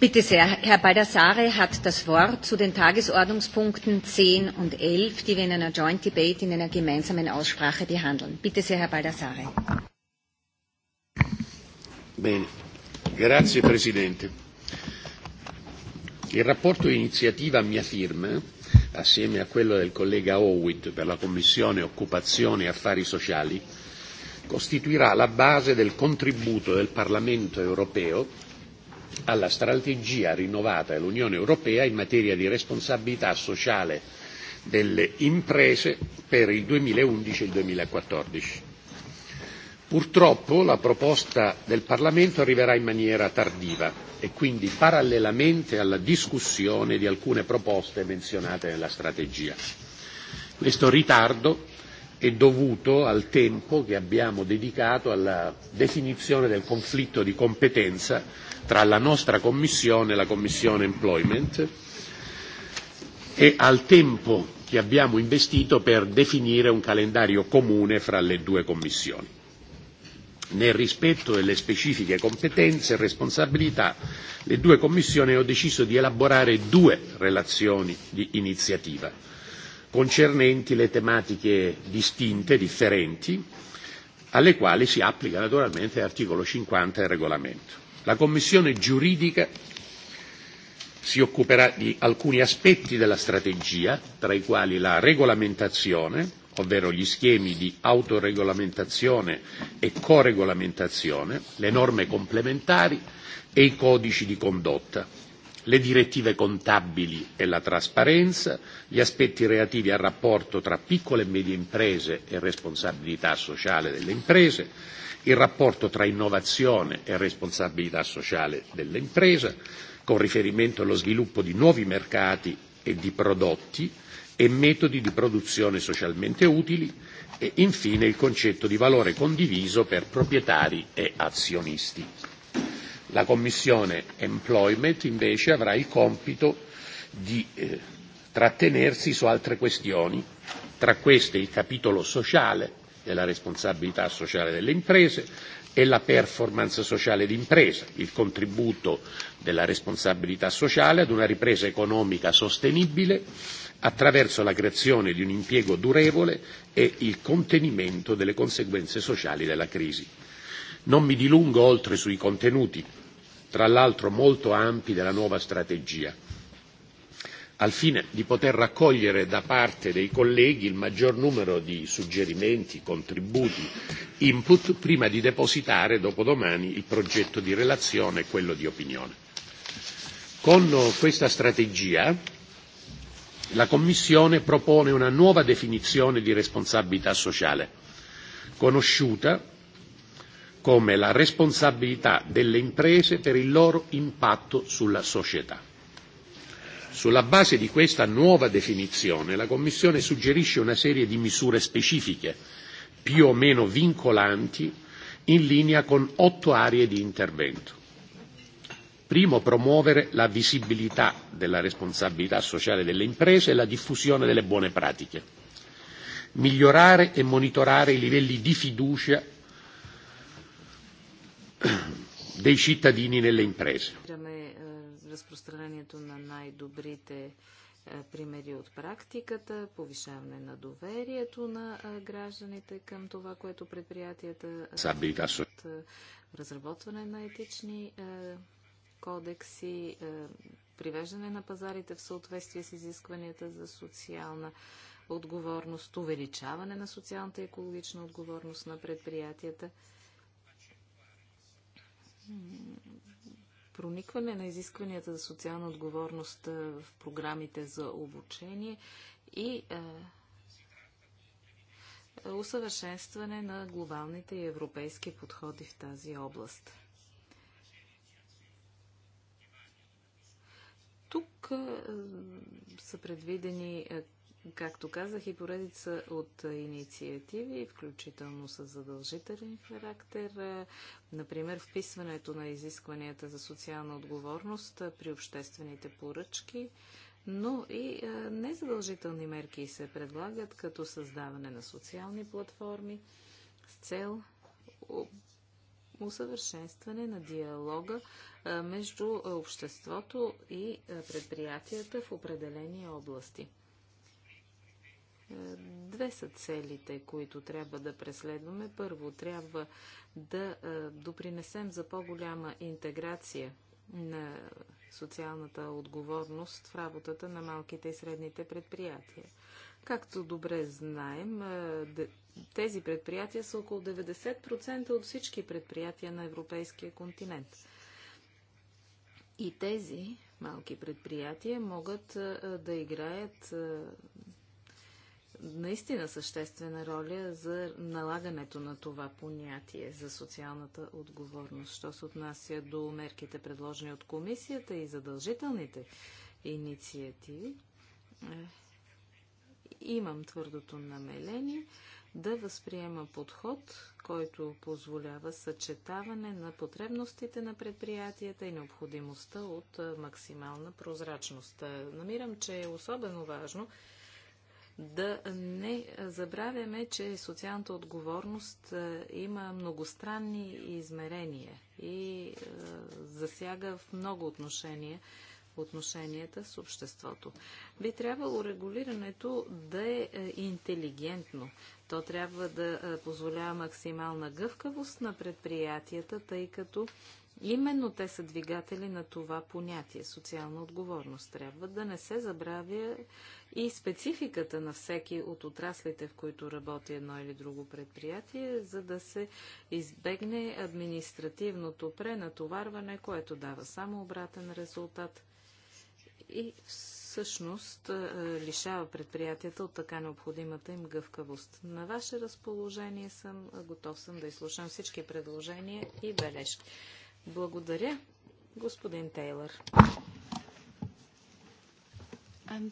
Bitte sehr, Herr Baldassare hat das Wort zu den Tagesordnungspunkten 10 und 11, die wir in einer Joint Debate, in einer gemeinsamen Aussprache behandeln. Bitte sehr, Herr Baldassare. Bene, grazie Presidente. Il rapporto iniziativa a mia firma, assieme a quello del collega Howitt per la Commissione Occupazione e Affari Sociali, costituirà la base del contributo del Parlamento europeo alla strategia rinnovata dell'Unione Europea in materia di responsabilità sociale delle imprese per il 2011 e il 2014. Purtroppo la proposta del Parlamento arriverà in maniera tardiva e quindi parallelamente alla discussione di alcune proposte menzionate nella strategia. Questo ritardo è dovuto al tempo che abbiamo dedicato alla definizione del conflitto di competenza tra la nostra Commissione e la Commissione Employment e al tempo che abbiamo investito per definire un calendario comune fra le due Commissioni, nel rispetto delle specifiche competenze e responsabilità le due commissioni hanno deciso di elaborare due relazioni di iniziativa concernenti le tematiche distinte, differenti, alle quali si applica naturalmente l'articolo cinquanta del regolamento. La Commissione giuridica si occuperà di alcuni aspetti della strategia, tra i quali la regolamentazione, ovvero gli schemi di autoregolamentazione e coregolamentazione, le norme complementari e i codici di condotta, le direttive contabili e la trasparenza, gli aspetti relativi al rapporto tra piccole e medie imprese e responsabilità sociale delle imprese, il rapporto tra innovazione e responsabilità sociale dell'impresa, con riferimento allo sviluppo di nuovi mercati e di prodotti e metodi di produzione socialmente utili e infine il concetto di valore condiviso per proprietari e azionisti. La Commissione Employment invece avrà il compito di trattenersi su altre questioni, tra queste il capitolo sociale e la responsabilità sociale delle imprese e la performance sociale d'impresa, il contributo della responsabilità sociale ad una ripresa economica sostenibile attraverso la creazione di un impiego durevole e il contenimento delle conseguenze sociali della crisi. Non mi dilungo oltre sui contenuti, tra l'altro molto ampi, della nuova strategia al fine di poter raccogliere da parte dei colleghi il maggior numero di suggerimenti, contributi, input prima di depositare dopodomani il progetto di relazione e quello di opinione. Con questa strategia la Commissione propone una nuova definizione di responsabilità sociale, conosciuta come la responsabilità delle imprese per il loro impatto sulla società Sulla base di questa nuova definizione la Commissione suggerisce una serie di misure specifiche, più o meno vincolanti, in linea con otto aree di intervento. Primo, promuovere la visibilità della responsabilità sociale delle imprese e la diffusione delle buone pratiche. Migliorare e monitorare i livelli di fiducia dei cittadini nelle imprese разпространението на най-добрите е, примери от практиката, повишаване на доверието на е, гражданите към това, което предприятията от е, разработване на етични кодекси, привеждане на пазарите в съответствие с изискванията за социална отговорност, увеличаване на социалната и екологична отговорност на предприятията проникване на изискванията за социална отговорност в програмите за обучение и усъвършенстване на глобалните и европейски подходи в тази област. Тук са предвидени Както казах, и поредица от инициативи, включително с задължителен характер, е, например вписването на изискванията за социална отговорност е, при обществените поръчки, но и е, незадължителни мерки се предлагат, като създаване на социални платформи с цел усъвършенстване на диалога между обществото и предприятията в определени области. Две са целите, които трябва да преследваме. Първо, трябва да допринесем за по-голяма интеграция на социалната отговорност в работата на малките и средните предприятия. Както добре знаем, тези предприятия са около 90% от всички предприятия на европейския континент. И тези малки предприятия могат да играят наистина съществена роля за налагането на това понятие за социалната отговорност, що се отнася до мерките предложени от комисията и задължителните инициативи. Е, имам твърдото намерение да възприема подход, който позволява съчетаване на потребностите на предприятията и необходимостта от максимална прозрачност. Е, намирам, че е особено важно да не забравяме, че социалната отговорност е, има многостранни измерения и е, засяга в много отношения отношенията с обществото. Би трябвало регулирането да е, е интелигентно. То трябва да позволява максимална гъвкавост на предприятията, тъй като Именно те са двигатели на това понятие социална отговорност. Трябва да не се забравя и спецификата на всеки от отраслите, в които работи едно или друго предприятие, за да се избегне административното пренатоварване, което дава само обратен резултат и всъщност лишава предприятията от така необходимата им гъвкавост. На ваше разположение съм, готов съм да изслушам всички предложения и бележки. Благодаря, господин Тейлър. Um,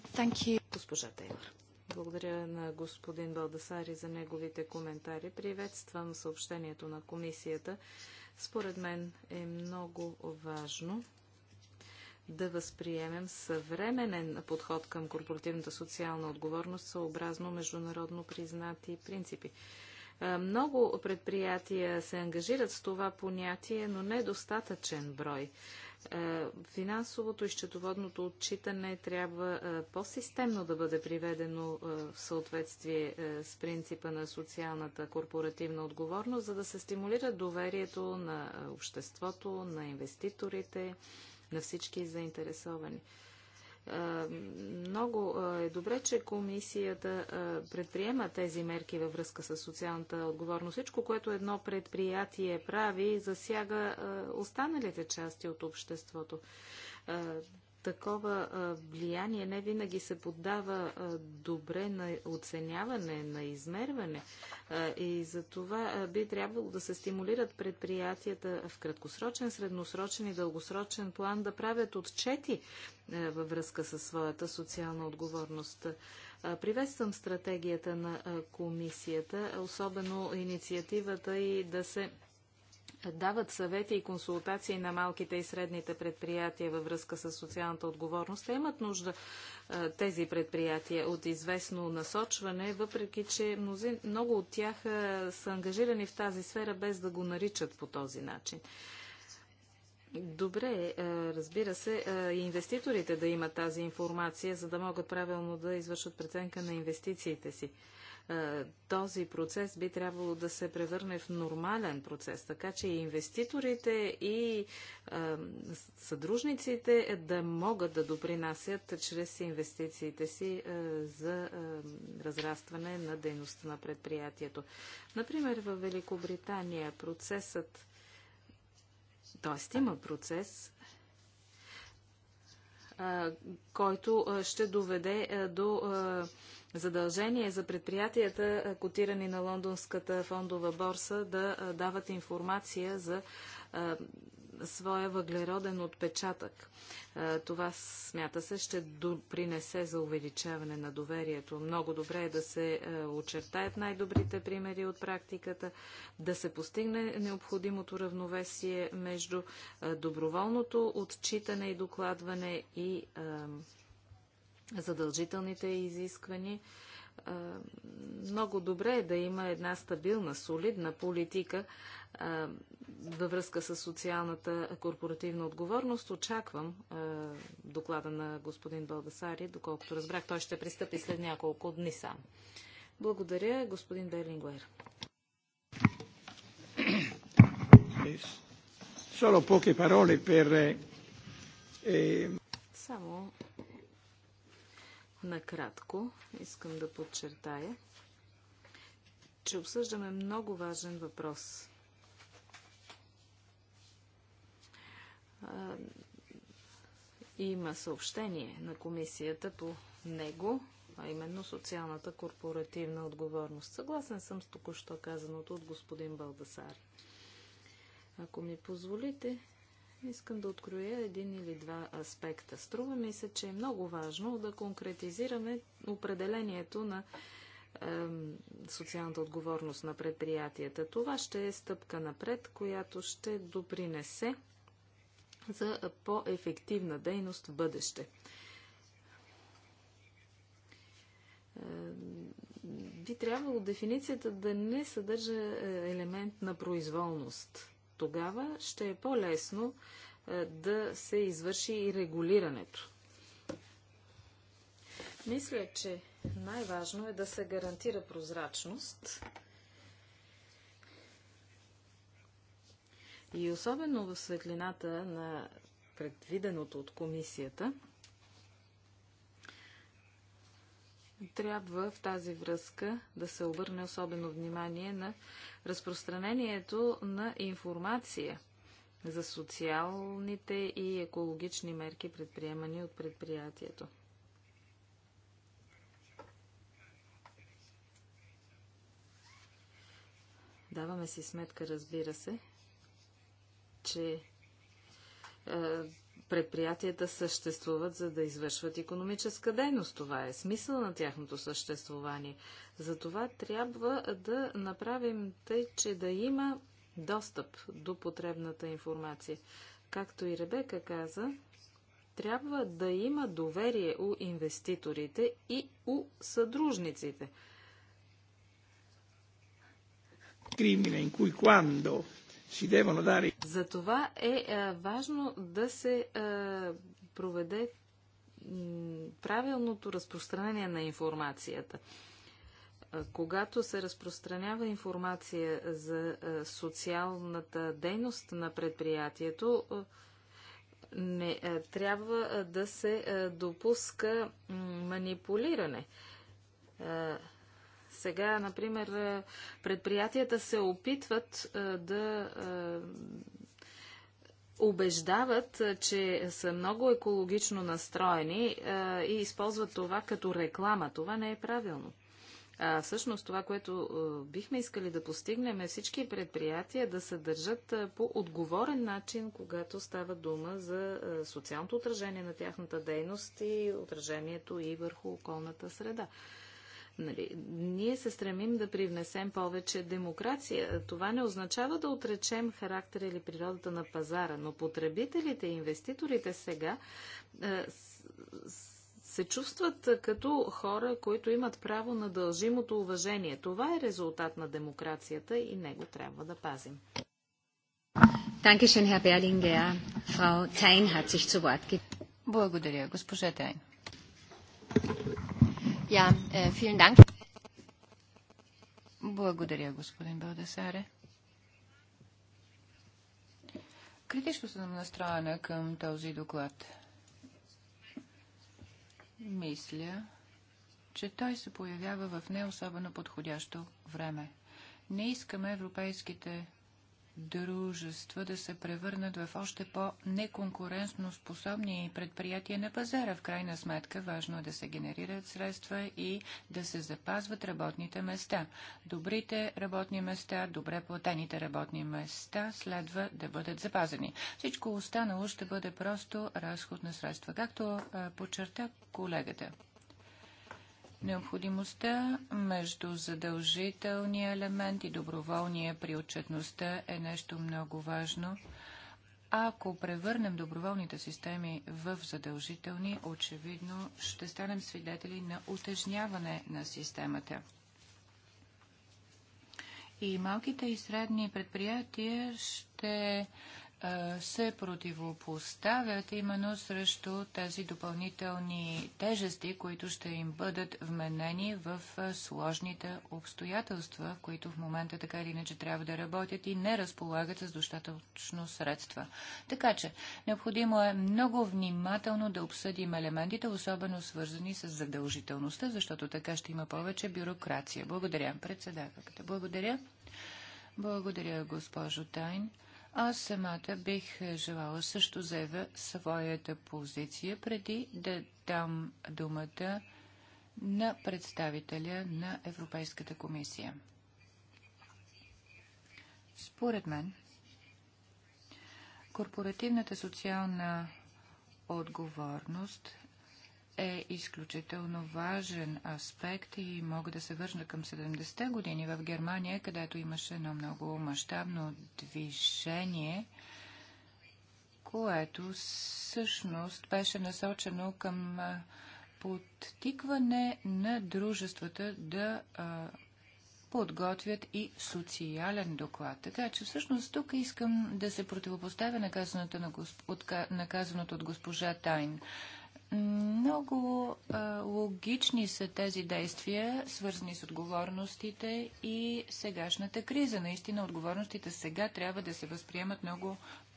Госпожа Тейлър. Благодаря на господин Балдасари за неговите коментари. Приветствам съобщението на комисията. Според мен е много важно да възприемем съвременен подход към корпоративната социална отговорност съобразно международно признати принципи. Е, много предприятия се ангажират с това понятие, но недостатъчен брой. Е, финансовото и счетоводното отчитане трябва е, по-системно да бъде приведено в съответствие с принципа на социалната корпоративна отговорност, за да се стимулира доверието на обществото, на инвеститорите, на всички заинтересовани. Много е добре, че комисията предприема тези мерки във връзка с социалната отговорност. Всичко, което едно предприятие прави, засяга останалите части от обществото такова влияние не винаги се поддава добре на оценяване, на измерване и за това би трябвало да се стимулират предприятията в краткосрочен, средносрочен и дългосрочен план да правят отчети във връзка със своята социална отговорност. Приветствам стратегията на комисията, особено инициативата и да се дават съвети и консултации на малките и средните предприятия във връзка с социалната отговорност. Те имат нужда тези предприятия от известно насочване, въпреки че мнози, много от тях са ангажирани в тази сфера без да го наричат по този начин. Добре, разбира се, инвеститорите да имат тази информация, за да могат правилно да извършат преценка на инвестициите си. Е, този процес би трябвало да се превърне в нормален процес, така че и инвеститорите и е, съдружниците да могат да допринасят чрез инвестициите си е, за разрастване на дейността на предприятието. Например, в Великобритания процесът, т.е. има процес, който ще доведе до задължение за предприятията, е, котирани на Лондонската фондова борса, да е, дават информация за е, своя въглероден отпечатък. Това, смята се, ще допринесе за увеличаване на доверието. Много добре е да се очертаят най-добрите примери от практиката, да се постигне необходимото равновесие между доброволното отчитане и докладване и задължителните изисквания. Много добре е да има една стабилна, солидна политика във връзка с социалната корпоративна отговорност. Очаквам доклада на господин Балдасари, доколкото разбрах, той ще пристъпи след няколко дни сам. Благодаря, господин Берлингуер. Eh, Само Накратко искам да подчертая, че обсъждаме много важен въпрос. Има съобщение на комисията по него, а именно социалната корпоративна отговорност. Съгласен съм с току-що казаното от господин Балдасари. Ако ми позволите, Искам да откроя един или два аспекта. Струва ми се, че е много важно да конкретизираме определението на социалната отговорност на предприятията. Това ще е стъпка напред, която ще допринесе за по-ефективна дейност в бъдеще. Би трябвало дефиницията да не съдържа е, елемент на произволност тогава ще е по-лесно е, да се извърши и регулирането. Мисля, че най-важно е да се гарантира прозрачност и особено в светлината на предвиденото от комисията – Трябва в тази връзка да се обърне особено внимание на разпространението на информация за социалните и екологични мерки, предприемани от предприятието. Даваме си сметка, разбира се, че е, предприятията съществуват, за да извършват економическа дейност. Това е смисъл на тяхното съществуване. Затова трябва да направим тъй, че да има достъп до потребната информация. Както и Ребека каза, трябва да има доверие у инвеститорите и у съдружниците. Кримина, in cui quando за това е, е важно да се е, проведе правилното разпространение на информацията. Е, когато се разпространява информация за социалната дейност на предприятието, не трябва да се допуска манипулиране. Сега, например, е, предприятията се опитват е, да е, убеждават, че са много екологично настроени и използват това като реклама. Това не е правилно. А, всъщност това, което а, бихме искали да постигнем е всички предприятия да се държат по отговорен начин, когато става дума за а, социалното отражение на тяхната дейност и отражението и върху околната среда. Нали, ние се стремим да привнесем повече демокрация. Това не означава да отречем характер или природата на пазара, но потребителите и инвеститорите сега е, се чувстват като хора, които имат право на дължимото уважение. Това е резултат на демокрацията и него трябва да пазим. Благодаря, госпожа Тайн. Ja, eh, vielen Dank. Благодаря, господин Балдасаре. Критично съм настроена към този доклад. Мисля, че той се появява в не особено подходящо време. Не искаме европейските дружества да се превърнат в още по-неконкурентно способни предприятия на пазара. В крайна сметка важно е да се генерират средства и да се запазват работните места. Добрите работни места, добре платените работни места следва да бъдат запазени. Всичко останало ще бъде просто разход на средства, както подчерта колегата. Необходимостта между задължителния елемент и доброволния при отчетността е нещо много важно. Ако превърнем доброволните системи в задължителни, очевидно ще станем свидетели на утежняване на системата. И малките и средни предприятия ще се противопоставят именно срещу тези допълнителни тежести, които ще им бъдат вменени в сложните обстоятелства, в които в момента така или иначе трябва да работят и не разполагат с достатъчно средства. Така че, необходимо е много внимателно да обсъдим елементите, особено свързани с задължителността, защото така ще има повече бюрокрация. Благодаря, председателката. Благодаря. Благодаря, госпожо Тайн. Аз самата бих е, желала също заявя своята позиция преди да дам думата на представителя на Европейската комисия. Според мен, корпоративната социална отговорност е изключително важен аспект и мога да се върна към 70-те години в Германия, където имаше едно много мащабно движение, което всъщност беше насочено към подтикване на дружествата да подготвят и социален доклад. Така че всъщност тук искам да се противопоставя наказаното от госпожа Тайн. Много а, логични са тези действия, свързани с отговорностите и сегашната криза. Наистина отговорностите сега трябва да се възприемат много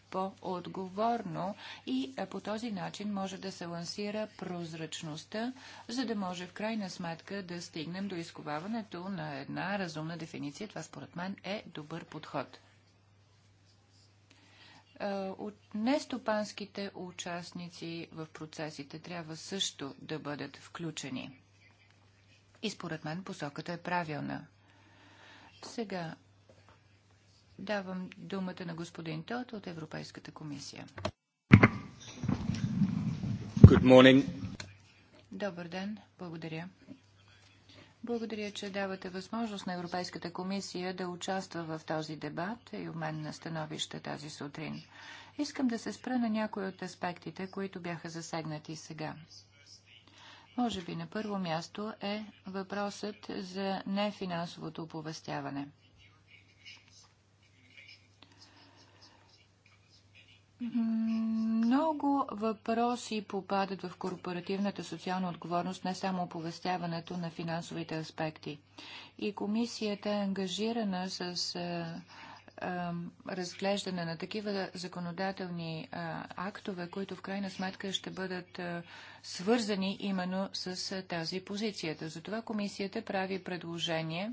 по-отговорно и а, по този начин може да се лансира прозрачността, за да може в крайна сметка да стигнем до изковаването на една разумна дефиниция. Това според мен е добър подход. Е, от нестопанските участници в процесите трябва също да бъдат включени. И според мен посоката е правилна. Сега давам думата на господин Тот от Европейската комисия. Good morning. Добър ден, благодаря. Благодаря, че давате възможност на Европейската комисия да участва в този дебат и обмен на становище тази сутрин. Искам да се спра на някои от аспектите, които бяха засегнати сега. Може би на първо място е въпросът за нефинансовото оповестяване – Много въпроси попадат в корпоративната социална отговорност, не само оповестяването на финансовите аспекти. И комисията е ангажирана с е, е, разглеждане на такива законодателни е, актове, които в крайна сметка ще бъдат свързани именно с тази позицията. Затова комисията прави предложение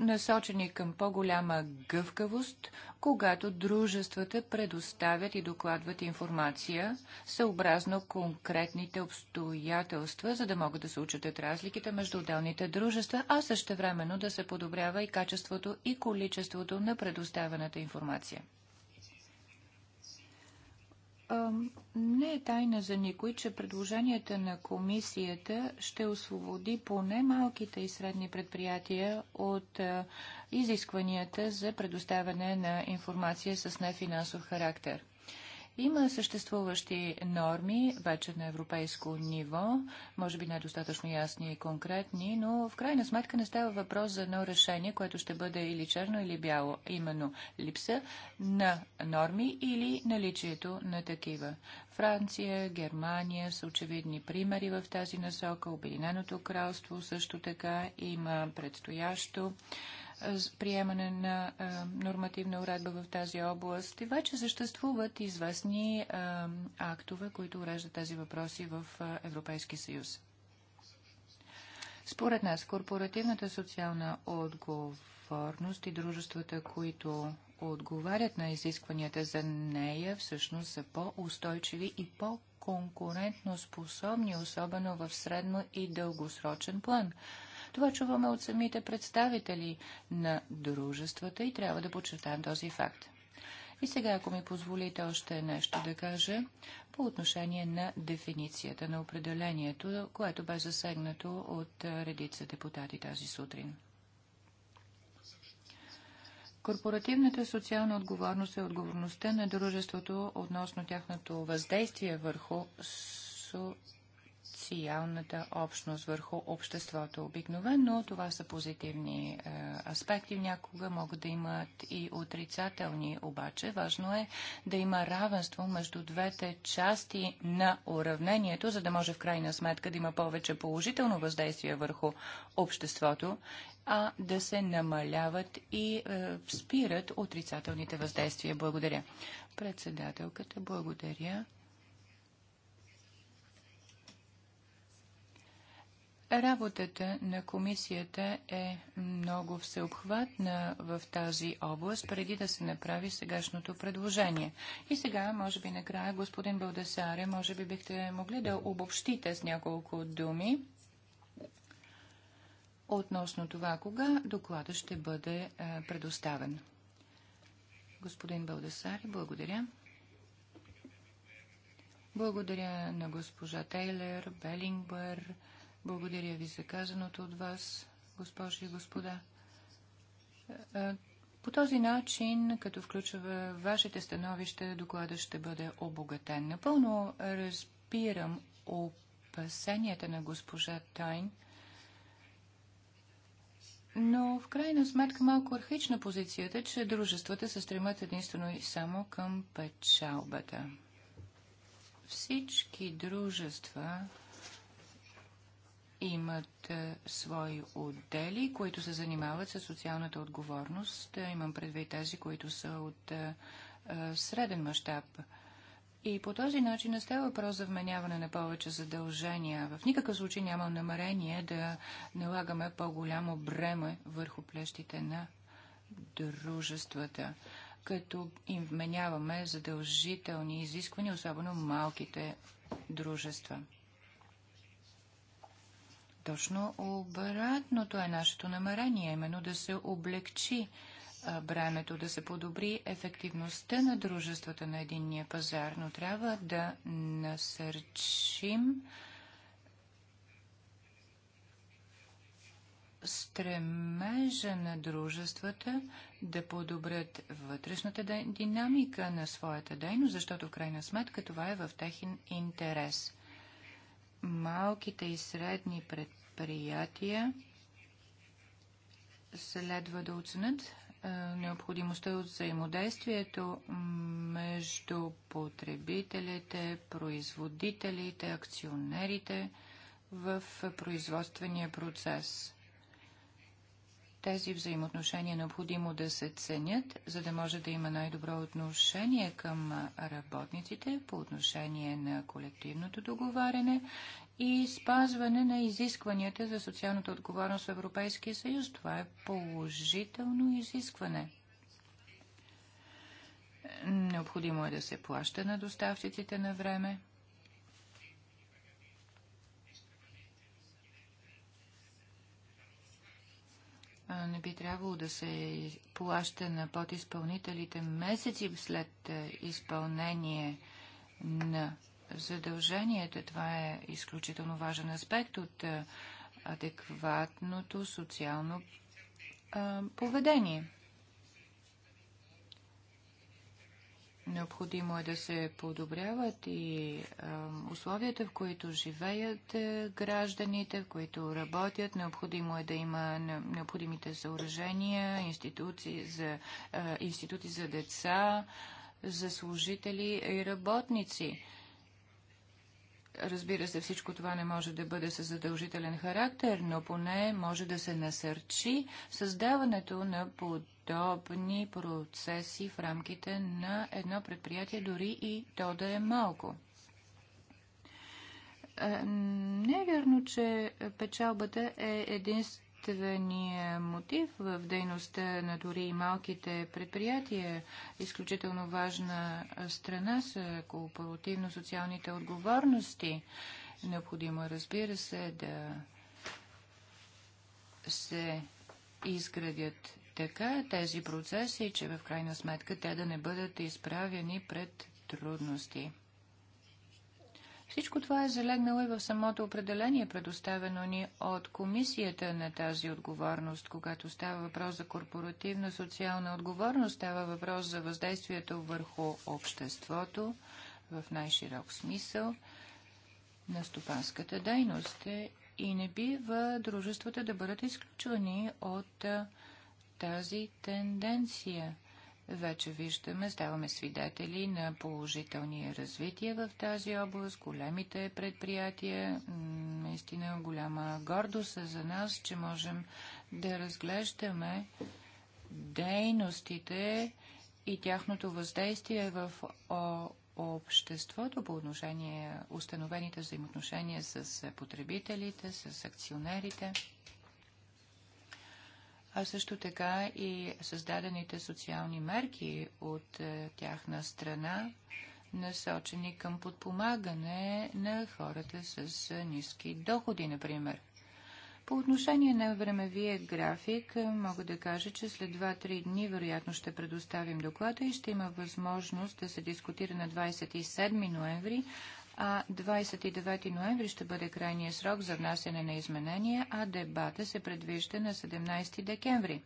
насочени към по-голяма гъвкавост, когато дружествата предоставят и докладват информация съобразно конкретните обстоятелства, за да могат да се учат разликите между отделните дружества, а също времено да се подобрява и качеството и количеството на предоставената информация. Не е тайна за никой, че предложенията на комисията ще освободи поне малките и средни предприятия от изискванията за предоставяне на информация с нефинансов характер. Има съществуващи норми вече на европейско ниво, може би недостатъчно е ясни и конкретни, но в крайна сметка не става въпрос за едно решение, което ще бъде или черно, или бяло, именно липса на норми или наличието на такива. Франция, Германия са очевидни примери в тази насока, Обединеното кралство също така има предстоящо приемане на нормативна уредба в тази област. И вече съществуват известни актове, които уреждат тези въпроси в Европейски съюз. Според нас, корпоративната социална отговорност и дружествата, които отговарят на изискванията за нея, всъщност са по-устойчиви и по-конкурентно способни, особено в средно и дългосрочен план – това чуваме от самите представители на дружествата и трябва да подчертаем този факт. И сега, ако ми позволите още нещо да кажа по отношение на дефиницията на определението, което бе засегнато от редица депутати тази сутрин. Корпоративната социална отговорност е отговорността на дружеството относно тяхното въздействие върху со социалната общност върху обществото. Обикновено това са позитивни е, аспекти, някога могат да имат и отрицателни, обаче важно е да има равенство между двете части на уравнението, за да може в крайна сметка да има повече положително въздействие върху обществото, а да се намаляват и е, спират отрицателните въздействия. Благодаря. Председателката, благодаря. Работата на комисията е много всеобхватна в тази област, преди да се направи сегашното предложение. И сега, може би накрая, господин Балдесаре, може би бихте могли да обобщите с няколко думи относно това, кога доклада ще бъде е, предоставен. Господин Балдесаре, благодаря. Благодаря на госпожа Тейлер, Белингбър, благодаря ви за казаното от вас, госпожи и господа. Е, по този начин, като включва вашите становища, доклада ще бъде обогатен. Напълно разбирам опасенията на госпожа Тайн, но в крайна сметка малко архична позицията, че дружествата се стремат единствено и само към печалбата. Всички дружества имат е, свои отдели, които се занимават с социалната отговорност. Е, имам предвид тези, които са от е, среден мащаб. И по този начин не става въпрос за вменяване на повече задължения. В никакъв случай нямам намерение да налагаме по-голямо бреме върху плещите на дружествата, като им вменяваме задължителни изисквания, особено малките дружества. Точно обратното е нашето намерение, именно да се облегчи бремето, да се подобри ефективността на дружествата на единния пазар, но трябва да насърчим стремежа на дружествата да подобрят вътрешната динамика на своята дейност, защото в крайна сметка това е в техен интерес малките и средни предприятия следва да оценят е, необходимостта от взаимодействието между потребителите, производителите, акционерите в производствения процес. Тези взаимоотношения е необходимо да се ценят, за да може да има най-добро отношение към работниците по отношение на колективното договаряне и спазване на изискванията за социалната отговорност в Европейския съюз. Това е положително изискване. Необходимо е да се плаща на доставчиците на време не би трябвало да се плаща на подизпълнителите месеци след е, изпълнение на задълженията. Това е изключително важен аспект от е, адекватното социално поведение. Необходимо е да се подобряват и е, условията, в които живеят е, гражданите, в които работят. Необходимо е да има необходимите съоръжения, институции за, е, институти за деца, за служители и работници. Разбира се, всичко това не може да бъде със задължителен характер, но поне може да се насърчи създаването на подобни процеси в рамките на едно предприятие, дори и то да е малко. Е, не е вярно, че печалбата е единствено единствения мотив в дейността на дори и малките предприятия. Изключително важна страна са кооперативно социалните отговорности. Необходимо, разбира се, да се изградят така тези процеси, че в крайна сметка те да не бъдат изправени пред трудности. Всичко това е залегнало и в самото определение, предоставено ни от комисията на тази отговорност. Когато става въпрос за корпоративна социална отговорност, става въпрос за въздействието върху обществото в най-широк смисъл на стопанската дейност и не бива дружествата да бъдат изключвани от тази тенденция – вече виждаме, ставаме свидетели на положителни развития в тази област. Големите предприятия, наистина голяма гордост е за нас, че можем да разглеждаме дейностите и тяхното въздействие в обществото по отношение установените взаимоотношения с потребителите, с акционерите а също така и създадените социални мерки от е, тяхна страна, насочени към подпомагане на хората с е, ниски доходи, например. По отношение на времевия график, е, мога да кажа, че след 2-3 дни вероятно ще предоставим доклада и ще има възможност да се дискутира на 27 ноември, а 29 ноември ще бъде крайния срок за внасяне на изменения, а дебата се предвижда на 17 декември.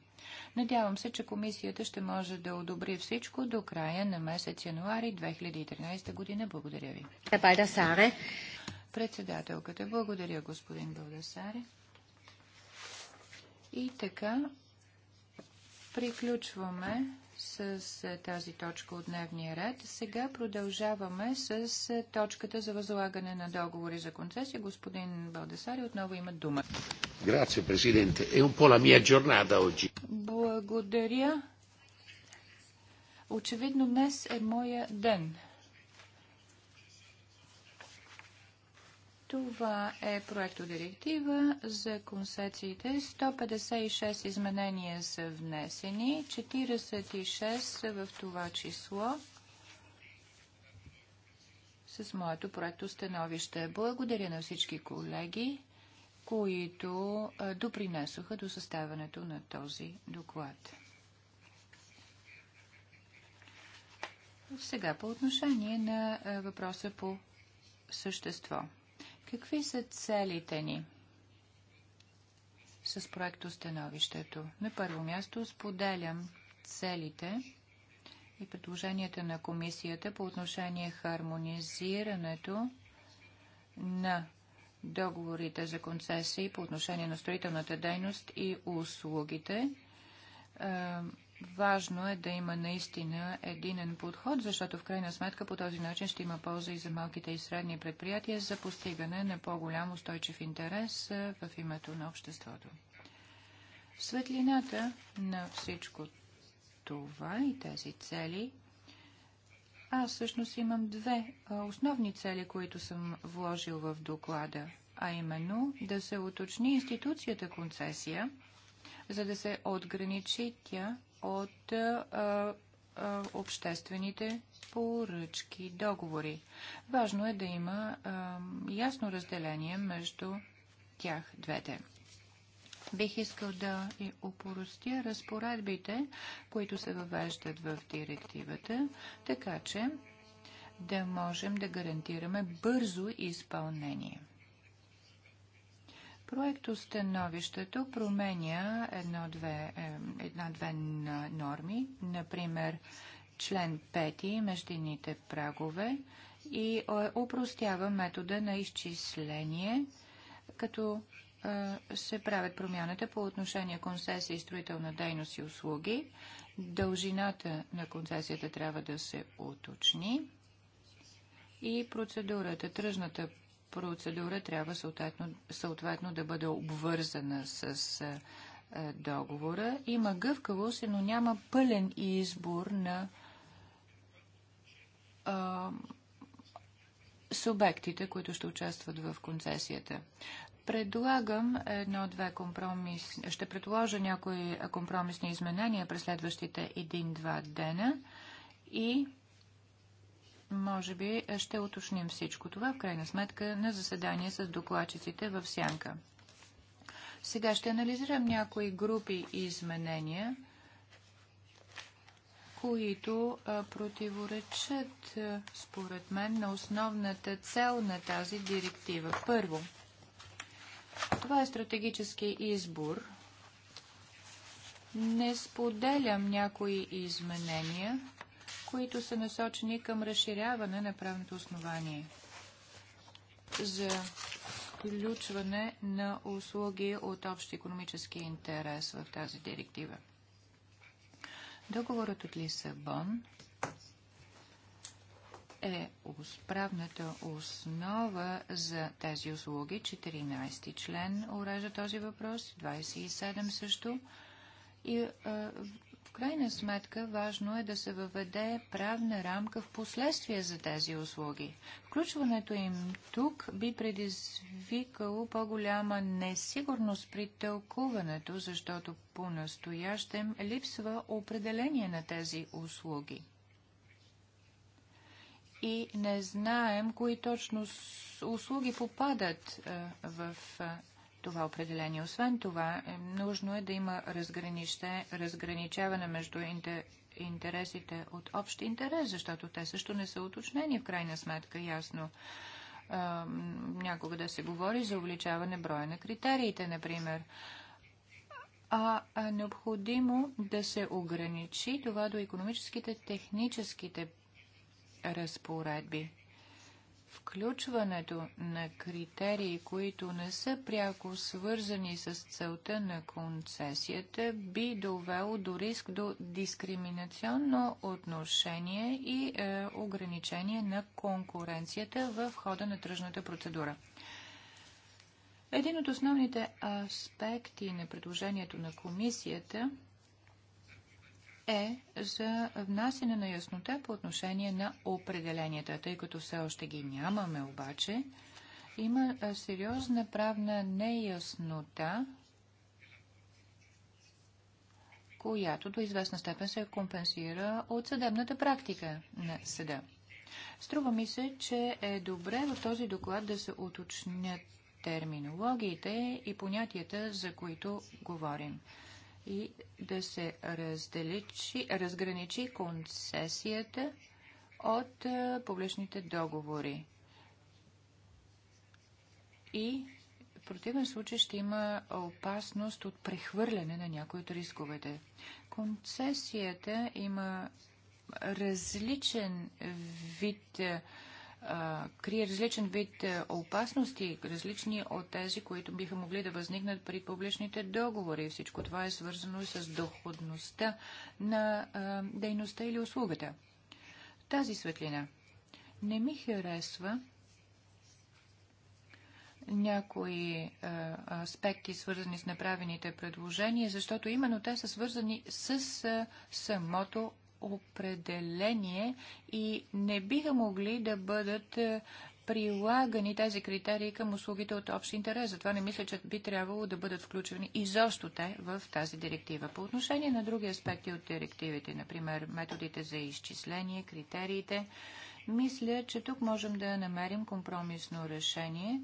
Надявам се, че комисията ще може да одобри всичко до края на месец януари 2013 година. Благодаря ви. Е, Председателката, благодаря господин Балдасаре. И така, приключваме с е, тази точка от дневния ред. Сега продължаваме с е, точката за възлагане на договори за концесия. Господин Балдесари отново има дума. Е un po la mia giornata oggi. Благодаря. Очевидно днес е моя ден. Това е директива за концесиите. 156 изменения са внесени, 46 са в това число с моето проекто становище. Благодаря на всички колеги, които допринесоха до съставянето на този доклад. Сега по отношение на въпроса по същество. Какви са целите ни с становището? На първо място споделям целите и предложенията на комисията по отношение хармонизирането на договорите за концесии по отношение на строителната дейност и услугите Важно е да има наистина единен подход, защото в крайна сметка по този начин ще има полза и за малките и средни предприятия за постигане на по-голям устойчив интерес е, в името на обществото. В светлината на всичко това и тези цели, аз всъщност имам две основни цели, които съм вложил в доклада, а именно да се уточни институцията концесия, за да се отграничи тя от а, а, обществените поръчки, договори. Важно е да има а, ясно разделение между тях двете. Бих искал да и упоростя разпоредбите, които се въвеждат в директивата, така че да можем да гарантираме бързо изпълнение. Проектостановището променя е, една две норми, например член 5, междинните прагове и е, упростява метода на изчисление, като е, се правят промяната по отношение и строителна дейност и услуги. Дължината на концесията трябва да се уточни и процедурата, тръжната процедура трябва съответно, съответно да бъде обвързана с а, е, е, договора. Има гъвкавост, но няма пълен избор на а, субектите, които ще участват в концесията. Предлагам едно-две компромис. Ще предложа някои компромисни изменения през следващите един-два дена и може би ще уточним всичко това в крайна сметка на заседание с докладчиците в Сянка. Сега ще анализирам някои групи изменения, които противоречат, според мен, на основната цел на тази директива. Първо, това е стратегически избор. Не споделям някои изменения, които са насочени към разширяване на правното основание за включване на услуги от общ економически интерес в тази директива. Договорът от Лисабон е правната основа за тези услуги. 14-ти член урежда този въпрос, 27 също. И в крайна сметка важно е да се въведе правна рамка в последствие за тези услуги. Включването им тук би предизвикало по-голяма несигурност при тълкуването, защото по-настоящем липсва определение на тези услуги и не знаем кои точно услуги попадат е, в е, това определение. Освен това, е, нужно е да има разграничаване между интересите от общ интерес, защото те също не са уточнени в крайна сметка ясно. Е, някога да се говори за увеличаване броя на критериите, например. А, а необходимо да се ограничи това до економическите, техническите разпоредби. Включването на критерии, които не са пряко свързани с целта на концесията, би довело до риск до дискриминационно отношение и е, ограничение на конкуренцията в хода на тръжната процедура. Един от основните аспекти на предложението на комисията – е за внасяне на яснота по отношение на определенията. Тъй като все още ги нямаме обаче, има сериозна правна неяснота, която до известна степен се компенсира от съдебната практика на съда. Струва ми се, че е добре в този доклад да се уточнят терминологиите и понятията, за които говорим и да се разделичи, разграничи концесията от публичните договори. И в противен случай ще има опасност от прехвърляне на някои от рисковете. Концесията има различен вид крие различен вид е, опасности, различни от тези, които биха могли да възникнат при публичните договори. Всичко това е свързано и с доходността на дейността или услугата. Тази светлина не ми харесва някои аспекти, свързани с направените предложения, защото именно те са свързани с самото определение и не биха могли да бъдат е, прилагани тези критерии към услугите от общ интерес. Затова не мисля, че би трябвало да бъдат включени изобщо те в тази директива. По отношение на други аспекти от директивите, например методите за изчисление, критериите, мисля, че тук можем да намерим компромисно решение,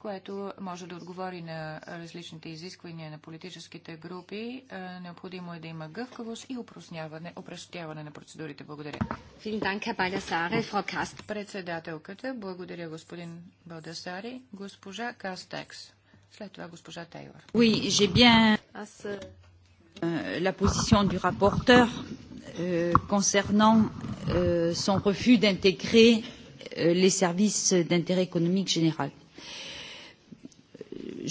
което може да отговори на различните изисквания на политическите групи. Е, необходимо е да има гъвкавост и упростяване, упростяване на процедурите. Благодаря. Председателката, благодаря господин Балдасари, госпожа Кастекс. След това госпожа Тейлор. Oui, j'ai bien Аз... Е, е, la position du rapporteur concernant son refus d'intégrer les services d'intérêt économique général.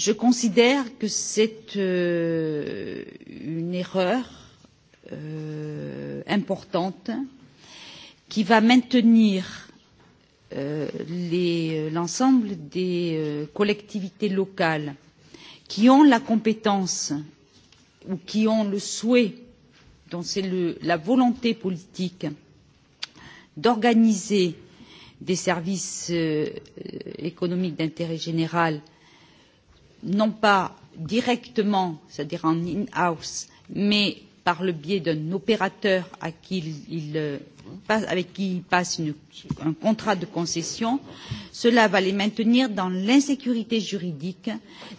Je considère que c'est euh, une erreur euh, importante qui va maintenir euh, l'ensemble des euh, collectivités locales qui ont la compétence ou qui ont le souhait, dont c'est la volonté politique, d'organiser des services euh, économiques d'intérêt général euh, non pas directement, c'est-à-dire en in-house, mais par le biais d'un opérateur à qui il, avec qui il passe une, un contrat de concession, cela va les maintenir dans l'insécurité juridique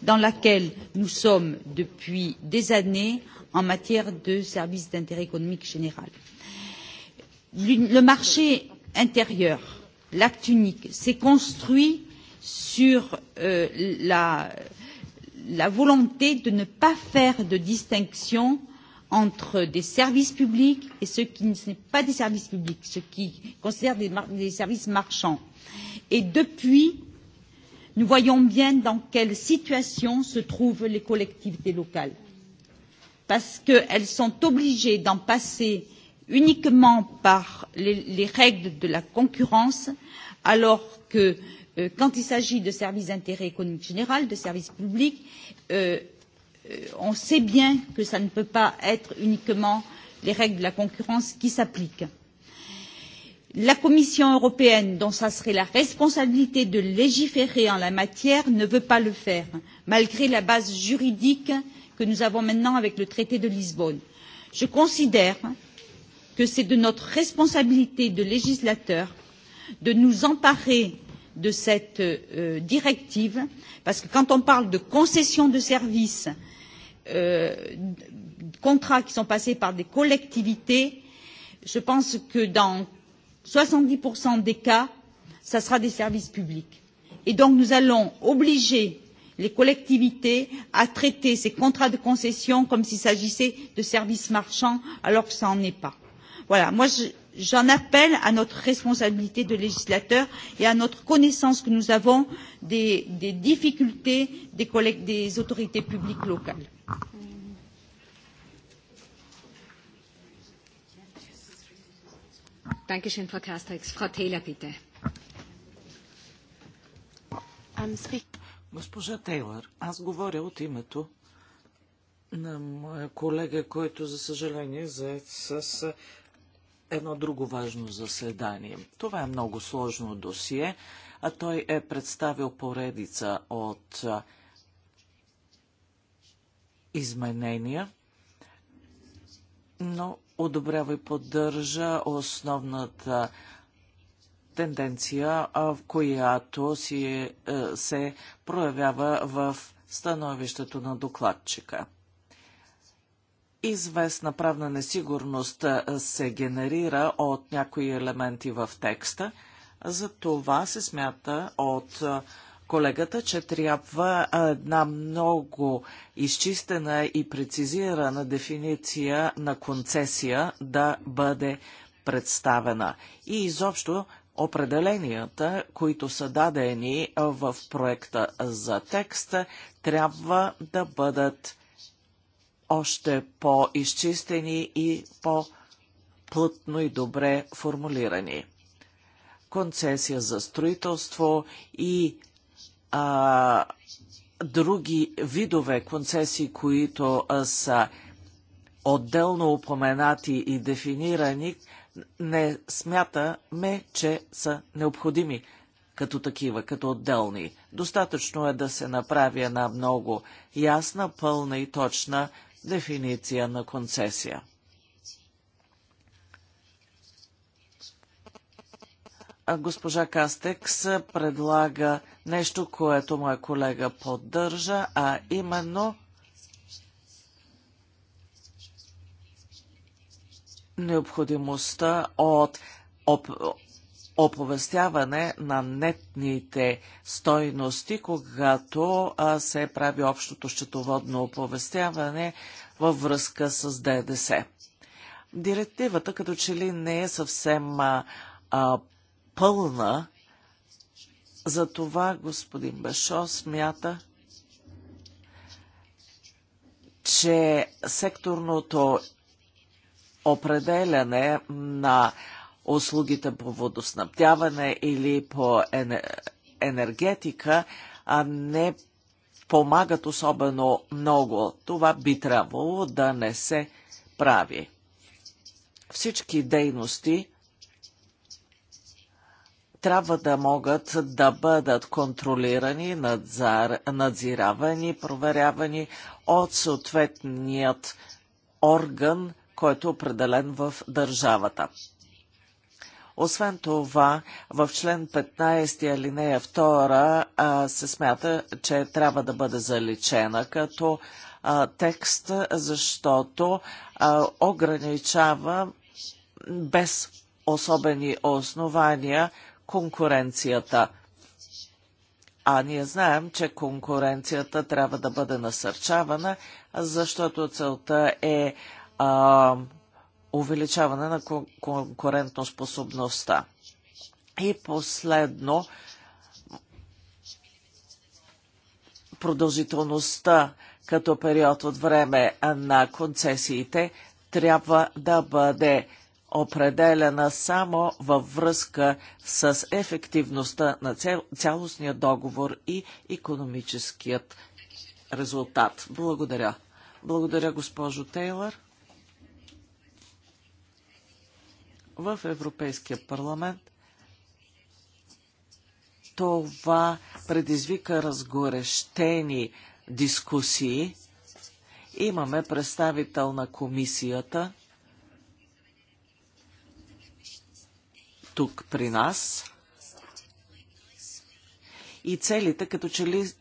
dans laquelle nous sommes depuis des années en matière de services d'intérêt économique général. Le marché intérieur, l'acte unique, s'est construit sur la la volonté de ne pas faire de distinction entre des services publics et ce qui ne sont pas des services publics, ce qui concerne des, des services marchands. Et depuis, nous voyons bien dans quelle situation se trouvent les collectivités locales, parce qu'elles sont obligées d'en passer uniquement par les, les règles de la concurrence, alors que euh, quand il s'agit de services d'intérêt économique général, de services publics, on sait bien que ça ne peut pas être uniquement les règles de la concurrence qui s'appliquent. La Commission européenne, dont ce serait la responsabilité de légiférer en la matière, ne veut pas le faire, malgré la base juridique que nous avons maintenant avec le traité de Lisbonne. Je considère que c'est de notre responsabilité de législateur de nous emparer de cette directive, parce que quand on parle de concession de services, contrats qui sont passés par des collectivités, je pense que dans soixante dix des cas, ce sera des services publics. Et donc nous allons obliger les collectivités à traiter ces contrats de concession comme s'il s'agissait de services marchands alors que ça n'en est pas. Voilà, moi j'en appelle à notre responsabilité de législateur et à notre connaissance que nous avons des, des difficultés des, collègues, des autorités publiques locales. Dankeschön, Frau Kastex. Frau Taylor, bitte. Госпожа Тейлър, аз говоря от името на моя колега, който за съжаление с едно друго важно заседание. Това е много сложно досие, а той е представил поредица от изменения, но одобрява и поддържа основната тенденция, в която си, е, се проявява в становището на докладчика известна правна несигурност се генерира от някои елементи в текста. За това се смята от колегата, че трябва една много изчистена и прецизирана дефиниция на концесия да бъде представена. И изобщо определенията, които са дадени в проекта за текста, трябва да бъдат още по-изчистени и по-плътно и добре формулирани. Концесия за строителство и а, други видове концесии, които а, са отделно упоменати и дефинирани, не смятаме, че са необходими като такива, като отделни. Достатъчно е да се направи една много ясна, пълна и точна дефиниция на концесия. госпожа Кастекс предлага нещо, което моя колега поддържа, а именно необходимостта от оповестяване на нетните стойности, когато а, се прави общото счетоводно оповестяване във връзка с ДДС. Директивата като че ли не е съвсем а, а, пълна, затова господин Бешо смята, че секторното определяне на услугите по водоснабдяване или по енергетика, а не помагат особено много. Това би трябвало да не се прави. Всички дейности трябва да могат да бъдат контролирани, надзар, надзиравани, проверявани от съответният орган, който е определен в държавата. Освен това, в член 15 алинея 2 а, се смята, че трябва да бъде заличена като текст, защото ограничава без особени основания конкуренцията. А ние знаем, че конкуренцията трябва да бъде насърчавана, защото целта е а, увеличаване на конкурентоспособността. И последно, продължителността като период от време на концесиите трябва да бъде определена само във връзка с ефективността на цялостния договор и економическият резултат. Благодаря. Благодаря, госпожо Тейлър. в Европейския парламент, това предизвика разгорещени дискусии. Имаме представител на комисията тук при нас и целите като че ли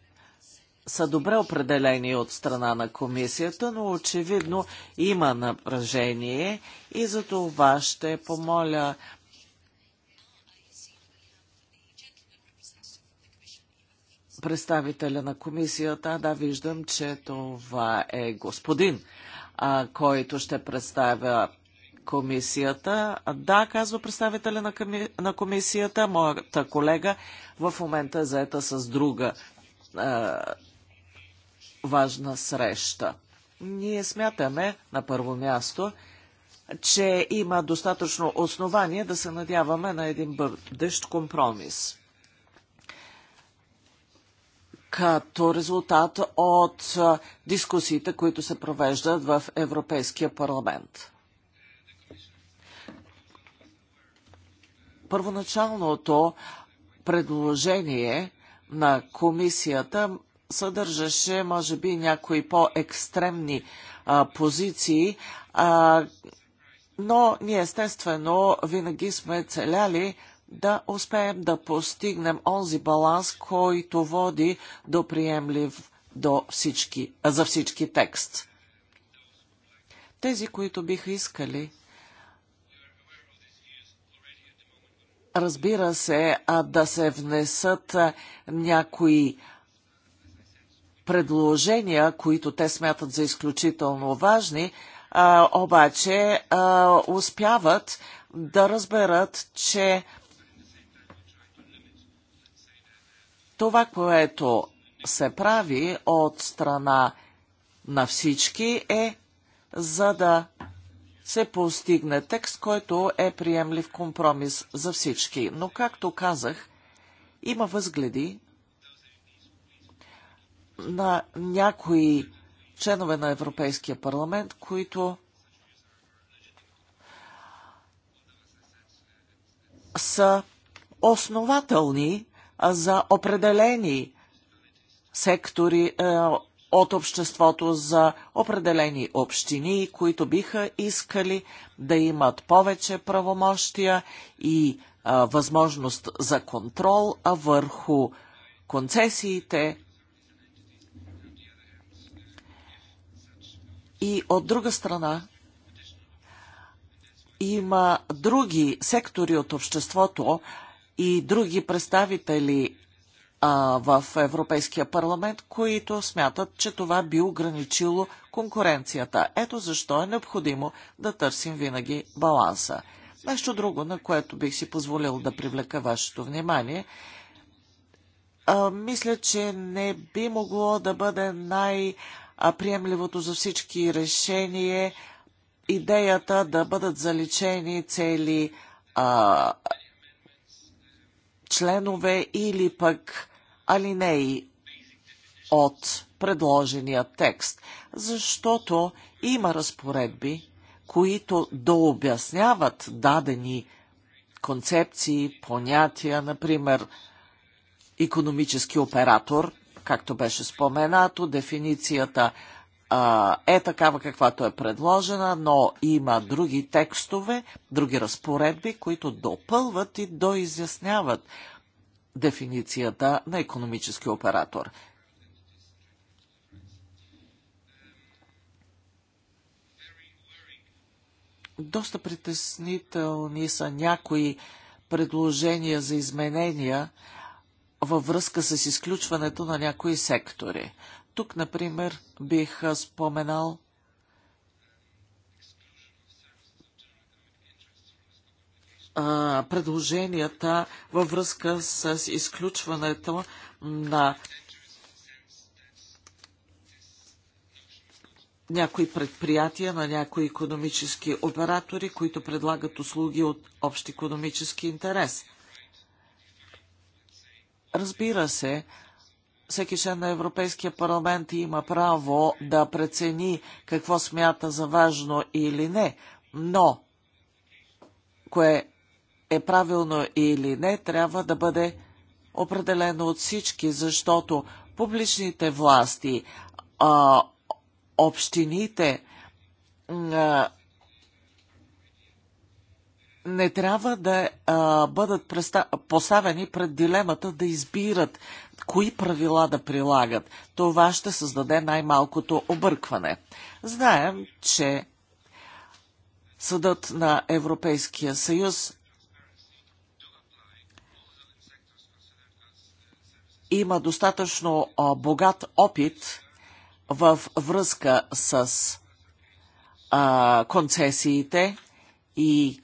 са добре определени от страна на комисията, но очевидно има напрежение и за това ще помоля представителя на комисията. Да, виждам, че това е господин, а, който ще представя комисията. Да, казва представителя на, коми... на комисията, моята колега в момента е заета с друга важна среща. Ние смятаме на първо място, че има достатъчно основание да се надяваме на един бъдещ компромис. Като резултат от дискусиите, които се провеждат в Европейския парламент. Първоначалното предложение на комисията съдържаше, може би, някои по-екстремни позиции, а, но ние естествено винаги сме целяли да успеем да постигнем онзи баланс, който води до приемлив до всички, за всички текст. Тези, които биха искали, разбира се, да се внесат някои предложения, които те смятат за изключително важни, а, обаче а, успяват да разберат, че това, което се прави от страна на всички е за да се постигне текст, който е приемлив компромис за всички. Но, както казах, има възгледи, на някои членове на Европейския парламент, които са основателни за определени сектори е, от обществото, за определени общини, които биха искали да имат повече правомощия и е, възможност за контрол върху концесиите И от друга страна, има други сектори от обществото и други представители а, в Европейския парламент, които смятат, че това би ограничило конкуренцията. Ето защо е необходимо да търсим винаги баланса. Нещо друго, на което бих си позволил да привлека вашето внимание, а, мисля, че не би могло да бъде най- приемливото за всички решение идеята да бъдат заличени цели а, членове или пък алинеи от предложения текст, защото има разпоредби, които дообясняват дадени концепции, понятия, например, економически оператор – както беше споменато, дефиницията а, е такава каквато е предложена, но има други текстове, други разпоредби, които допълват и доизясняват дефиницията на економически оператор. Доста притеснителни са някои предложения за изменения, във връзка с изключването на някои сектори. Тук, например, бих споменал предложенията във връзка с изключването на някои предприятия, на някои економически оператори, които предлагат услуги от общ економически интерес – Разбира се, всеки член на Европейския парламент има право да прецени какво смята за важно или не, но кое е правилно или не, трябва да бъде определено от всички, защото публичните власти, общините, не трябва да а, бъдат поставени пред дилемата да избират кои правила да прилагат. Това ще създаде най-малкото объркване. Знаем, че Съдът на Европейския съюз има достатъчно а, богат опит в връзка с а, концесиите и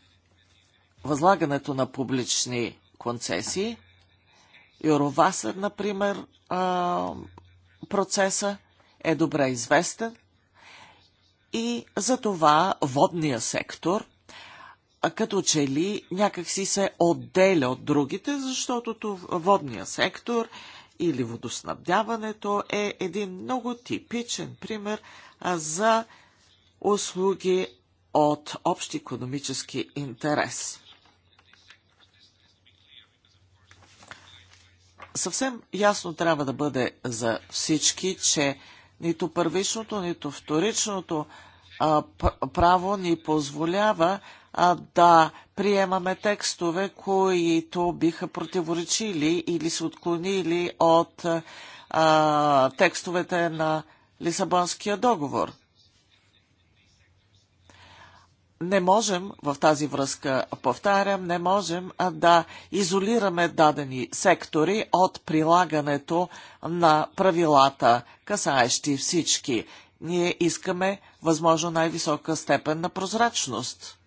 възлагането на публични концесии. Юровасър, например, процеса е добре известен и за това водния сектор като че ли някакси се отделя от другите, защото водния сектор или водоснабдяването е един много типичен пример за услуги от общ економически интерес. съвсем ясно трябва да бъде за всички, че нито първичното, нито вторичното а, право ни позволява а, да приемаме текстове, които биха противоречили или се отклонили от а, текстовете на Лисабонския договор не можем в тази връзка, повтарям, не можем да изолираме дадени сектори от прилагането на правилата, касаещи всички. Ние искаме възможно най-висока степен на прозрачност.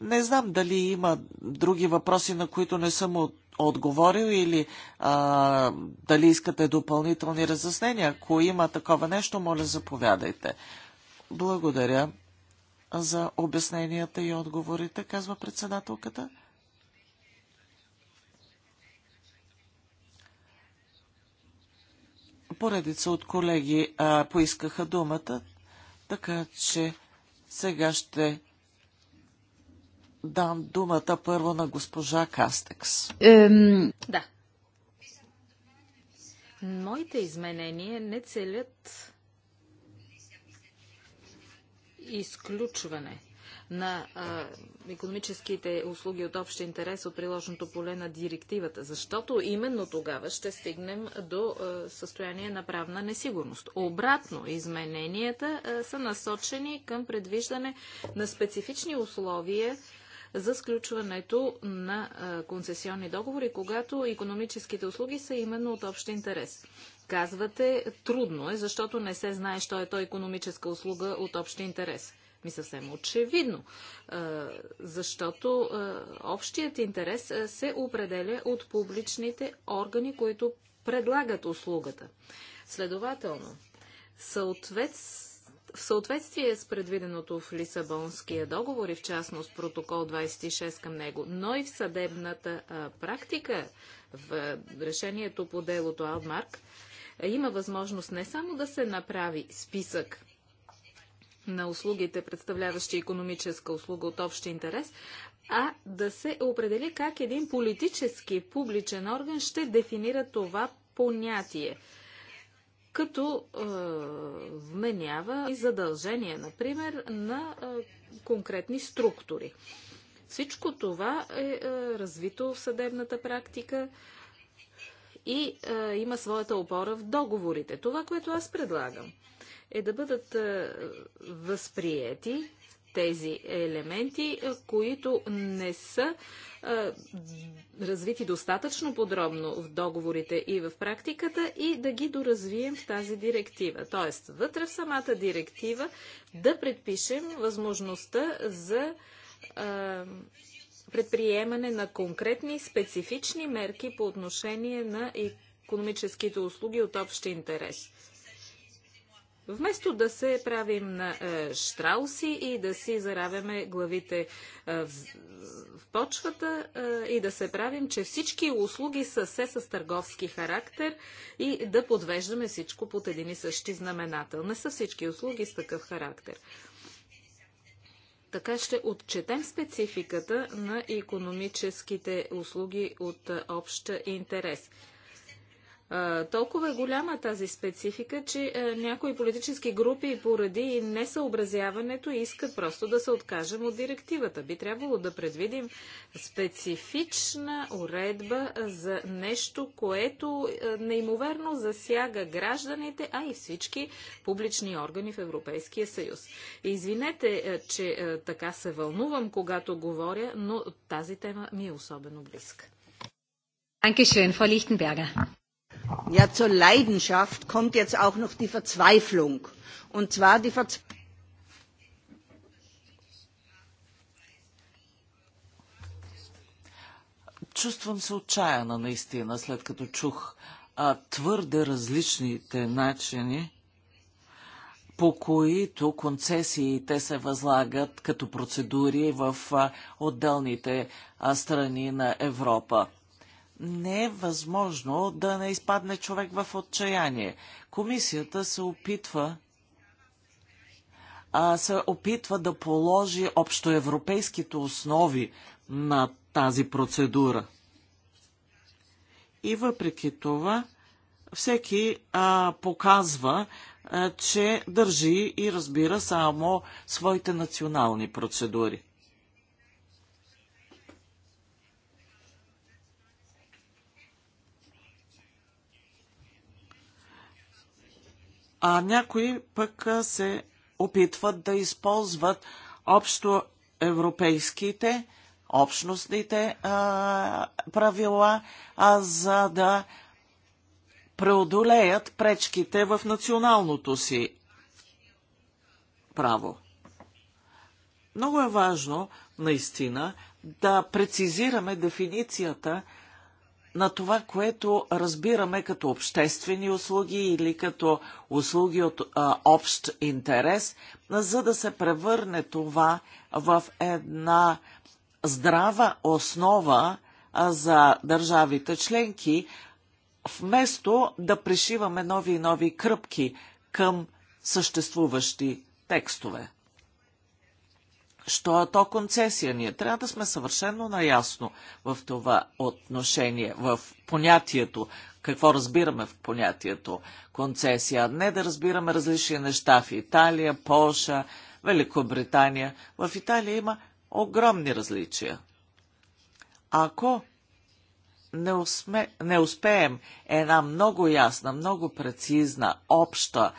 Не знам дали има други въпроси, на които не съм отговорил или а, дали искате допълнителни разяснения. Ако има такова нещо, моля заповядайте. Благодаря за обясненията и отговорите, казва председателката. Поредица от колеги а, поискаха думата, така че сега ще дам думата първо на госпожа Кастекс. Ем... Да. Моите изменения не целят изключване на а, економическите услуги от общ интерес от приложното поле на директивата, защото именно тогава ще стигнем до а, състояние на правна несигурност. Обратно, измененията а, са насочени към предвиждане на специфични условия за сключването на концесионни договори, когато економическите услуги са именно от общ интерес. Казвате, трудно е, защото не се знае, що е то економическа услуга от общ интерес. Ми съвсем очевидно, защото общият интерес се определя от публичните органи, които предлагат услугата. Следователно, съответствие в съответствие с предвиденото в Лисабонския договор и в частност протокол 26 към него, но и в съдебната практика в решението по делото Алмарк, има възможност не само да се направи списък на услугите, представляващи економическа услуга от общ интерес, а да се определи как един политически публичен орган ще дефинира това понятие – като е, вменява и задължения, например, на е, конкретни структури. Всичко това е, е развито в съдебната практика и е, има своята опора в договорите. Това, което аз предлагам, е да бъдат е, възприети тези елементи, е, които не са е, развити достатъчно подробно в договорите и в практиката и да ги доразвием в тази директива. Тоест, вътре в самата директива да предпишем възможността за а, е, предприемане на конкретни специфични мерки по отношение на економическите услуги от общ интерес. Вместо да се правим на е, штрауси и да си заравяме главите е, в, в почвата е, и да се правим, че всички услуги са се с търговски характер и да подвеждаме всичко под един и същи знаменател. Не са всички услуги с такъв характер. Така ще отчетем спецификата на економическите услуги от е, общ интерес. Толкова е голяма тази специфика, че някои политически групи поради несъобразяването искат просто да се откажем от директивата. Би трябвало да предвидим специфична уредба за нещо, което неимоверно засяга гражданите, а и всички публични органи в Европейския съюз. Извинете, че така се вълнувам, когато говоря, но тази тема ми е особено близка. Dankeschön, Frau Lichtenberger. Ja, zur Leidenschaft kommt jetzt auch noch die Verzweiflung. Und zwar die Verzweiflung. Чувствам се отчаяна наистина, след като чух а, твърде различните начини, по които концесиите се възлагат като процедури в а, отделните а, страни на Европа не е възможно да не изпадне човек в отчаяние. Комисията се опитва а, се опитва да положи общоевропейските основи на тази процедура. И въпреки това, всеки а, показва, а, че държи и разбира само своите национални процедури. а някои пък се опитват да използват общо европейските, общностните а, правила, а за да преодолеят пречките в националното си право. Много е важно, наистина, да прецизираме дефиницията на това, което разбираме като обществени услуги или като услуги от а, общ интерес, за да се превърне това в една здрава основа а, за държавите членки, вместо да пришиваме нови и нови кръпки към съществуващи текстове. Що е то концесия? Ние трябва да сме съвършено наясно в това отношение, в понятието, какво разбираме в понятието концесия, не да разбираме различни неща в Италия, Полша, Великобритания. В Италия има огромни различия. Ако не, усме, не успеем една много ясна, много прецизна, обща,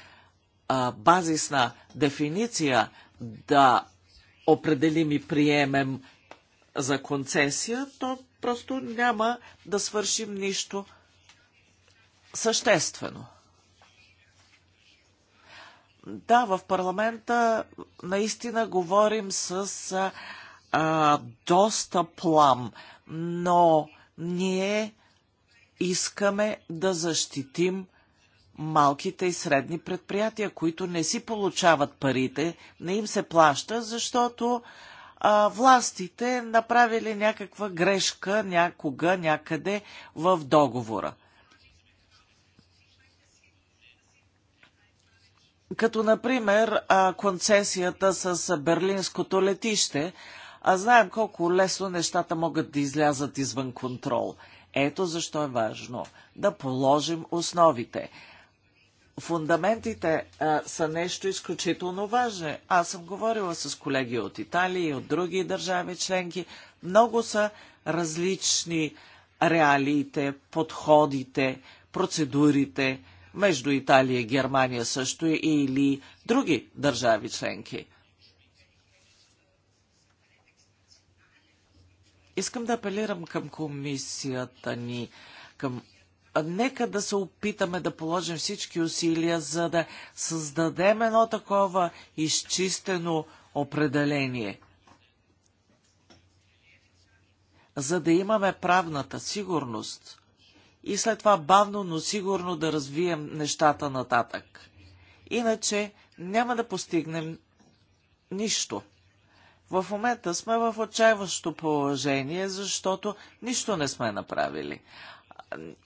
а, базисна дефиниция да определим и приемем за концесия, то просто няма да свършим нищо съществено. Да, в парламента наистина говорим с а, доста плам, но ние искаме да защитим малките и средни предприятия, които не си получават парите, не им се плаща, защото а, властите направили някаква грешка някога, някъде в договора. Като, например, а, концесията с Берлинското летище, а знаем колко лесно нещата могат да излязат извън контрол. Ето защо е важно да положим основите фундаментите а, са нещо изключително важно. Аз съм говорила с колеги от Италия и от други държави членки. Много са различни реалиите, подходите, процедурите между Италия и Германия също или други държави членки. Искам да апелирам към комисията ни, към нека да се опитаме да положим всички усилия, за да създадем едно такова изчистено определение, за да имаме правната сигурност и след това бавно, но сигурно да развием нещата нататък. Иначе няма да постигнем нищо. В момента сме в отчаяващо положение, защото нищо не сме направили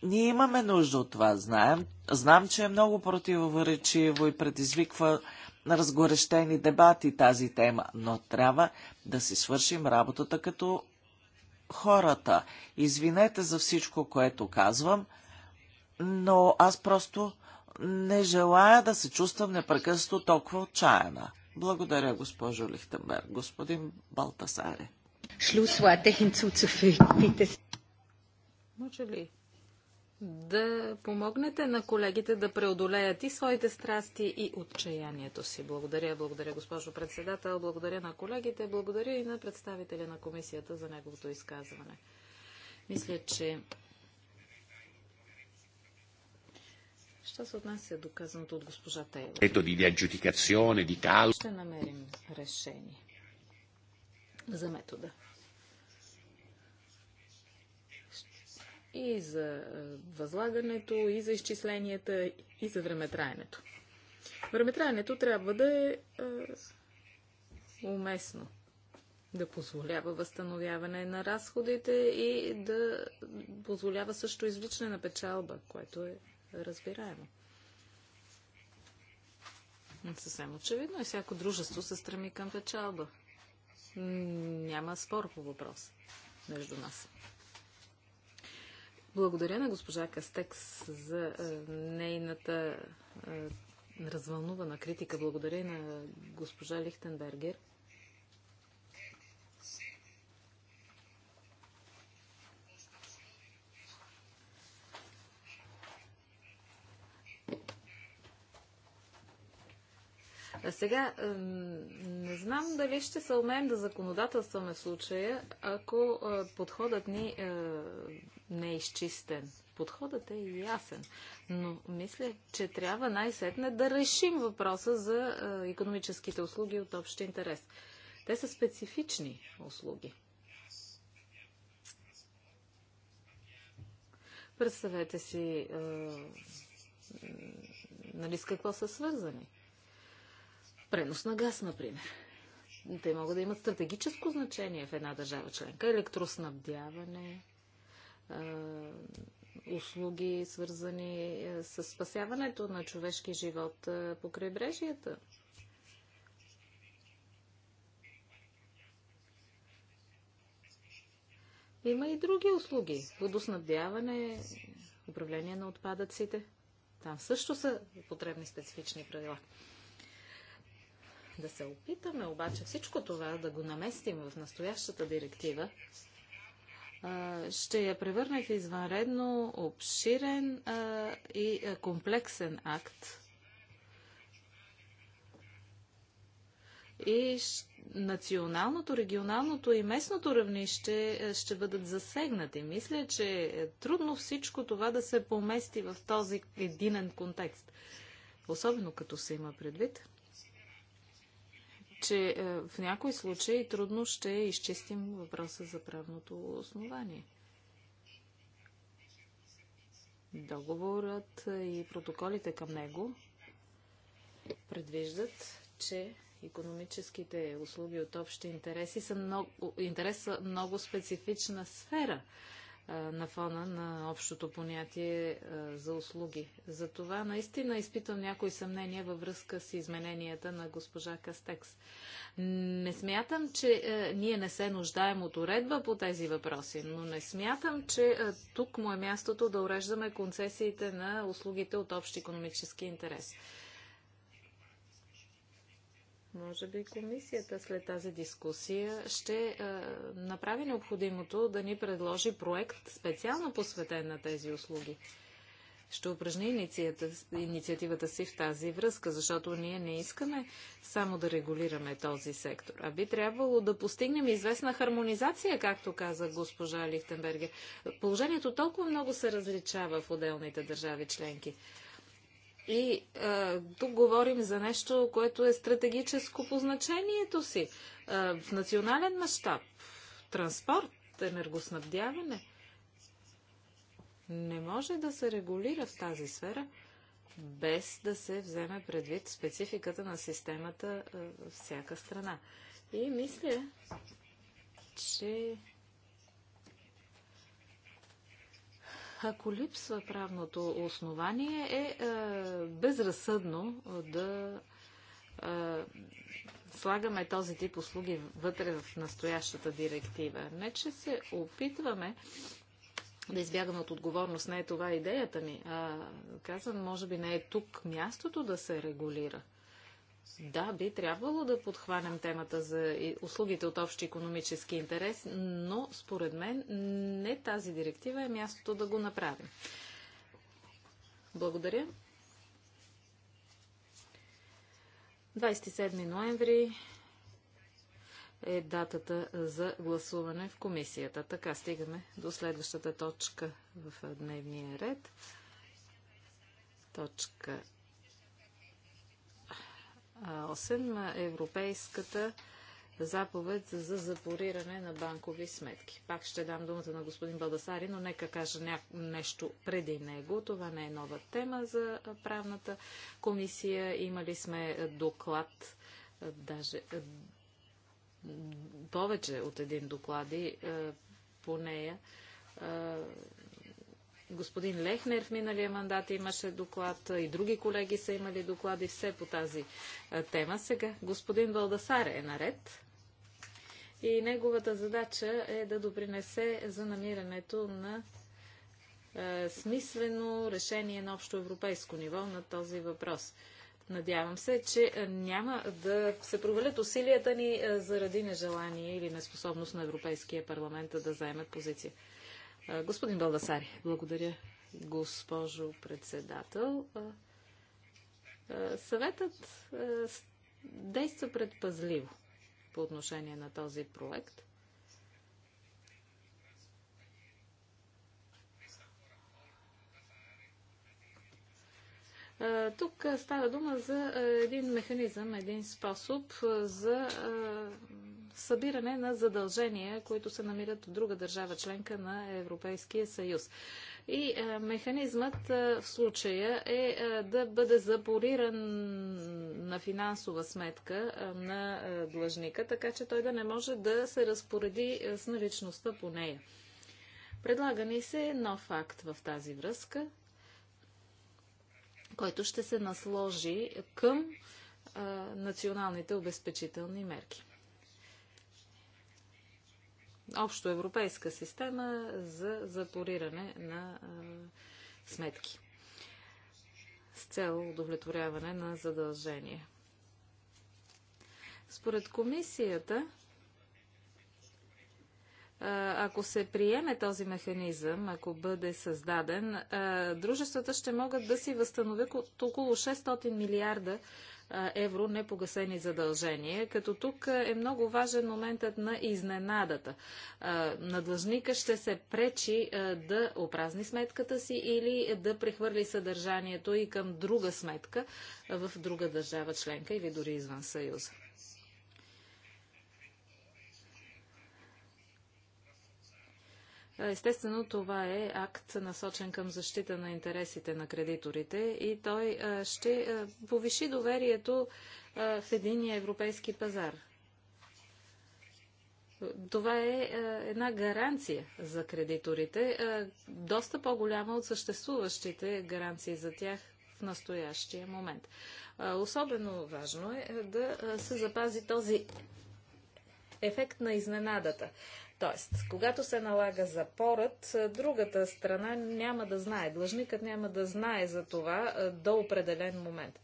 ние имаме нужда от това, знаем. Знам, че е много противоречиво и предизвиква разгорещени дебати тази тема, но трябва да си свършим работата като хората. Извинете за всичко, което казвам, но аз просто не желая да се чувствам непрекъснато толкова отчаяна. Благодаря, госпожо Лихтенберг. Господин Балтасаре. Шлюслате хинцуцуфи. Може ли да помогнете на колегите да преодолеят и своите страсти и отчаянието си. Благодаря, благодаря, госпожо председател, благодаря на колегите, благодаря и на представителя на комисията за неговото изказване. Мисля, че Що се отнася до казаното от госпожа Тейлор? Ето ди ди кал... Ще намерим решение за метода. и за възлагането, и за изчисленията, и за времетраенето. Времетраенето трябва да е, е уместно, да позволява възстановяване на разходите и да позволява също извличане на печалба, което е разбираемо. Съвсем очевидно и всяко дружество се стреми към печалба. Няма спор по въпрос между нас. Благодаря на госпожа Кастекс за е, нейната е, развълнувана критика. Благодаря и на госпожа Лихтенбергер. А сега, не знам дали ще се умеем да законодателстваме в случая, ако е, подходът ни е, не е изчистен. Подходът е ясен, но мисля, че трябва най-сетне да решим въпроса за економическите услуги от общ интерес. Те са специфични услуги. Представете си, е, нали с какво са свързани. Пренос на газ, например. Те могат да имат стратегическо значение в една държава членка. Електроснабдяване, услуги, свързани с спасяването на човешки живот по крайбрежията. Има и други услуги. Водоснабдяване, управление на отпадъците. Там също са потребни специфични правила. Да се опитаме обаче всичко това да го наместим в настоящата директива, ще я превърне в извънредно обширен и комплексен акт. И националното, регионалното и местното равнище ще бъдат засегнати. Мисля, че е трудно всичко това да се помести в този единен контекст. Особено като се има предвид, че е, в някои случаи трудно ще изчистим въпроса за правното основание. Договорът и протоколите към него предвиждат, че економическите услуги от общи интереси са много, интерес са много специфична сфера – на фона на общото понятие за услуги. Затова наистина изпитам някои съмнения във връзка с измененията на госпожа Кастекс. Не смятам, че ние не се нуждаем от уредба по тези въпроси, но не смятам, че тук му е мястото да уреждаме концесиите на услугите от общ економически интерес. Може би комисията след тази дискусия ще а, направи необходимото да ни предложи проект специално посветен на тези услуги. Ще упражни инициативата си в тази връзка, защото ние не искаме само да регулираме този сектор, а би трябвало да постигнем известна хармонизация, както каза госпожа Лихтенбергер. Положението толкова много се различава в отделните държави членки. И а, тук говорим за нещо, което е стратегическо по значението си. А, в национален мащаб, транспорт, енергоснабдяване, не може да се регулира в тази сфера без да се вземе предвид спецификата на системата във всяка страна. И мисля, че ако липсва правното основание, е, е безразсъдно да е, слагаме този тип услуги вътре в настоящата директива. Не, че се опитваме да избягаме от отговорност. Не е това идеята ми. А, казвам, може би не е тук мястото да се регулира – да, би трябвало да подхванем темата за услугите от общи економически интерес, но според мен не тази директива е мястото да го направим. Благодаря. 27 ноември е датата за гласуване в комисията. Така стигаме до следващата точка в дневния ред. Точка 8. Европейската заповед за запориране на банкови сметки. Пак ще дам думата на господин Балдасари, но нека кажа ня... нещо преди него. Това не е нова тема за правната комисия. Имали сме доклад, даже повече от един доклади по нея Господин Лехнер в миналия мандат имаше доклад и други колеги са имали доклади все по тази тема. Сега господин Балдасар е наред и неговата задача е да допринесе за намирането на е, смислено решение на общо европейско ниво на този въпрос. Надявам се, че няма да се провалят усилията ни заради нежелание или неспособност на Европейския парламент да заемат позиция. Господин Балдасари. Благодаря, госпожо председател. Съветът действа предпазливо по отношение на този проект. Тук става дума за един механизъм, един способ за събиране на задължения, които се намират в друга държава членка на Европейския съюз. И а, е, механизмът а, е, в случая е а, е, да бъде запориран на финансова сметка на длъжника, така че той да не може да се разпореди с наличността по нея. Предлага ни се нов факт в тази връзка, който ще се насложи към националните обезпечителни мерки общо европейска система за запориране на сметки с цел удовлетворяване на задължения. Според комисията, ако се приеме този механизъм, ако бъде създаден, дружествата ще могат да си възстановят около 600 милиарда евро непогасени задължения, като тук е много важен моментът на изненадата. На длъжника ще се пречи да опразни сметката си или да прехвърли съдържанието и към друга сметка в друга държава членка или дори извън Съюза. Естествено, това е акт насочен към защита на интересите на кредиторите и той ще повиши доверието в единия европейски пазар. Това е една гаранция за кредиторите, доста по-голяма от съществуващите гаранции за тях в настоящия момент. Особено важно е да се запази този ефект на изненадата. Тоест, когато се налага запорът, другата страна няма да знае, длъжникът няма да знае за това до определен момент.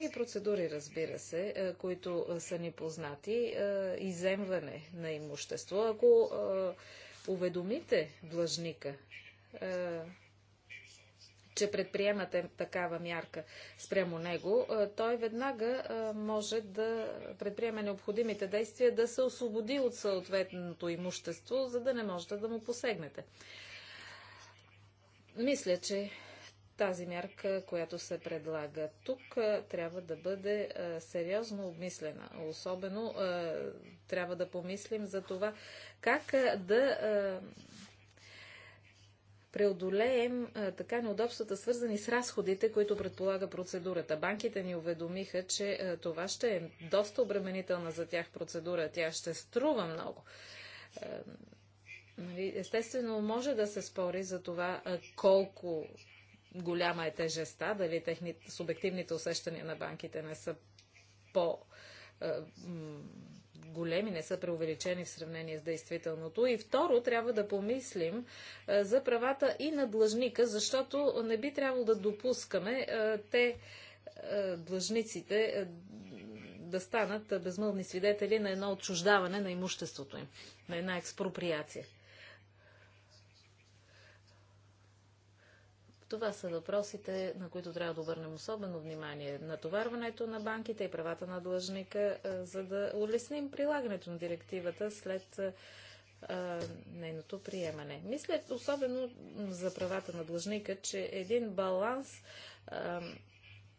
И процедури, разбира се, които са ни познати. Иземване на имущество. Ако уведомите длъжника, че предприемате такава мярка спрямо него, той веднага може да предприеме необходимите действия да се освободи от съответното имущество, за да не можете да му посегнете. Мисля, че тази мярка, която се предлага тук, трябва да бъде сериозно обмислена. Особено трябва да помислим за това как да преодолеем а, така неудобствата, свързани с разходите, които предполага процедурата. Банките ни уведомиха, че а, това ще е доста обременителна за тях процедура. Тя ще струва много. А, нали, естествено, може да се спори за това колко голяма е тежеста, дали техни, субективните усещания на банките не са по големи, не са преувеличени в сравнение с действителното. И второ, трябва да помислим за правата и на длъжника, защото не би трябвало да допускаме те, длъжниците, да станат безмълвни свидетели на едно отчуждаване на имуществото им, на една експроприация. Това са въпросите, на които трябва да обърнем особено внимание. Натоварването на банките и правата на длъжника, за да улесним прилагането на директивата след нейното приемане. Мисля особено за правата на длъжника, че един баланс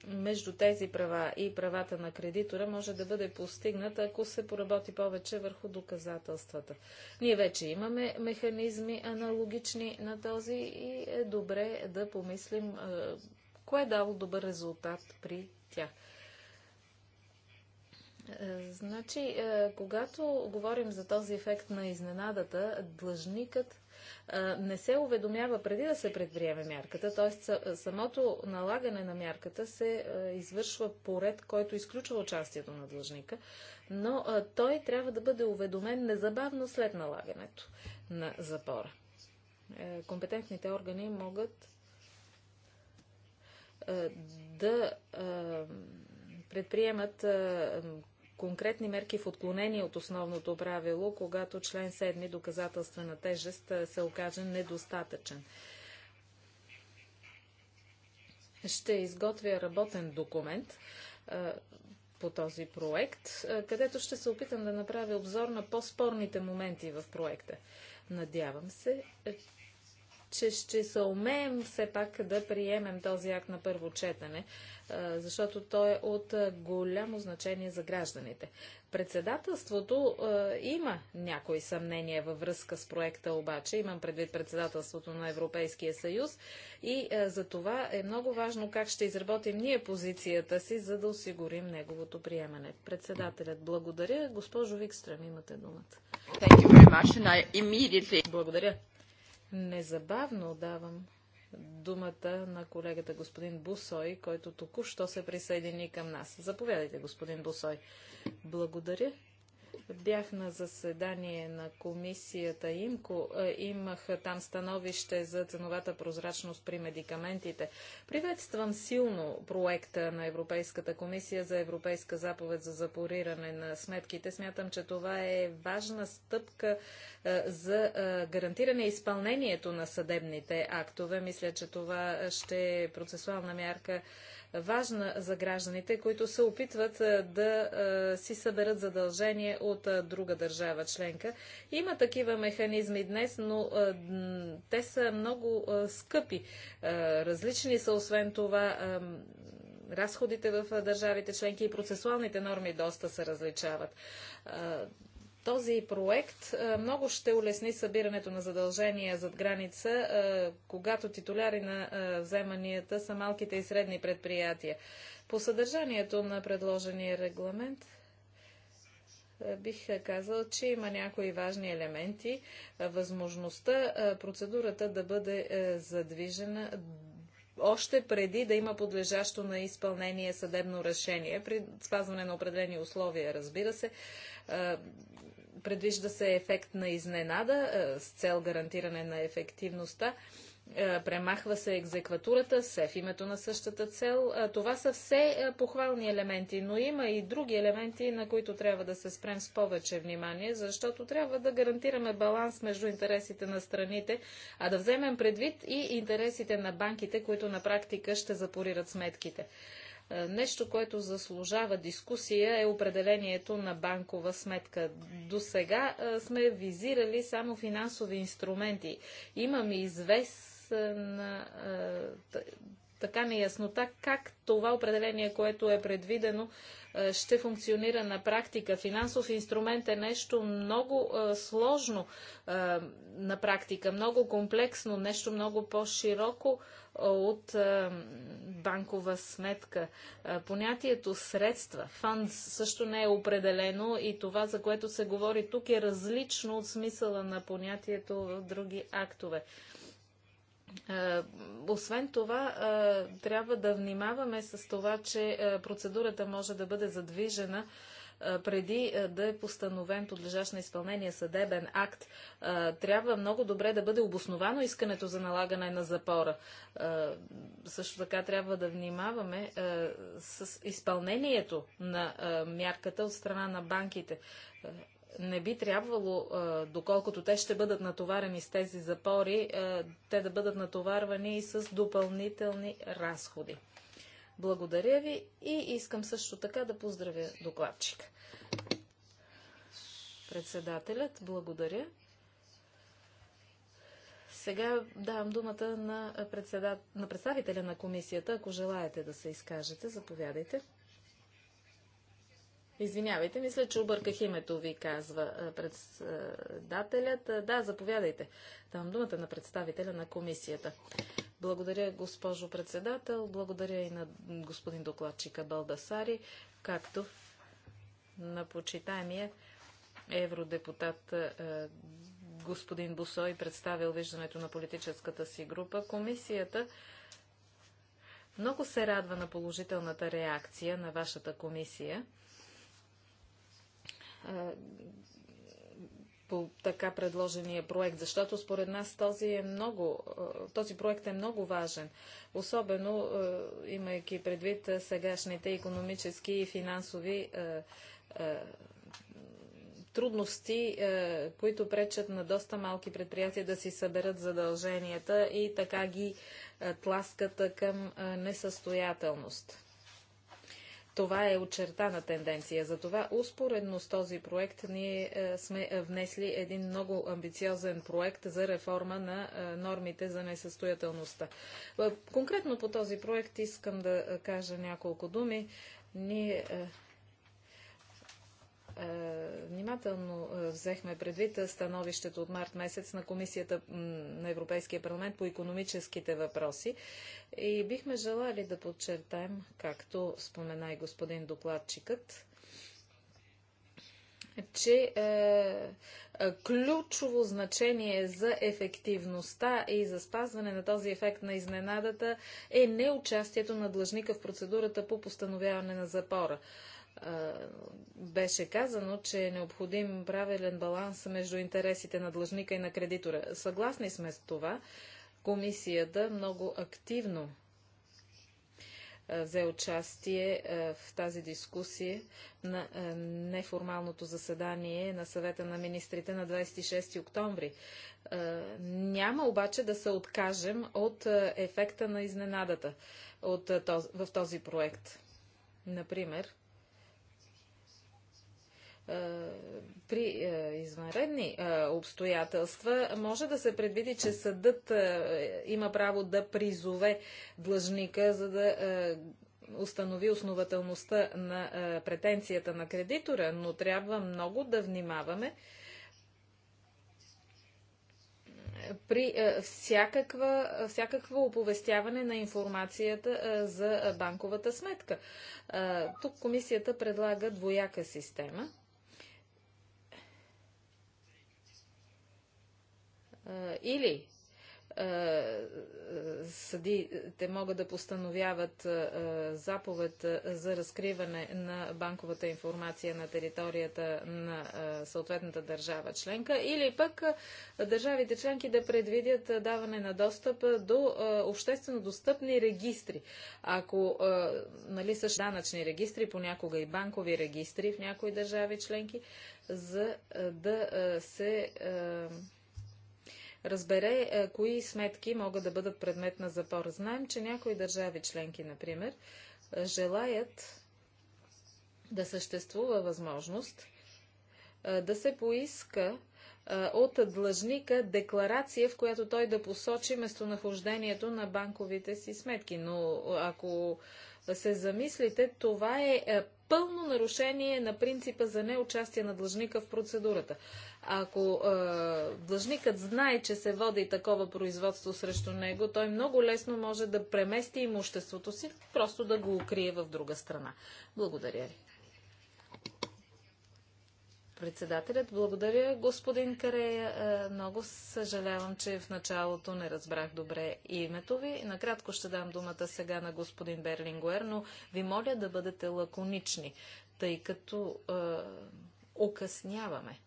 между тези права и правата на кредитора може да бъде постигнат, ако се поработи повече върху доказателствата. Ние вече имаме механизми аналогични на този и е добре да помислим е, кое е дало добър резултат при тях. Е, значи, е, когато говорим за този ефект на изненадата, длъжникът не се уведомява преди да се предприеме мярката, т.е. самото налагане на мярката се извършва по ред, който изключва участието на длъжника, но той трябва да бъде уведомен незабавно след налагането на запора. Е, компетентните органи могат да предприемат конкретни мерки в отклонение от основното правило, когато член 7 доказателствена тежест се окаже недостатъчен. Ще изготвя работен документ по този проект, където ще се опитам да направя обзор на по-спорните моменти в проекта. Надявам се, че ще се умеем все пак да приемем този акт на първо четене, защото той е от голямо значение за гражданите. Председателството има някои съмнения във връзка с проекта обаче, имам предвид председателството на Европейския съюз и за това е много важно как ще изработим ние позицията си, за да осигурим неговото приемане. Председателят, благодаря. Госпожо Викстрем, имате думата. Благодаря. Незабавно давам думата на колегата господин Бусой, който току-що се присъедини към нас. Заповядайте, господин Бусой. Благодаря, Бях на заседание на комисията ИМКО. Е, имах там становище за ценовата прозрачност при медикаментите. Приветствам силно проекта на Европейската комисия за Европейска заповед за запориране на сметките. Смятам, че това е важна стъпка е, за е, гарантиране изпълнението на съдебните актове. Мисля, че това ще е процесуална мярка важна за гражданите, които се опитват е, да е, си съберат задължение от е, друга държава членка. Има такива механизми днес, но те са много скъпи. Различни са освен това разходите в държавите членки и процесуалните норми доста се различават. Този проект много ще улесни събирането на задължения зад граница, когато титуляри на вземанията са малките и средни предприятия. По съдържанието на предложения регламент бих казал, че има някои важни елементи. Възможността процедурата да бъде задвижена още преди да има подлежащо на изпълнение съдебно решение, при спазване на определени условия, разбира се. Предвижда се ефект на изненада е, с цел гарантиране на ефективността. Е, премахва се екзекватурата, се в името на същата цел. Е, това са все похвални елементи, но има и други елементи, на които трябва да се спрем с повече внимание, защото трябва да гарантираме баланс между интересите на страните, а да вземем предвид и интересите на банките, които на практика ще запорират сметките. Нещо, което заслужава дискусия е определението на банкова сметка. До сега сме визирали само финансови инструменти. Имам известна така неяснота как това определение, което е предвидено, е, ще функционира на практика. Финансов инструмент е нещо много е, сложно е, на практика, много комплексно, нещо много по-широко от банкова сметка. Понятието средства, фанд също не е определено и това, за което се говори тук, е различно от смисъла на понятието в други актове. Е, освен това, е, трябва да внимаваме с това, че е, процедурата може да бъде задвижена преди да е постановен подлежащ на изпълнение съдебен акт, трябва много добре да бъде обосновано искането за налагане на запора. Също така трябва да внимаваме с изпълнението на мярката от страна на банките не би трябвало, доколкото те ще бъдат натоварени с тези запори, те да бъдат натоварвани и с допълнителни разходи. Благодаря ви и искам също така да поздравя докладчика. Председателят, благодаря. Сега давам думата на, председат... на представителя на комисията. Ако желаете да се изкажете, заповядайте. Извинявайте, мисля, че обърках името ви, казва е, председателят. Е, да, заповядайте. Давам думата на представителя на комисията. Благодаря, госпожо председател. Благодаря и на господин докладчика Балдасари, както на почитаемия евродепутат е, господин Бусой представил виждането на политическата си група. Комисията много се радва на положителната реакция на вашата комисия по така предложения проект, защото според нас този, е много, този проект е много важен, особено имайки предвид сегашните економически и финансови трудности, които пречат на доста малки предприятия да си съберат задълженията и така ги тласкат към несъстоятелност. Това е очертана тенденция. Затова успоредно с този проект ние е, сме внесли един много амбициозен проект за реформа на е, нормите за несъстоятелността. Е, конкретно по този проект искам да кажа няколко думи. Ние е, внимателно е, взехме предвид становището от март месец на Комисията на Европейския парламент по економическите въпроси и бихме желали да подчертаем, както спомена и господин докладчикът, че е, е, ключово значение за ефективността и за спазване на този ефект на изненадата е неучастието на длъжника в процедурата по постановяване на запора. Е, беше казано, че е необходим правилен баланс между интересите на длъжника и на кредитора. Съгласни сме с това. Комисията много активно взе участие в тази дискусия на неформалното заседание на съвета на министрите на 26 октомври. Няма обаче да се откажем от ефекта на изненадата от, в този проект. Например, е, при е, извънредни е, обстоятелства може да се предвиди, че съдът има право да призове длъжника, за да установи основателността на претенцията на кредитора, но трябва много да внимаваме при всякаква, всякакво оповестяване на информацията за банковата сметка. Тук комисията предлага двояка система – Или съдите могат да постановяват заповед за разкриване на банковата информация на територията на съответната държава членка или пък държавите членки да предвидят даване на достъп до обществено достъпни регистри. Ако нали, са данъчни регистри, понякога и банкови регистри в някои държави членки, за да се разбере е, кои сметки могат да бъдат предмет на запор. Знаем, че някои държави членки, например, е, желаят да съществува възможност е, да се поиска от длъжника декларация, в която той да посочи местонахождението на банковите си сметки. Но ако се замислите, това е, е пълно нарушение на принципа за неучастие на длъжника в процедурата. Ако е, длъжникът знае, че се води такова производство срещу него, той много лесно може да премести имуществото си, просто да го укрие в друга страна. Благодаря ви. Председателят, благодаря господин Карея. Е, много съжалявам, че в началото не разбрах добре името ви. Накратко ще дам думата сега на господин Берлингуер, но ви моля да бъдете лаконични, тъй като е, окъсняваме.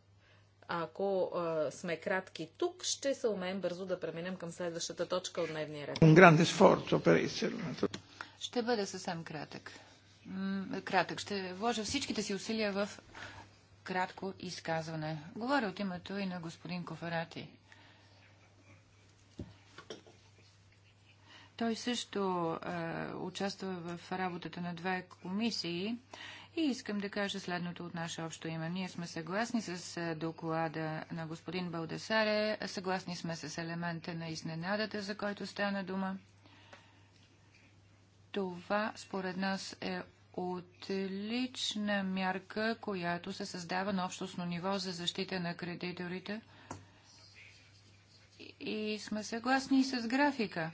Ако е, сме кратки тук, ще се умеем бързо да преминем към следващата точка от дневния ред. Ще бъде съвсем кратък. кратък. Ще вложа всичките си усилия в кратко изказване. Говоря от името и на господин Коферати. Той също е, участва в работата на две комисии и искам да кажа следното от наше общо име. Ние сме съгласни с е, доклада на господин Балдасаре, съгласни сме с елемента на изненадата, за който стана дума. Това според нас е отлична мярка, която се създава на общностно ниво за защита на кредиторите. И сме съгласни с графика.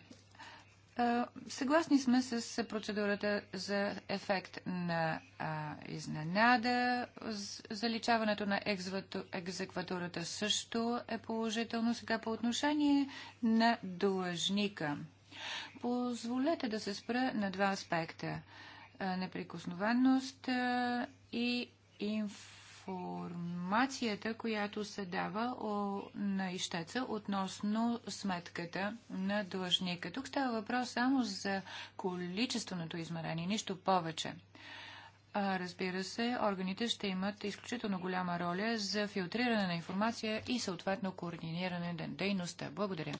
Съгласни сме с процедурата за ефект на изненада. Заличаването на екзекватурата също е положително сега по отношение на длъжника. Позволете да се спра на два аспекта неприкосновеност и информацията, която се дава на ищеца относно сметката на длъжника. Тук става въпрос само за количественото измерение, нищо повече. Разбира се, органите ще имат изключително голяма роля за филтриране на информация и съответно координиране на дейността. Благодаря.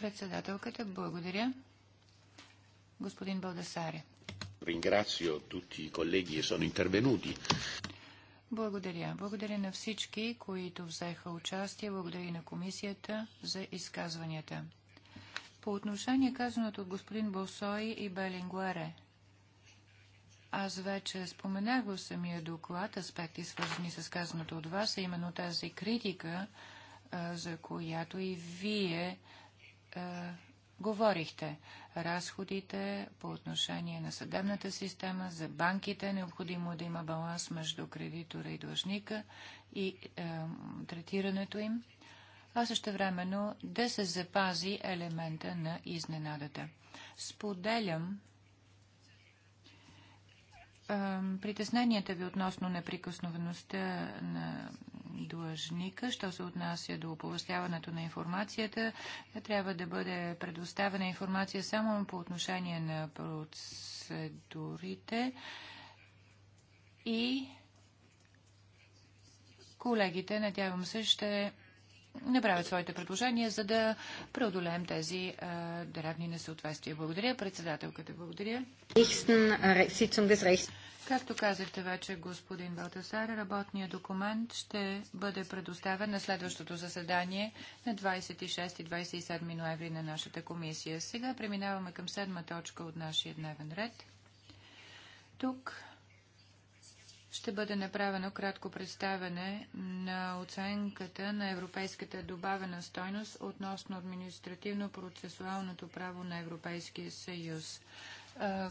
Председателката, благодаря господин Балдасаре. Ringrazio tutti i colleghi che sono intervenuti. Благодаря. Благодаря на всички, които взеха участие. Благодаря на комисията за изказванията. По отношение казаното от господин Босой и Белингуаре, аз вече споменах в самия доклад аспекти, свързани с казаното от вас, а именно тази критика, за която и вие говорихте разходите по отношение на съдебната система, за банките. Е необходимо да има баланс между кредитора и длъжника и е, третирането им, а също времено да се запази елемента на изненадата. Споделям притесненията ви относно неприкосновеността на длъжника. Що се отнася до оповестяването на информацията, трябва да бъде предоставена информация само по отношение на процедурите и колегите, надявам се, ще направят своите предложения, за да преодолеем тези древни несъответствия. Благодаря, председателката. Благодаря. Както казахте вече, господин Балтасар, работният документ ще бъде предоставен на следващото заседание на 26 и 27 ноември на нашата комисия. Сега преминаваме към седма точка от нашия дневен ред. Тук ще бъде направено кратко представяне на оценката на европейската добавена стойност относно административно-процесуалното право на Европейския съюз.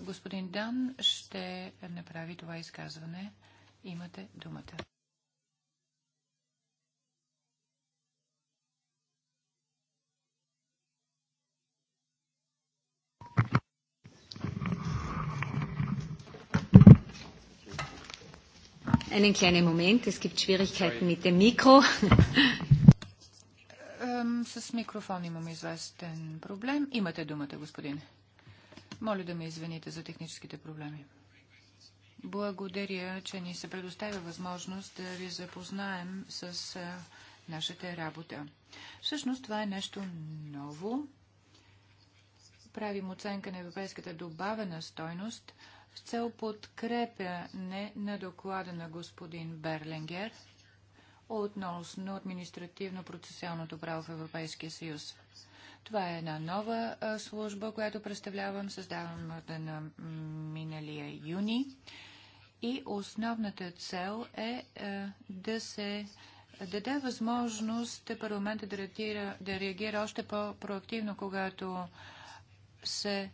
Господин Дан ще направи това изказване. Имате думата. Einen kleinen Moment, es gibt Schwierigkeiten mit dem Mikro. С микрофон имам известен проблем. Имате думата, господин. Моля да ме извините за техническите проблеми. Благодаря, че ни се предоставя възможност да ви запознаем с е, нашата работа. Всъщност това е нещо ново. Правим оценка на европейската добавена стойност – в цел подкрепяне на доклада на господин Берлингер относно административно-процесуалното право в Европейския съюз. Това е една нова служба, която представлявам, създавам на миналия юни. И основната цел е да се даде възможност парламента да реагира, да реагира още по-проактивно, когато се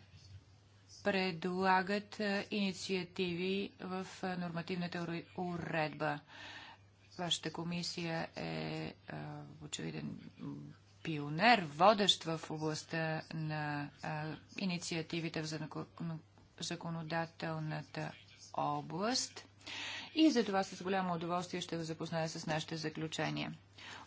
предлагат инициативи в нормативната уредба. Вашата комисия е очевиден пионер, водещ в областта на инициативите в законодателната област и за това с голямо удоволствие ще ви запозная с нашите заключения.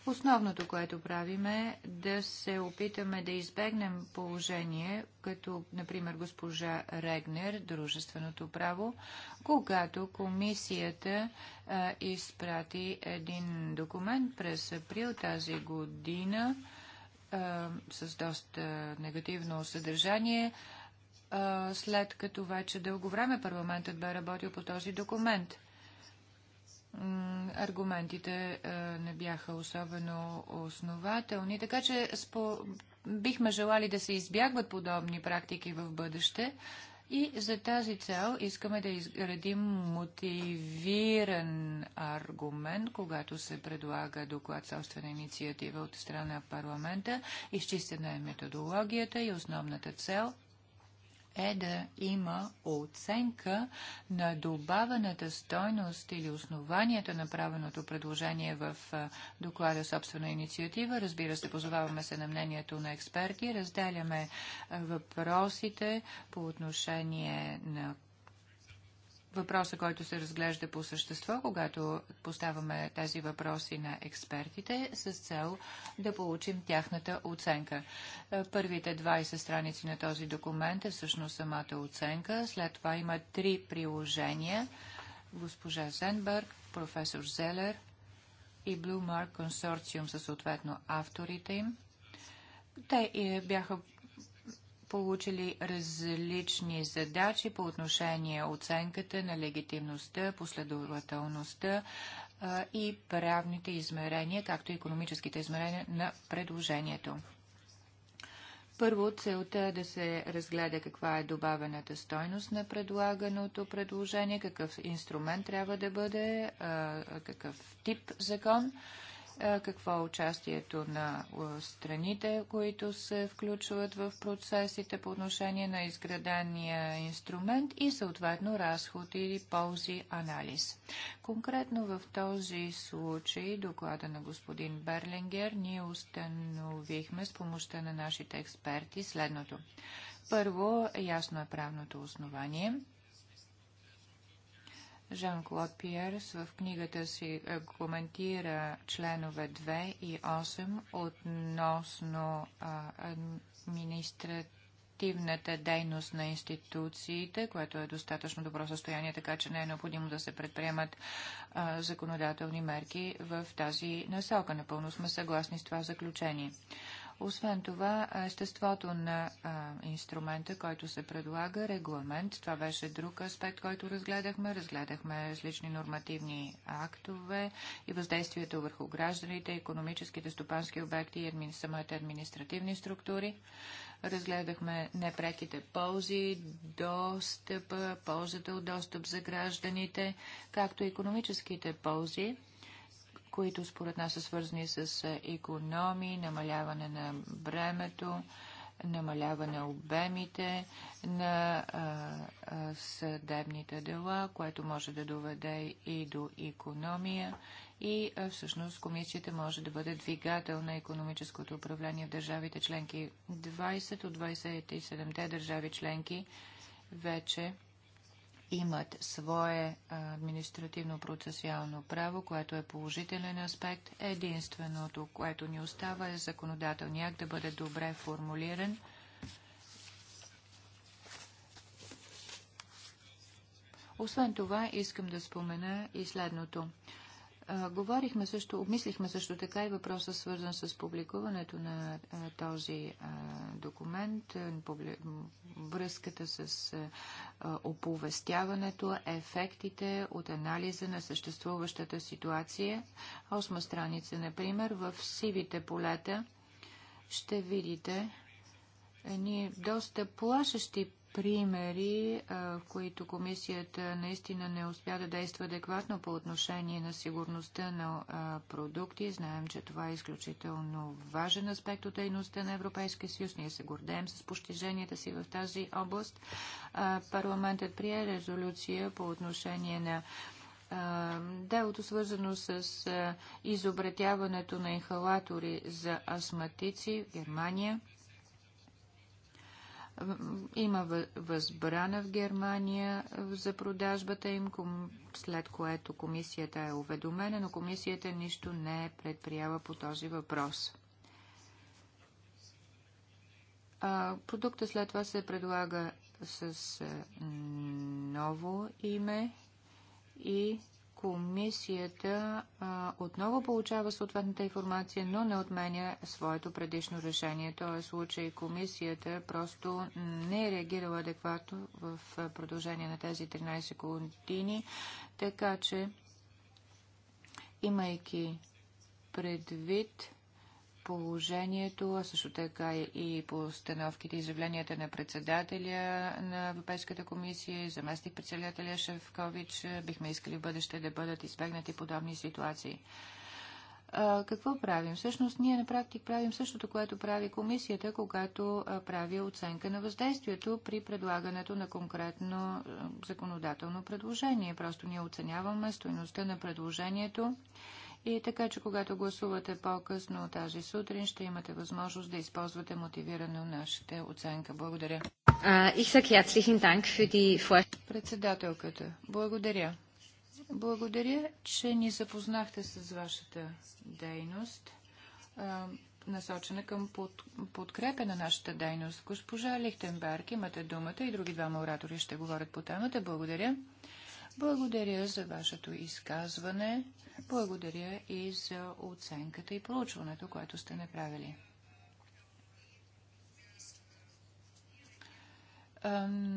Основното, което правим е да се опитаме да избегнем положение, като, например, госпожа Регнер, дружественото право, когато комисията а, изпрати един документ през април тази година а, с доста негативно съдържание, а, след като вече дълго време парламентът бе работил по този документ аргументите е, не бяха особено основателни, така че спо... бихме желали да се избягват подобни практики в бъдеще. И за тази цел искаме да изградим мотивиран аргумент, когато се предлага доклад собствена инициатива от страна на парламента. Изчистена е методологията и основната цел – е да има оценка на добавената стойност или основанията на правеното предложение в доклада собствена инициатива. Разбира се, позоваваме се на мнението на експерти, разделяме въпросите по отношение на въпроса, който се разглежда по същество, когато поставяме тези въпроси на експертите, с цел да получим тяхната оценка. Е, първите 20 страници на този документ е всъщност самата оценка. След това има три приложения. Госпожа Зенберг, професор Зелер и Blue Mark консорциум със съответно авторите им. Те е, бяха получили различни задачи по отношение оценката на легитимността, последователността и правните измерения, както и економическите измерения на предложението. Първо, целта е да се разгледа каква е добавената стойност на предлаганото предложение, какъв инструмент трябва да бъде, какъв тип закон. Е, какво е участието на е, страните, които се включват в процесите по отношение на изградения инструмент и съответно разход или ползи, анализ. Конкретно в този случай, доклада на господин Берлингер, ние установихме с помощта на нашите експерти следното. Първо, ясно е правното основание – Жан-Клод Пиерс в книгата си е, коментира членове 2 и 8 относно активната дейност на институциите, което е достатъчно добро състояние, така че не е необходимо да се предприемат а, законодателни мерки в тази насока. Напълно сме съгласни с това заключение. Освен това, естеството на а, инструмента, който се предлага, регламент, това беше друг аспект, който разгледахме. Разгледахме различни нормативни актове и въздействието върху гражданите, економическите, стопански обекти и админ, самите административни структури. Разгледахме непреките ползи, достъпа, ползата от достъп за гражданите, както и економическите ползи които според нас са свързани с економии, намаляване на бремето, намаляване обемите на а, а, съдебните дела, което може да доведе и до економия. И а, всъщност комисията може да бъде двигател на економическото управление в държавите членки. 20 от 27-те държави членки вече имат свое административно-процесуално право, което е положителен аспект. Единственото, което ни остава е законодателният акт да бъде добре формулиран. Освен това, искам да спомена и следното. А, говорихме също, обмислихме също така и въпроса свързан с публикуването на а, този а, документ, публи... връзката с оповестяването, ефектите от анализа на съществуващата ситуация. Осма страница, например, в сивите полета ще видите ни доста плашещи примери, в които комисията наистина не успя да действа адекватно по отношение на сигурността на продукти. Знаем, че това е изключително важен аспект от дейността на Европейския съюз. Ние се гордеем с постиженията си в тази област. Парламентът прие резолюция по отношение на делото свързано с изобретяването на инхалатори за астматици в Германия – има възбрана в Германия за продажбата им, след което комисията е уведомена, но комисията нищо не е предприява по този въпрос. А, продукта след това се предлага с е, ново име и комисията а, отново получава съответната информация, но не отменя своето предишно решение. Т.е. случай комисията просто не е реагирала адекватно в продължение на тези 13 години, така че имайки предвид положението, а също така и по установките и изявленията на председателя на Европейската комисия и заместник председателя Шевкович. Бихме искали в бъдеще да бъдат избегнати подобни ситуации. какво правим? Всъщност ние на практик правим същото, което прави комисията, когато прави оценка на въздействието при предлагането на конкретно законодателно предложение. Просто ние оценяваме стоеността на предложението и така, че когато гласувате по-късно тази сутрин, ще имате възможност да използвате мотивирано нашите оценка. Благодаря. Председателката, благодаря. Благодаря, че ни запознахте с вашата дейност насочена към под, подкрепа на нашата дейност. Госпожа Лихтенберг, имате думата и други двама оратори ще говорят по темата. Благодаря. Благодаря за вашето изказване. Благодаря и за оценката и проучването, което сте направили.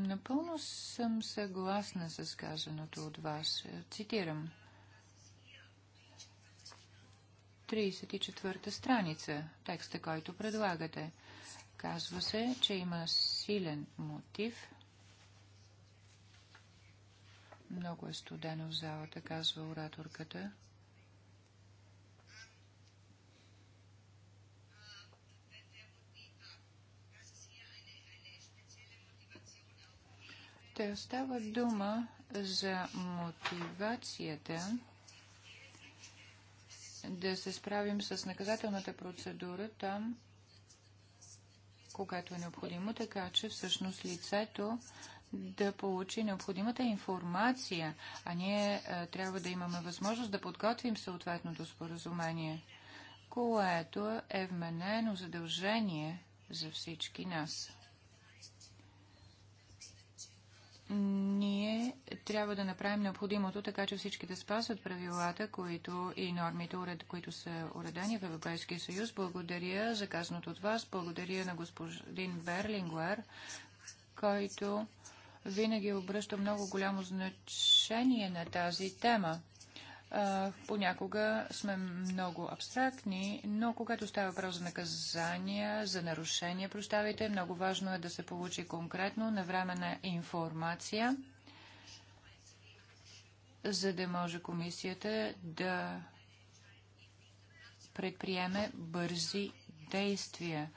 Напълно съм съгласна с казаното от вас. Цитирам. 34-та страница, текста, който предлагате. Казва се, че има силен мотив – много е студено в залата, казва ораторката. Те остава дума за мотивацията да се справим с наказателната процедура там, когато е необходимо, така че всъщност лицето да получи необходимата информация, а ние е, трябва да имаме възможност да подготвим съответното споразумение, което е вменено задължение за всички нас. Ние трябва да направим необходимото, така че всички да спазват правилата които и нормите, които са уредени в Европейския съюз. Благодаря за казаното от вас. Благодаря на господин Берлингуер, който винаги обръща много голямо значение на тази тема. Понякога сме много абстрактни, но когато става въпрос за наказания, за нарушения, прощавайте, много важно е да се получи конкретно навременна информация, за да може комисията да предприеме бързи действия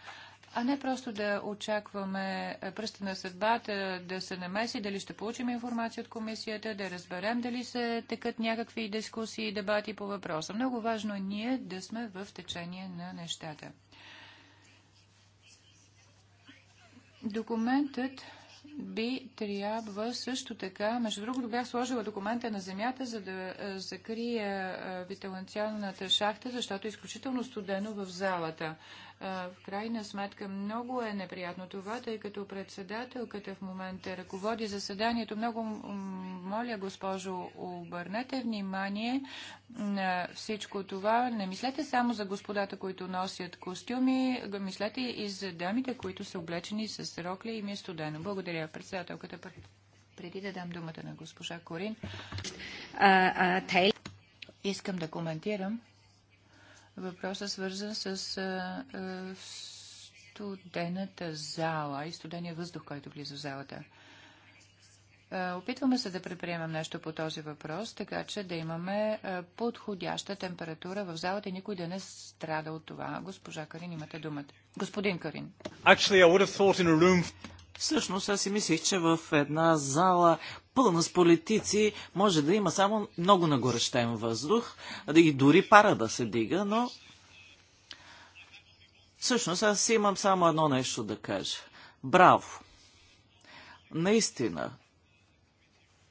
а не просто да очакваме е, пръста на съдбата да се намеси, дали ще получим информация от комисията, да разберем дали се текат някакви дискусии и дебати по въпроса. Много важно е ние да сме в течение на нещата. Документът би трябва също така, между другото бях сложила документа на земята, за да е, закрия е, виталанциалната шахта, защото е изключително студено в залата в крайна сметка много е неприятно това, тъй като председателката в момента ръководи заседанието. Много моля, госпожо, обърнете внимание на всичко това. Не мислете само за господата, които носят костюми, мислете и за дамите, които са облечени с рокля и ми е студено. Благодаря, председателката. Преди да дам думата на госпожа Корин, искам да коментирам въпроса свързан с студената зала и студения въздух, който влиза в залата. опитваме се да предприемам нещо по този въпрос, така че да имаме подходяща температура в залата и никой да не страда от това. Госпожа Карин, имате думата. Господин Карин. Всъщност аз си мислих, че в една зала пълна с политици може да има само много нагорещен въздух, да и дори пара да се дига, но всъщност аз имам само едно нещо да кажа. Браво! Наистина,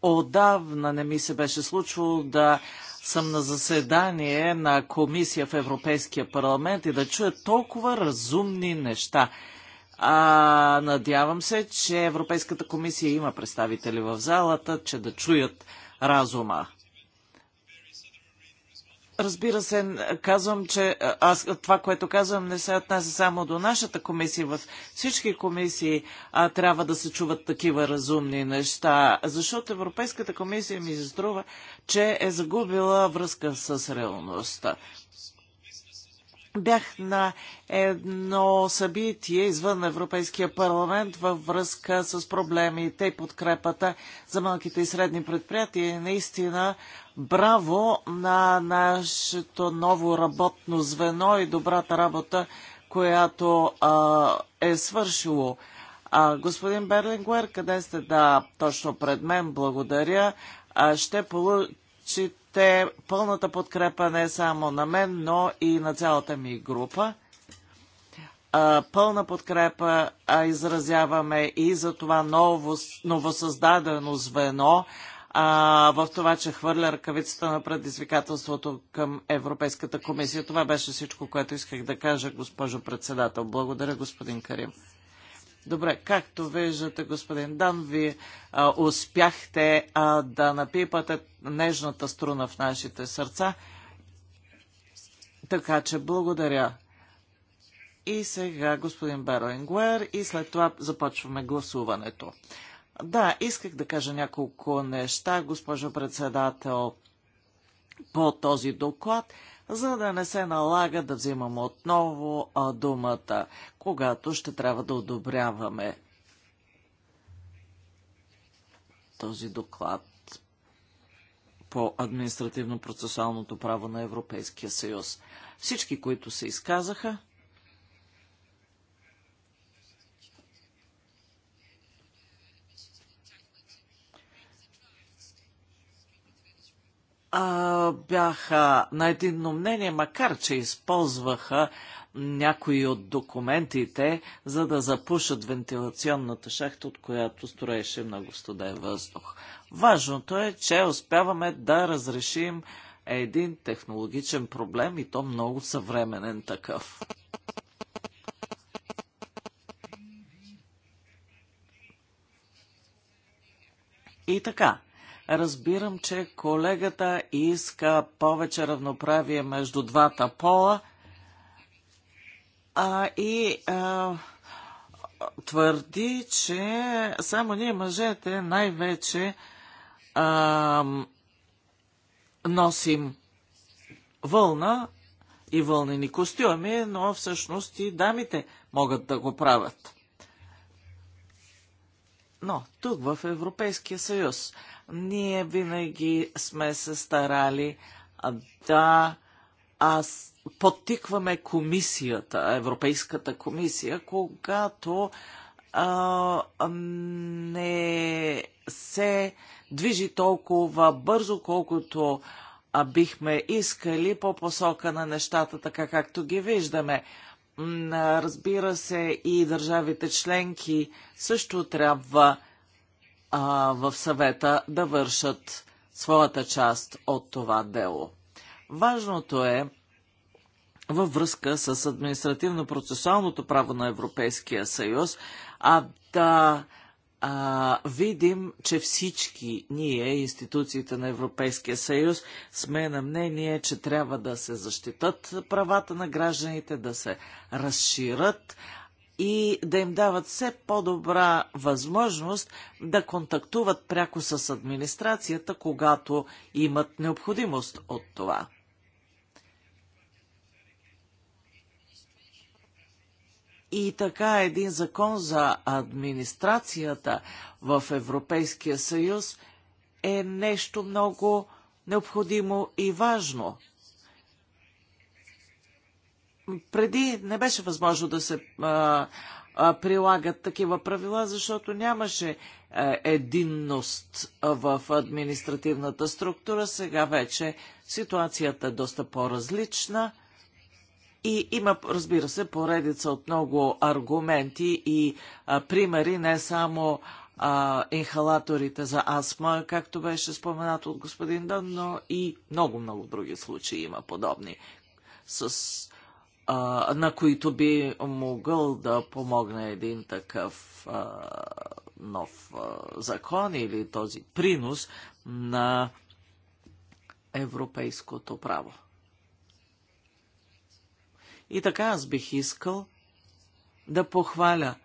отдавна не ми се беше случвало да съм на заседание на комисия в Европейския парламент и да чуя толкова разумни неща. А, надявам се, че Европейската комисия има представители в залата, че да чуят разума. Разбира се, казвам, че аз това, което казвам, не се отнася само до нашата комисия. В всички комисии а, трябва да се чуват такива разумни неща, защото Европейската комисия ми се струва, че е загубила връзка с реалността. Бях на едно събитие извън Европейския парламент във връзка с проблемите и подкрепата за малките и средни предприятия. Наистина, браво на нашето ново работно звено и добрата работа, която а, е свършило. А, господин Берлингуер, къде сте? Да, точно пред мен, благодаря. А, ще получите имате пълната подкрепа не само на мен, но и на цялата ми група. Пълна подкрепа изразяваме и за това ново, новосъздадено звено, а, в това, че хвърля ръкавицата на предизвикателството към Европейската комисия. Това беше всичко, което исках да кажа, госпожо председател. Благодаря, господин Карим. Добре, както виждате, господин Дан, ви а, успяхте а, да напипате нежната струна в нашите сърца. Така че благодаря. И сега господин Ингуер, и след това започваме гласуването. Да, исках да кажа няколко неща, госпожо председател, по този доклад за да не се налага да взимам отново думата, когато ще трябва да одобряваме този доклад по административно-процесуалното право на Европейския съюз. Всички, които се изказаха, а, бяха на единно мнение, макар че използваха някои от документите, за да запушат вентилационната шахта, от която строеше много студен въздух. Важното е, че успяваме да разрешим един технологичен проблем и то много съвременен такъв. И така, Разбирам, че колегата иска повече равноправие между двата пола а, и а, твърди, че само ние мъжете най-вече носим вълна и вълнени костюми, но всъщност и дамите могат да го правят. Но тук в Европейския съюз ние винаги сме се старали да аз подтикваме комисията, Европейската комисия, когато а, не се движи толкова бързо, колкото а бихме искали по посока на нещата, така както ги виждаме. Разбира се, и държавите членки също трябва а, в съвета да вършат своята част от това дело. Важното е във връзка с административно-процесуалното право на Европейския съюз, а да а, видим, че всички ние, институциите на Европейския съюз, сме на мнение, че трябва да се защитат правата на гражданите, да се разширят и да им дават все по-добра възможност да контактуват пряко с администрацията, когато имат необходимост от това. И така един закон за администрацията в Европейския съюз е нещо много необходимо и важно. Преди не беше възможно да се а, а, прилагат такива правила, защото нямаше а, единност в административната структура. Сега вече ситуацията е доста по-различна и има, разбира се, поредица от много аргументи и а, примери, не само а, инхалаторите за астма, както беше споменато от господин Дън, но и много-много други случаи има подобни, с, а, на които би могъл да помогне един такъв а, нов а, закон или този принос на европейското право. И така аз бих искал да похваля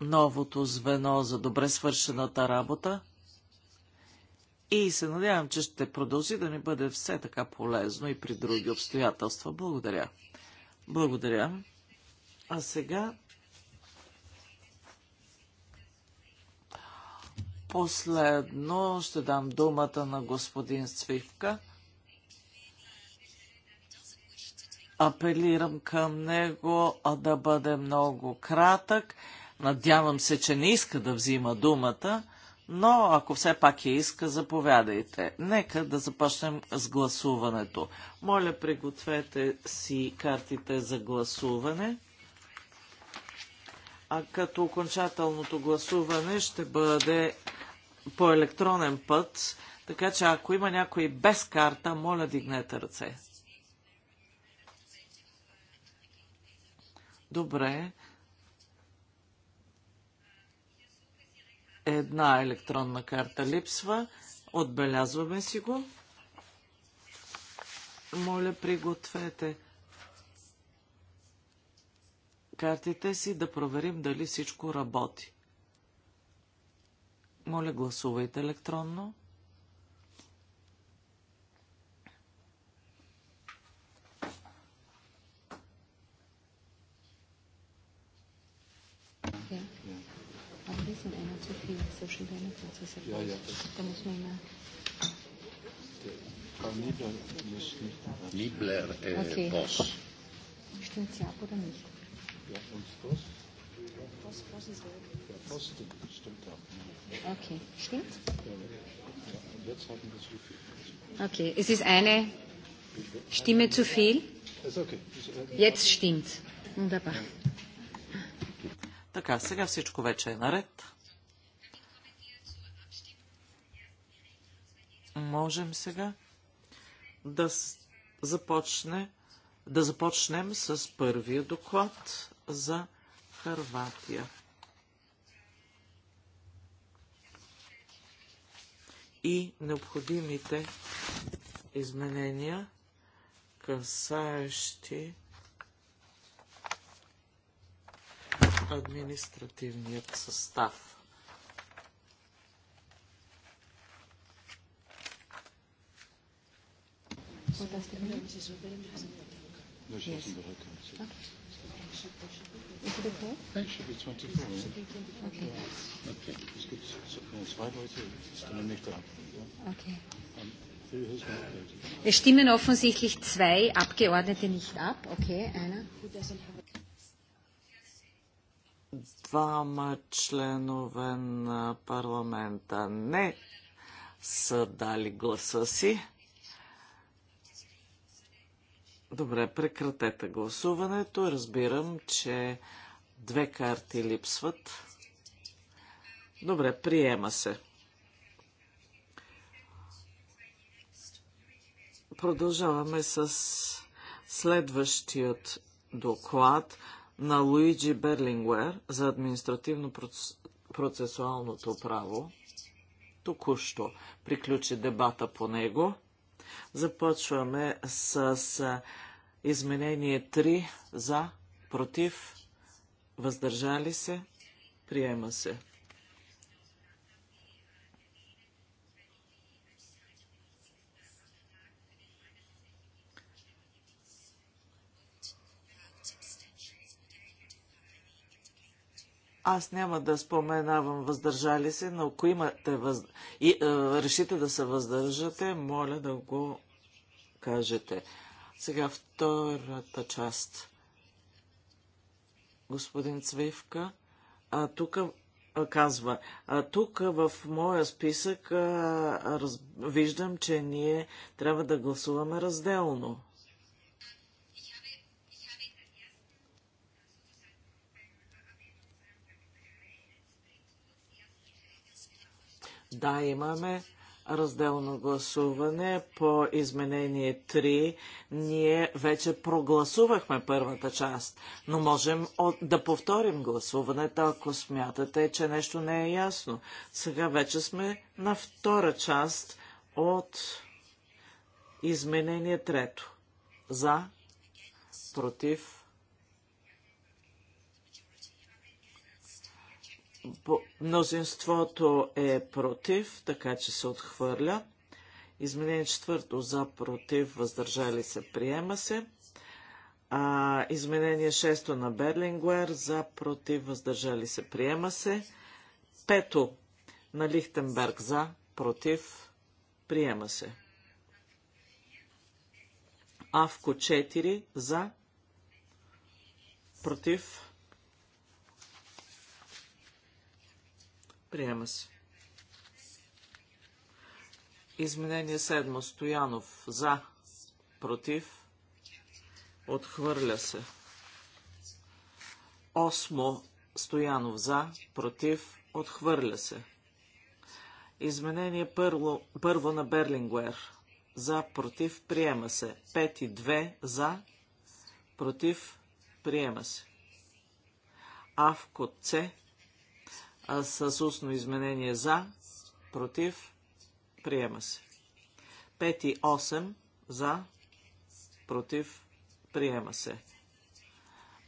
новото звено за добре свършената работа и се надявам, че ще продължи да ни бъде все така полезно и при други обстоятелства. Благодаря. Благодаря. А сега последно ще дам думата на господин Свивка апелирам към него а да бъде много кратък. Надявам се, че не иска да взима думата, но ако все пак я иска, заповядайте. Нека да започнем с гласуването. Моля, пригответе си картите за гласуване. А като окончателното гласуване ще бъде по електронен път, така че ако има някой без карта, моля дигнете ръце. Добре. Една електронна карта липсва. Отбелязваме си го. Моля, пригответе картите си да проверим дали всичко работи. Моля, гласувайте електронно. Aber das sind einer zu viel Social Democrats. Ist ja, ja, da muss man immer. Frau Niebler muss nicht. Niebler, äh, okay. Boss. Stimmt sie ab oder nicht? Ja, und Boss? Boss, Boss ist weg. Ja, Boss stimmt, stimmt auch. Okay, stimmt? Ja, Und jetzt haben wir zu viel. Okay, es ist eine Stimme zu viel. Jetzt stimmt. Wunderbar. Ja. Така, сега всичко вече е наред. Можем сега да започне да започнем с първия доклад за Харватия. И необходимите изменения, касаещи административният състав. Es stimmen offensichtlich zwei Abgeordnete nicht ab. Okay, einer двама членове на парламента не са дали гласа си. Добре, прекратете гласуването. Разбирам, че две карти липсват. Добре, приема се. Продължаваме с следващият доклад на Луиджи Берлингуер за административно-процесуалното право. Току-що приключи дебата по него. Започваме с изменение 3 за, против, въздържали се, приема се. Аз няма да споменавам въздържали се, но ако имате въз... и, е, решите да се въздържате, моля да го кажете. Сега втората част. Господин Цвивка, а, тук казва, а, тук в моя списък а, раз... виждам, че ние трябва да гласуваме разделно. Да, имаме разделно гласуване по изменение 3. Ние вече прогласувахме първата част, но можем от... да повторим гласуването, ако смятате, че нещо не е ясно. Сега вече сме на втора част от изменение трето. За, против, Мнозинството е против, така че се отхвърля. Изменение четвърто за против, въздържали се, приема се. А, изменение шесто на Берлингуер за против, въздържали се, приема се. Пето на Лихтенберг за против, приема се. Авко 4 за против, Приема се. Изменение седмо Стоянов. За. Против. Отхвърля се. Осмо. Стоянов. За. Против. Отхвърля се. Изменение първо, първо на Берлингуер. За. Против. Приема се. Пет и две За. Против. Приема се. Авко С а, с устно изменение за, против, приема се. 5 и 8 за, против, приема се.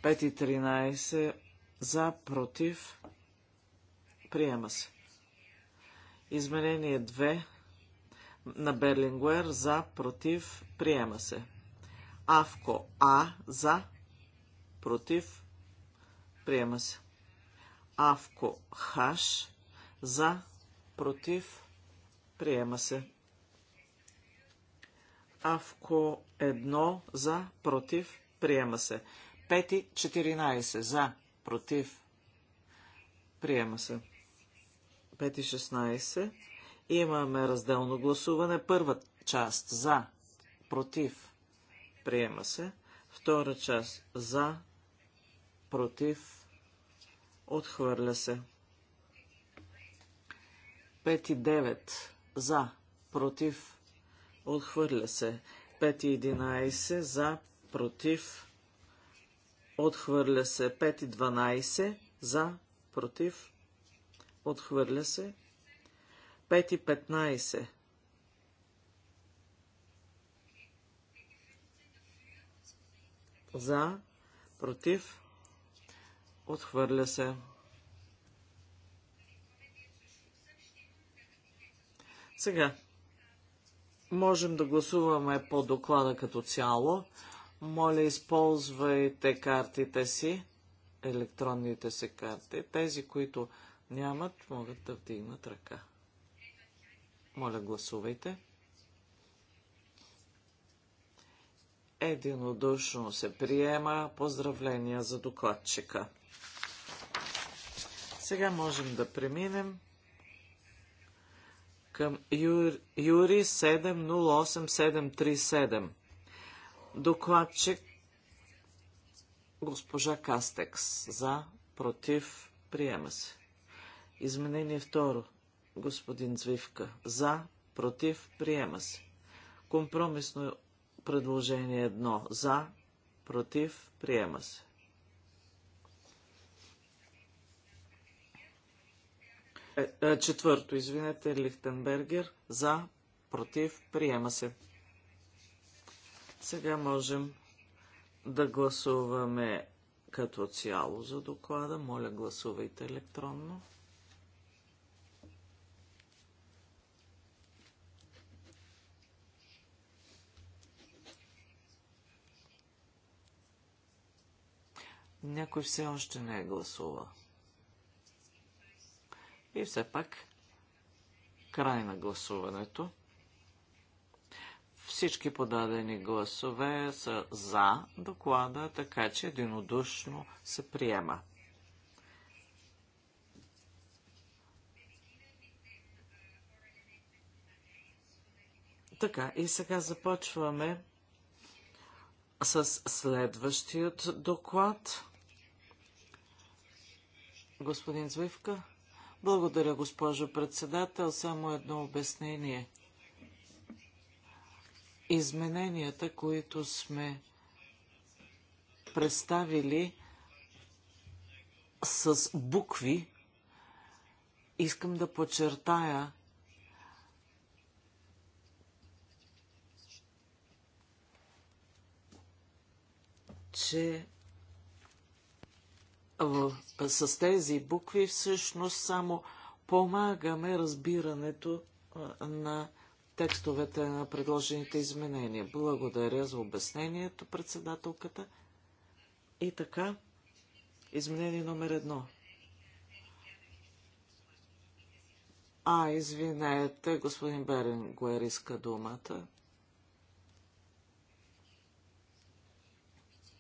5 и 13 за, против, приема се. Изменение 2 на Берлингуер за, против, приема се. Авко А за, против, приема се. Авко Хаш за против приема се. Авко едно, за против приема се. Пети 14 за против приема се. Пети 16 имаме разделно гласуване. Първа част за против приема се. Втора част за против Отхвърля се. 5 и 9 за, против, отхвърля се. 5 и 11 за, против, отхвърля се. 5 и 12 за, против, отхвърля се. 5 и 15 за, против, Отхвърля се. Сега, можем да гласуваме по доклада като цяло. Моля, използвайте картите си, електронните си карти. Тези, които нямат, могат да вдигнат ръка. Моля, гласувайте. Единодушно се приема. Поздравления за докладчика. Сега можем да преминем към Юри, 708737. Докладчик госпожа Кастекс. За, против, приема се. Изменение второ. Господин Звивка. За, против, приема се. Компромисно е предложение едно. За, против, приема се. Е, е, четвърто, извинете, Лихтенбергер. За, против, приема се. Сега можем да гласуваме като цяло за доклада. Моля, гласувайте електронно. Някой все още не е гласувал. И все пак, край на гласуването. Всички подадени гласове са за доклада, така че единодушно се приема. Така, и сега започваме с следващият доклад. Господин Звивка. Благодаря, госпожо председател. Само едно обяснение. Измененията, които сме представили с букви, искам да подчертая, че с тези букви всъщност само помагаме разбирането на текстовете на предложените изменения. Благодаря за обяснението, председателката. И така, изменение номер едно. А, извинете, господин Берен го е риска думата.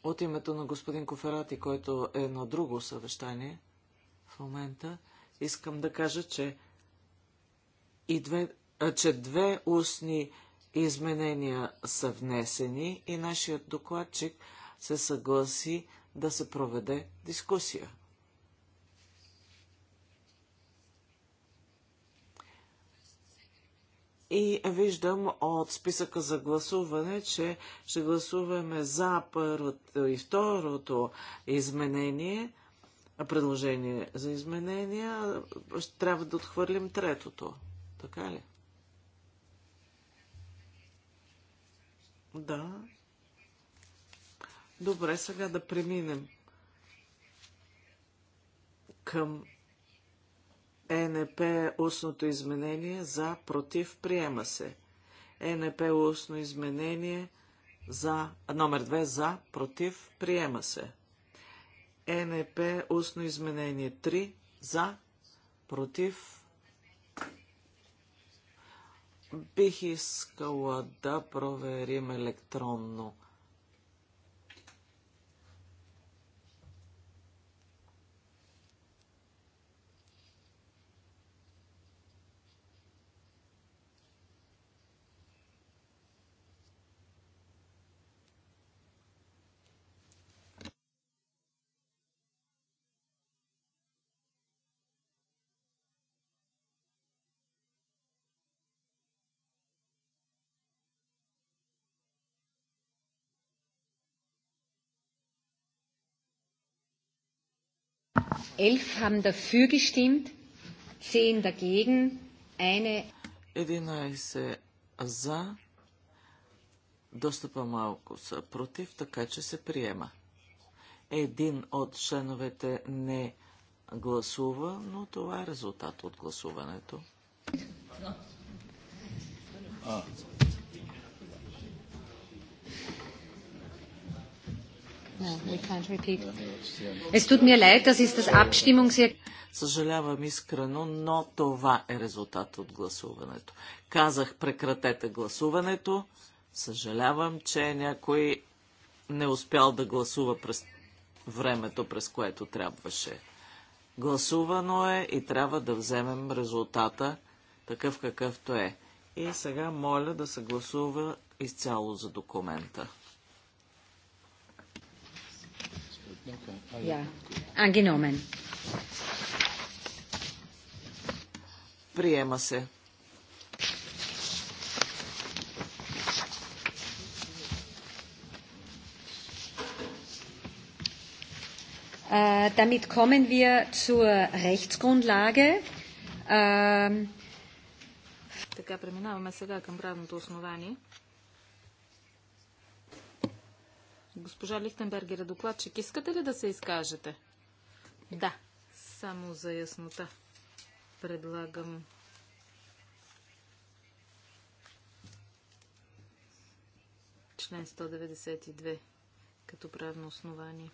от името на господин Коферати, който е на друго съвещание в момента, искам да кажа, че, и две, а, че две устни изменения са внесени и нашият докладчик се съгласи да се проведе дискусия. И виждам от списъка за гласуване, че ще гласуваме за първото и второто изменение, предложение за изменения, ще трябва да отхвърлим третото. Така ли? Да. Добре, сега да преминем към ЕНП устното изменение за, против, приема се. ЕНП устно изменение за, номер 2 за, против, приема се. ЕНП устно изменение 3 за, против. Бих искала да проверим електронно 11 haben dafür gestimmt, 10 dagegen, eine. 11 за, доста по-малко са против, така че се приема. Един от членовете не гласува, но това е резултат от гласуването. А. Съжалявам искрено, но това е резултат от гласуването. Казах прекратете гласуването. Съжалявам, че някой не успял да гласува през времето, през което трябваше. Гласувано е и трябва да вземем резултата такъв какъвто е. И сега моля да се гласува изцяло за документа. Ja, angenommen. Prijema se. damit kommen wir zur Rechtsgrundlage. Äh, така преминаваме сега към правното основание. Госпожа Лихтенбергера, е докладчик, искате ли да се изкажете? Да, само за яснота. Предлагам член 192 като правно основание.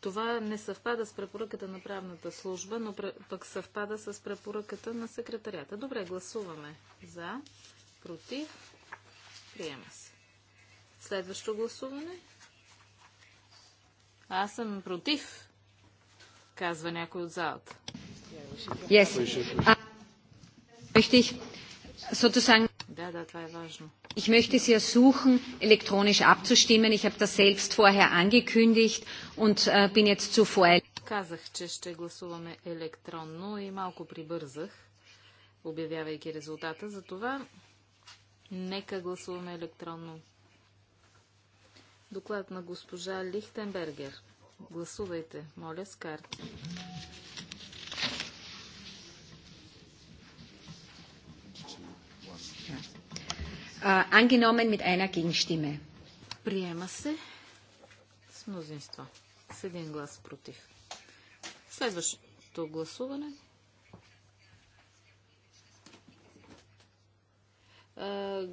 Това не съвпада с препоръката на правната служба, но пък съвпада с препоръката на секретарята. Добре, гласуваме за. Против. Приема се. Следващо гласуване. Аз съм против, казва някой от залата. Yes. Richtig. Да, да, това е важно. Ich möchte Sie ersuchen, elektronisch abzustimmen. Ich habe das selbst vorher angekündigt und äh, bin jetzt zuvor. Казах, че ще гласуваме електронно и малко прибързах, обявявайки резултата. Затова Нека гласуваме електронно. Доклад на госпожа Лихтенбергер. Гласувайте, моля, с карти. Ангеномен мит една Gegenstimme. Приема се с мнозинство. С един глас против. Следващото гласуване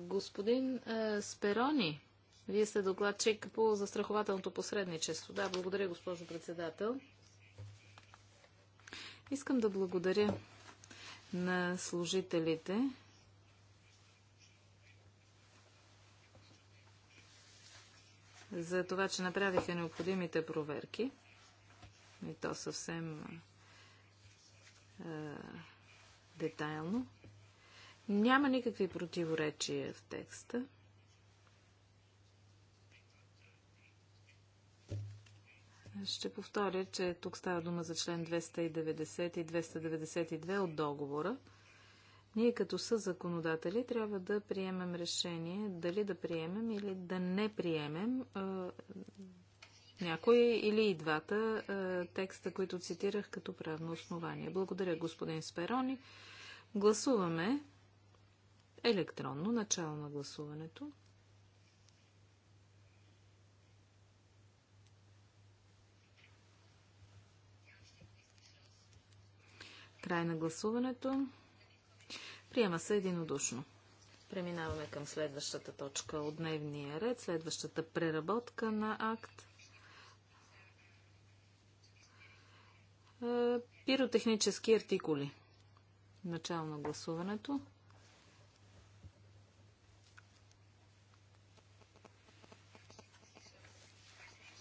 Господин Сперони, вие сте докладчик по застрахователното посредничество. Да, благодаря, госпожо председател. Искам да благодаря на служителите. за това, че направиха необходимите проверки. И то съвсем е, детайлно. Няма никакви противоречия в текста. Ще повторя, че тук става дума за член 290 и 292 от договора. Ние като са законодатели трябва да приемем решение дали да приемем или да не приемем е, някои или и двата е, текста, които цитирах като правно основание. Благодаря, господин Сперони. Гласуваме електронно начало на гласуването. Край на гласуването. Приема се единодушно. Преминаваме към следващата точка от дневния ред, следващата преработка на акт. Е, пиротехнически артикули. Начало на гласуването.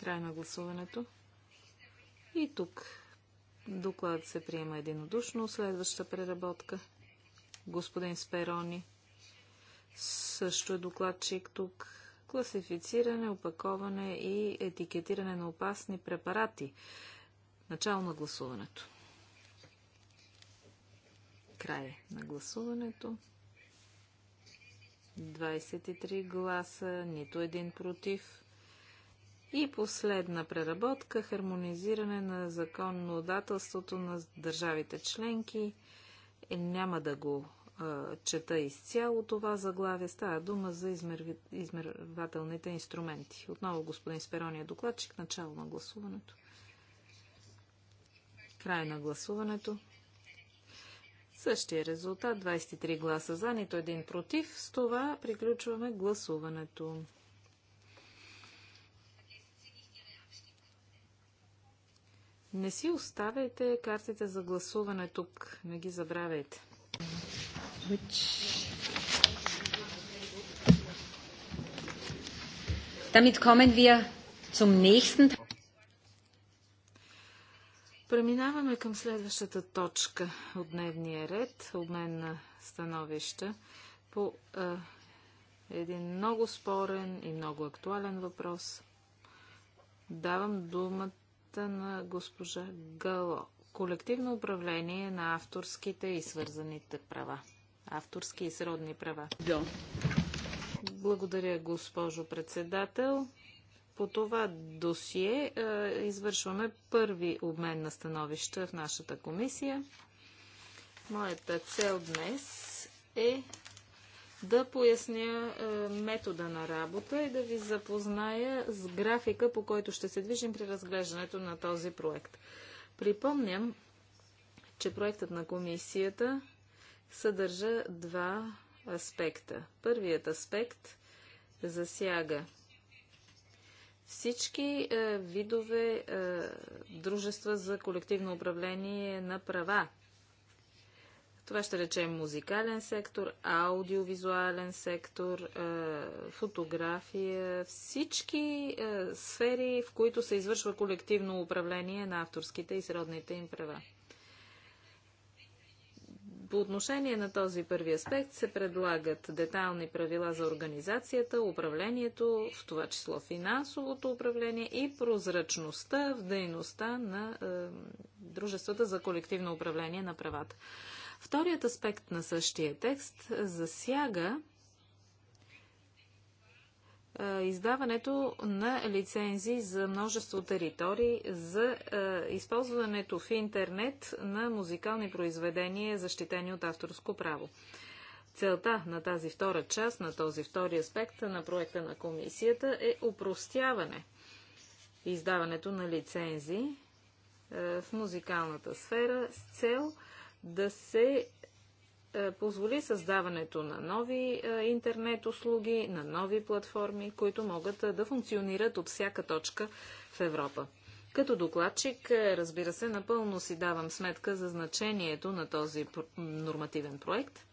Край на гласуването. И тук доклад се приема единодушно. Следваща преработка. Господин Сперони също е докладчик тук. Класифициране, опаковане и етикетиране на опасни препарати. Начало на гласуването. Край на гласуването. 23 гласа, нито един против. И последна преработка – хармонизиране на законодателството на държавите членки. Е, няма да го а, чета изцяло това заглавие. Става дума за измер... измервателните инструменти. Отново господин Сперония е докладчик. Начало на гласуването. Край на гласуването. Същия резултат 23 гласа за, нито един против. С това приключваме гласуването. Не си оставяйте картите за гласуване тук. Не ги забравяйте. Damit kommen wir zum nächsten. Преминаваме към следващата точка от дневния ред, обмен на становища по а, един много спорен и много актуален въпрос. Давам думата думата на госпожа Гало. Колективно управление на авторските и свързаните права. Авторски и сродни права. Да. Благодаря, госпожо председател. По това досие е, извършваме първи обмен на становища в нашата комисия. Моята цел днес е да поясня е, метода на работа и да ви запозная с графика, по който ще се движим при разглеждането на този проект. Припомням, че проектът на комисията съдържа два аспекта. Първият аспект засяга всички е, видове е, дружества за колективно управление на права това ще речем музикален сектор, аудиовизуален сектор, е, фотография, всички е, сфери, в които се извършва колективно управление на авторските и сродните им права. По отношение на този първи аспект се предлагат детайлни правила за организацията, управлението, в това число финансовото управление и прозрачността в дейността на е, дружествата за колективно управление на правата. Вторият аспект на същия текст засяга издаването на лицензии за множество територии за използването в интернет на музикални произведения, защитени от авторско право. Целта на тази втора част, на този втори аспект на проекта на комисията е упростяване издаването на лицензии в музикалната сфера с цел – да се е, позволи създаването на нови е, интернет услуги, на нови платформи, които могат е, да функционират от всяка точка в Европа. Като докладчик, разбира се, напълно си давам сметка за значението на този нормативен проект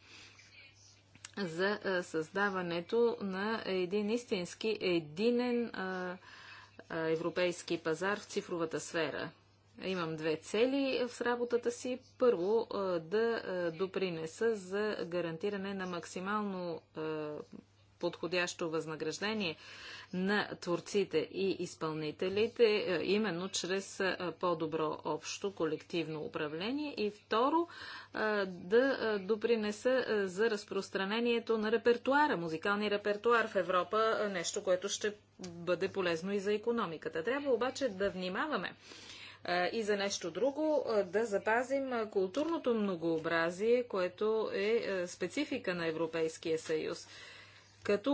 за създаването на един истински единен европейски пазар в цифровата сфера. Имам две цели в работата си. Първо, да допринеса за гарантиране на максимално подходящо възнаграждение на творците и изпълнителите, именно чрез по-добро общо колективно управление и второ да допринеса за разпространението на репертуара, музикалния репертуар в Европа, нещо, което ще бъде полезно и за економиката. Трябва обаче да внимаваме и за нещо друго, да запазим културното многообразие, което е специфика на Европейския съюз. Като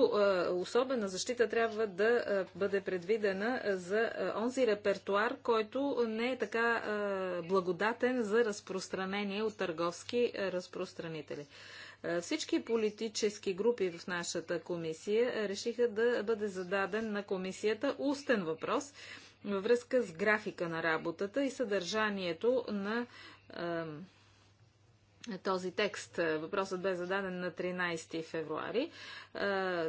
особена защита трябва да бъде предвидена за онзи репертуар, който не е така благодатен за разпространение от търговски разпространители. Всички политически групи в нашата комисия решиха да бъде зададен на комисията устен въпрос – във връзка с графика на работата и съдържанието на е, този текст. Въпросът бе зададен на 13 февруари. Е,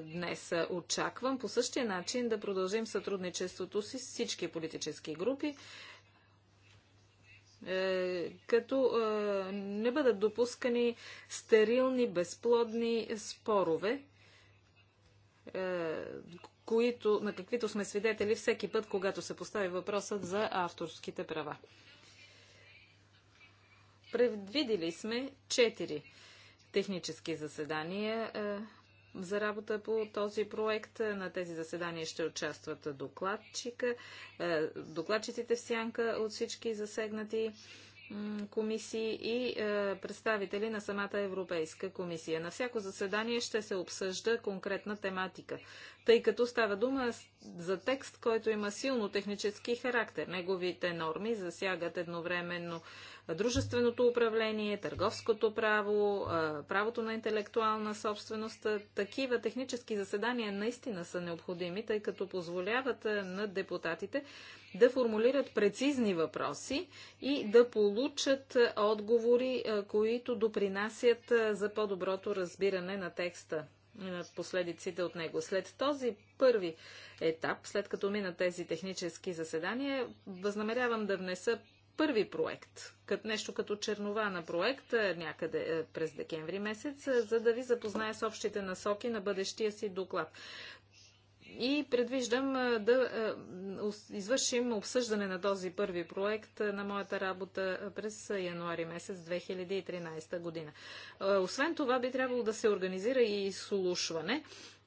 днес очаквам по същия начин да продължим сътрудничеството си с всички политически групи е, като не бъдат допускани стерилни, безплодни спорове, е, които, на каквито сме свидетели всеки път, когато се постави въпросът за авторските права. Предвидили сме четири технически заседания е, за работа по този проект. На тези заседания ще участват докладчика, е, докладчиците в сянка от всички засегнати комисии и е, представители на самата Европейска комисия. На всяко заседание ще се обсъжда конкретна тематика, тъй като става дума за текст, който има силно технически характер. Неговите норми засягат едновременно дружественото управление, търговското право, правото на интелектуална собственост. Такива технически заседания наистина са необходими, тъй като позволяват на депутатите да формулират прецизни въпроси и да получат отговори, които допринасят за по-доброто разбиране на текста на последиците от него. След този първи етап, след като мина тези технически заседания, възнамерявам да внеса първи проект, като нещо като чернова на проект някъде е, през декември месец, е, за да ви запозная с общите насоки на бъдещия си доклад. И предвиждам е, да извършим обсъждане на този първи проект на моята работа през януари месец 2013 година. Освен това би трябвало да се организира и слушване.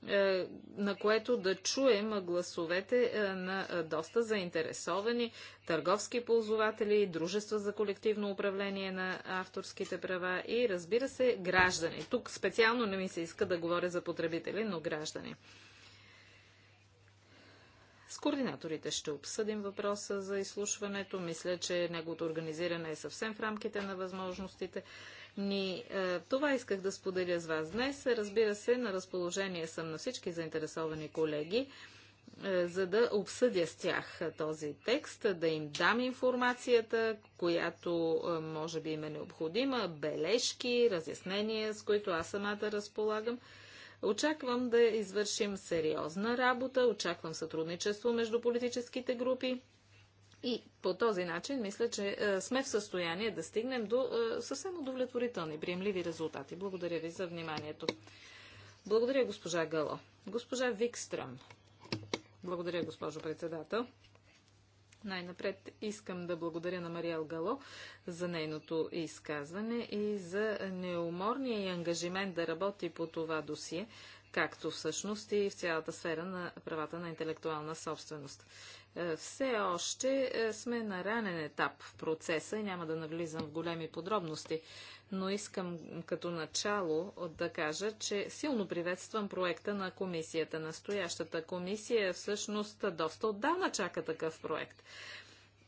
Е, на което да чуем гласовете е, на е, доста заинтересовани търговски ползватели, дружества за колективно управление на авторските права и разбира се граждани. Тук специално не ми се иска да говоря за потребители, но граждани. С координаторите ще обсъдим въпроса за изслушването. Мисля, че неговото организиране е съвсем в рамките на възможностите ни. Е, това исках да споделя с вас днес. Разбира се, на разположение съм на всички заинтересовани колеги е, за да обсъдя с тях е, този текст, да им дам информацията, която може би им е необходима, бележки, разяснения, с които аз самата разполагам. Очаквам да извършим сериозна работа, очаквам сътрудничество между политическите групи. И по този начин мисля, че е, сме в състояние да стигнем до е, съвсем удовлетворителни, приемливи резултати. Благодаря ви за вниманието. Благодаря, госпожа Гало. Госпожа Викстрам. Благодаря, госпожо председател. Най-напред искам да благодаря на Мариел Гало за нейното изказване и за неуморния и ангажимент да работи по това досие, както всъщност и в цялата сфера на правата на интелектуална собственост. Е, все още е, сме на ранен етап в процеса и няма да навлизам в големи подробности, но искам като начало да кажа, че силно приветствам проекта на комисията. Настоящата комисия е всъщност доста отдавна чака такъв проект.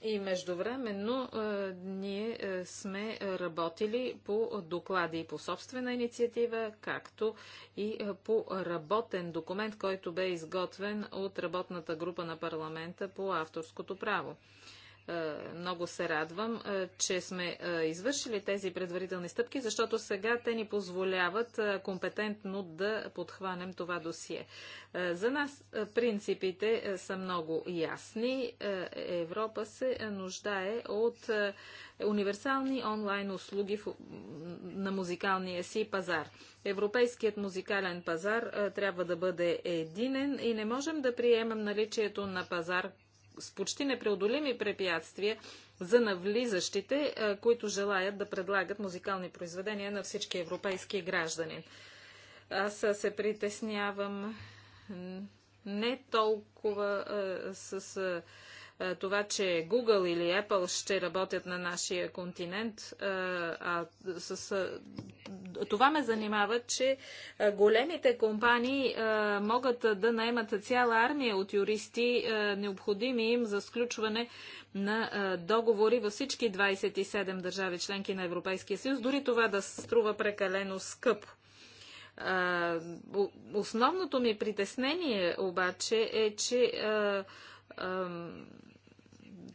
И междувременно е, ние е, сме работили по доклади и по собствена инициатива, както и е, по работен документ, който бе изготвен от работната група на парламента по авторското право. Е, много се радвам, е, че сме е, извършили тези предварителни стъпки, защото сега те ни позволяват компетентно да подхванем това досие. За нас принципите са много ясни. Европа се нуждае от универсални онлайн услуги на музикалния си пазар. Европейският музикален пазар трябва да бъде единен и не можем да приемем наличието на пазар, с почти непреодолими препятствия за навлизащите, е, които желаят да предлагат музикални произведения на всички европейски граждани. Аз се притеснявам не толкова е, с е, е, това, че Google или Apple ще работят на нашия континент, е, а с, е, това ме занимава, че големите компании могат да наемат цяла армия от юристи, необходими им за сключване на договори във всички 27 държави членки на Европейския съюз, дори това да струва прекалено скъпо. Основното ми притеснение обаче е, че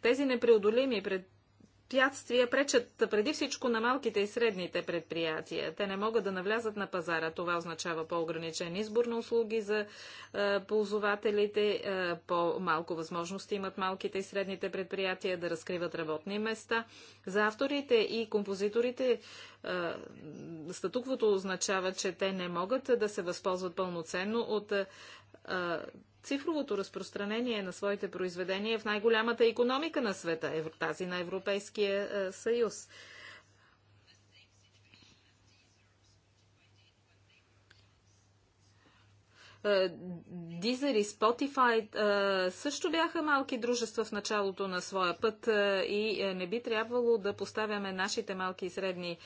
тези непреодолими препятствия пречат преди всичко на малките и средните предприятия. Те не могат да навлязат на пазара. Това означава по-ограничен избор на услуги за е, ползвателите, по-малко възможности имат малките и средните предприятия да разкриват работни места. За авторите и композиторите статуквото означава, че те не могат да се възползват пълноценно от цифровото разпространение на своите произведения е в най-голямата економика на света, тази на Европейския е, съюз. Е, Deezer и Spotify е, също бяха малки дружества в началото на своя път е, и не би трябвало да поставяме нашите малки и средни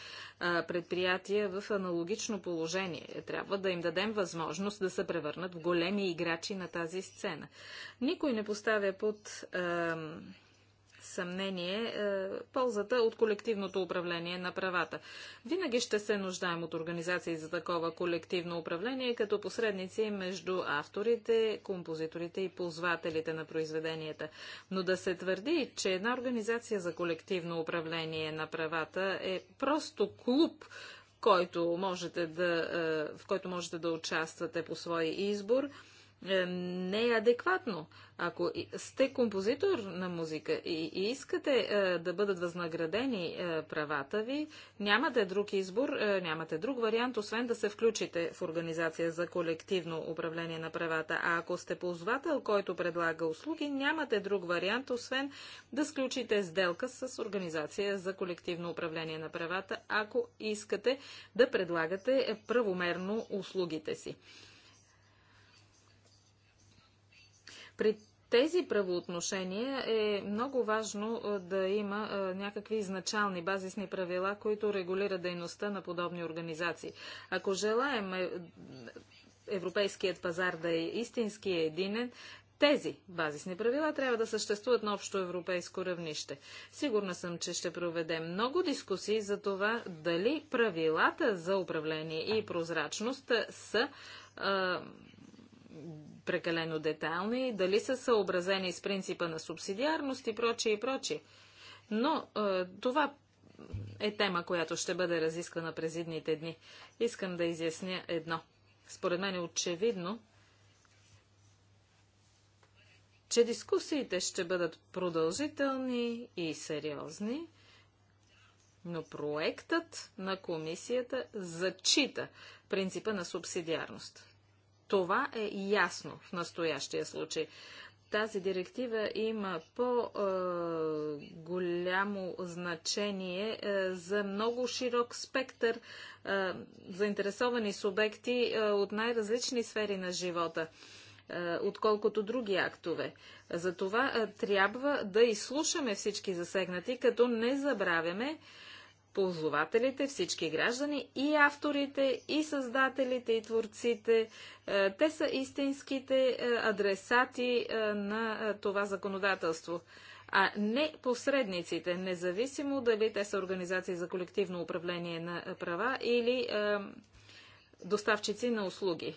предприятия в аналогично положение. Трябва да им дадем възможност да се превърнат в големи играчи на тази сцена. Никой не поставя под съмнение е, ползата от колективното управление на правата. Винаги ще се нуждаем от организации за такова колективно управление като посредници между авторите, композиторите и ползвателите на произведенията. Но да се твърди, че една организация за колективно управление на правата е просто клуб, който можете да, е, в който можете да участвате по свой избор – е, не е адекватно. Ако сте композитор на музика и искате е, да бъдат възнаградени е, правата ви, нямате друг избор, нямате друг вариант, освен да се включите в Организация за колективно управление на правата. А ако сте ползвател, който предлага услуги, нямате друг вариант, освен да сключите сделка с Организация за колективно управление на правата, ако искате да предлагате правомерно услугите си. При тези правоотношения е много важно да има някакви изначални базисни правила, които регулират дейността на подобни организации. Ако желаем е, европейският пазар да е истински е единен, тези базисни правила трябва да съществуват на общо европейско равнище. Сигурна съм, че ще проведем много дискусии за това дали правилата за управление и прозрачност са прекалено детайлни, дали са съобразени с принципа на субсидиарност и прочие и прочие. Но е, това е тема, която ще бъде разисквана през едните дни. Искам да изясня едно. Според мен е очевидно, че дискусиите ще бъдат продължителни и сериозни, но проектът на комисията зачита принципа на субсидиарност. Това е ясно в настоящия случай. Тази директива има по-голямо значение е, за много широк спектър е, заинтересовани субекти е, от най-различни сфери на живота отколкото други актове. Затова трябва да изслушаме всички засегнати, като не забравяме, ползвателите, всички граждани и авторите, и създателите, и творците. Е, те са истинските е, адресати е, на това законодателство а не посредниците, независимо дали те са организации за колективно управление на права или е, доставчици на услуги.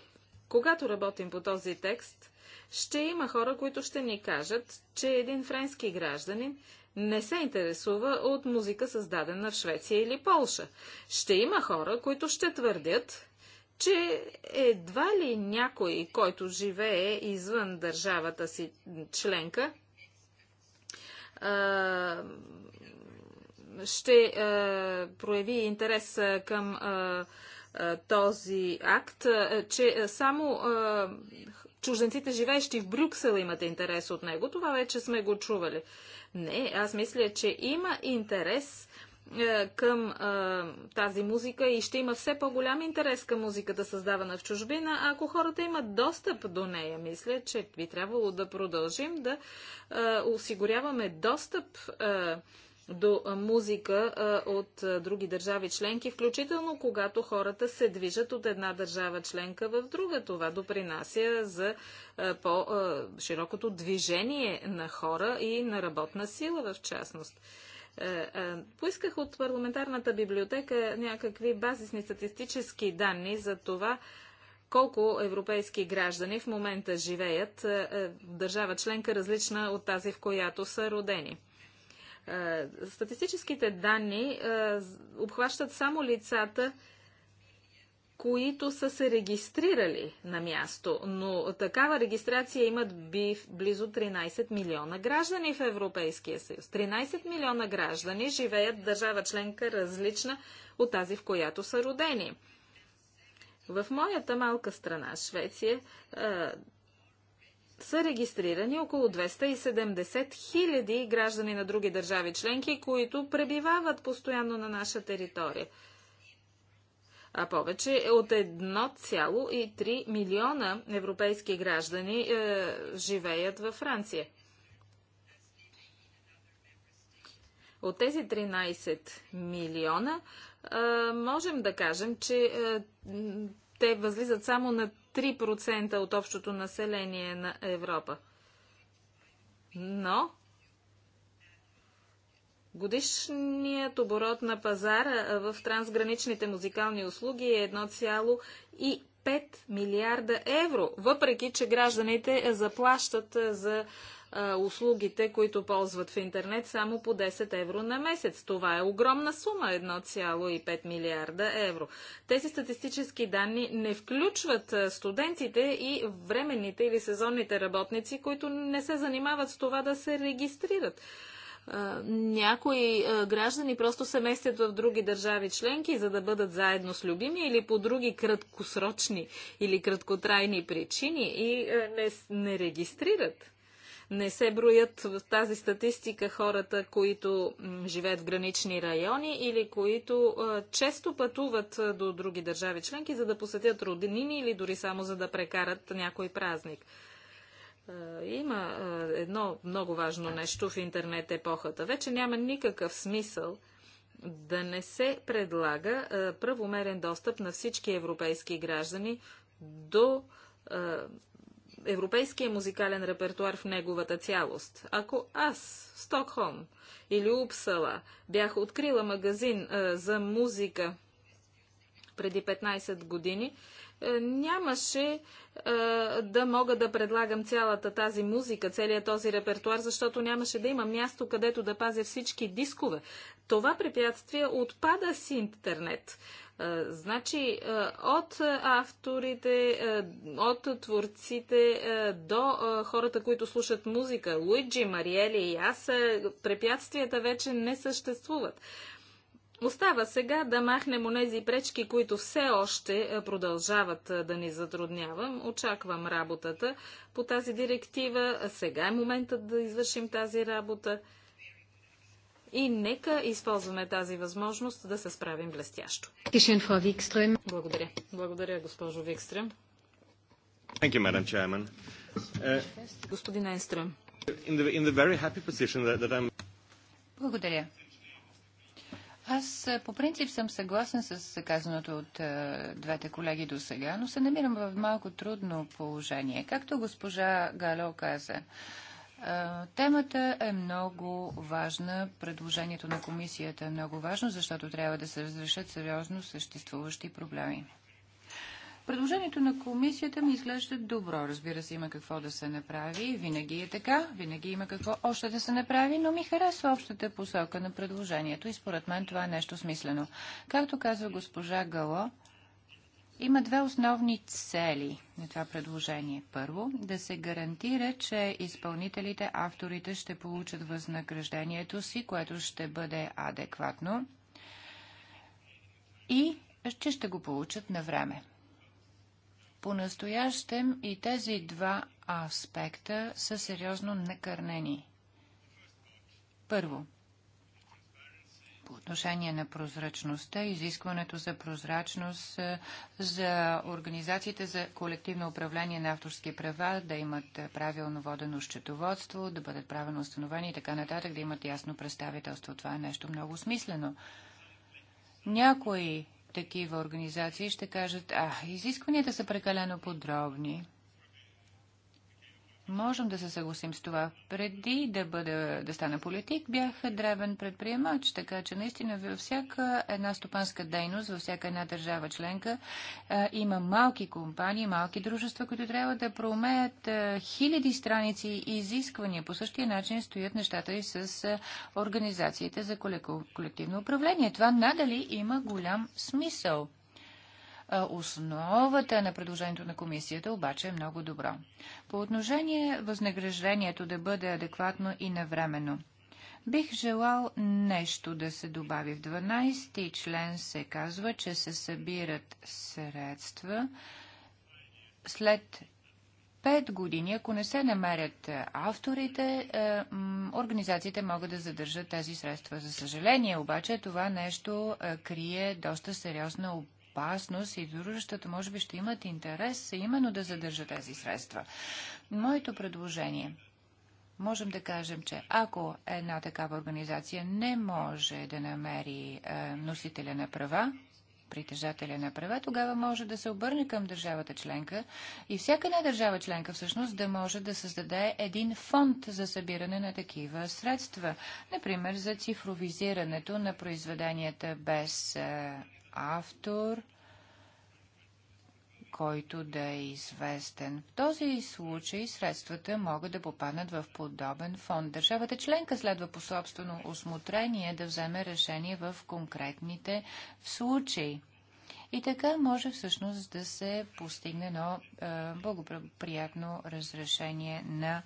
Когато работим по този текст, ще има хора, които ще ни кажат, че един френски гражданин не се интересува от музика създадена в Швеция или Полша. Ще има хора, които ще твърдят, че едва ли някой, който живее извън държавата си членка, ще прояви интерес към този акт, че само чужденците, живеещи в Брюксел, имат интерес от него. Това вече сме го чували. Не, аз мисля, че има интерес е, към а, е, тази музика и ще има все по-голям интерес към музиката, създавана в чужбина, ако хората имат достъп до нея. Мисля, че би трябвало да продължим да а, е, осигуряваме достъп. А, до музика от други държави членки, включително когато хората се движат от една държава членка в друга. Това допринася за по-широкото движение на хора и на работна сила в частност. Е, е, поисках от парламентарната библиотека някакви базисни статистически данни за това, колко европейски граждани в момента живеят е, в държава членка, различна от тази, в която са родени. Е, статистическите данни е, обхващат само лицата, които са се регистрирали на място, но такава регистрация имат бив близо 13 милиона граждани в Европейския съюз. 13 милиона граждани живеят в държава членка различна от тази, в която са родени. В моята малка страна, Швеция, е, са регистрирани около 270 000 граждани на други държави членки, които пребивават постоянно на наша територия. А повече от 1,3 милиона европейски граждани е, живеят във Франция. От тези 13 милиона е, можем да кажем, че е, те възлизат само на 3% от общото население на Европа. Но Годишният оборот на пазара в трансграничните музикални услуги е 1,5 милиарда евро, въпреки че гражданите заплащат за а, услугите, които ползват в интернет, само по 10 евро на месец. Това е огромна сума 1,5 милиарда евро. Тези статистически данни не включват студентите и временните или сезонните работници, които не се занимават с това да се регистрират. някои граждани просто се местят в други държави членки, за да бъдат заедно с любими или по други краткосрочни или краткотрайни причини и не, не регистрират не се броят в тази статистика хората, които живеят в гранични райони или които често пътуват до други държави членки, за да посетят роднини или дори само за да прекарат някой празник. Има едно много важно нещо в интернет епохата. Вече няма никакъв смисъл да не се предлага правомерен достъп на всички европейски граждани до европейския музикален репертуар в неговата цялост. Ако аз в Стокхолм или Упсала бях открила магазин а, за музика преди 15 години, нямаше а, да мога да предлагам цялата тази музика, целият този репертуар, защото нямаше да има място, където да пазя всички дискове. Това препятствие отпада с интернет. Значи, от авторите, от творците до хората, които слушат музика, Луиджи, Мариели и аз, препятствията вече не съществуват. Остава сега да махнем онези пречки, които все още продължават да ни затруднявам. Очаквам работата по тази директива. Сега е моментът да извършим тази работа и нека използваме тази възможност да се справим блестящо. Благодаря. Благодаря, госпожо Викстрем. You, uh, Господин Енстрем. Благодаря. Аз е, по принцип съм съгласен с казаното от е, двете колеги до сега, но се намирам в малко трудно положение. Както госпожа Гало каза, Темата е много важна. Предложението на комисията е много важно, защото трябва да се разрешат сериозно съществуващи проблеми. Предложението на комисията ми изглежда добро. Разбира се, има какво да се направи. Винаги е така. Винаги има какво още да се направи, но ми харесва общата посока на предложението и според мен това е нещо смислено. Както казва госпожа Гало, има две основни цели на това предложение. Първо, да се гарантира, че изпълнителите, авторите ще получат възнаграждението си, което ще бъде адекватно и че ще го получат на време. По-настоящем и тези два аспекта са сериозно накърнени. Първо, по отношение на прозрачността, изискването за прозрачност е, за организациите за колективно управление на авторски права, да имат е, правилно водено счетоводство, да бъдат правилно установени и така нататък, да имат ясно представителство. Това е нещо много смислено. Някои такива организации ще кажат, а, изискванията са прекалено подробни. Можем да се съгласим с това. Преди да, бъда, да стана политик, бях дребен предприемач, така че наистина във всяка една стопанска дейност, във всяка една държава членка има малки компании, малки дружества, които трябва да проумеят хиляди страници и изисквания. По същия начин стоят нещата и с организациите за колективно управление. Това надали има голям смисъл. Основата на предложението на комисията обаче е много добро. По отношение възнаграждението да бъде адекватно и навременно. Бих желал нещо да се добави. В 12 ти член се казва, че се събират средства след 5 години, ако не се намерят авторите, е, организациите могат да задържат тези средства. За съжаление, обаче, това нещо е, крие доста сериозна опасност и дружествата може би ще имат интерес именно да задържат тези средства. Моето предложение можем да кажем, че ако една такава организация не може да намери е, носителя на права, притежателя на права, тогава може да се обърне към държавата членка и всяка една държава членка всъщност да може да създаде един фонд за събиране на такива средства. Например, за цифровизирането на произведенията без е, автор, който да е известен. В този случай средствата могат да попаднат в подобен фонд. Държавата членка следва по собствено осмотрение да вземе решение в конкретните случаи. И така може всъщност да се постигне едно е, благоприятно разрешение на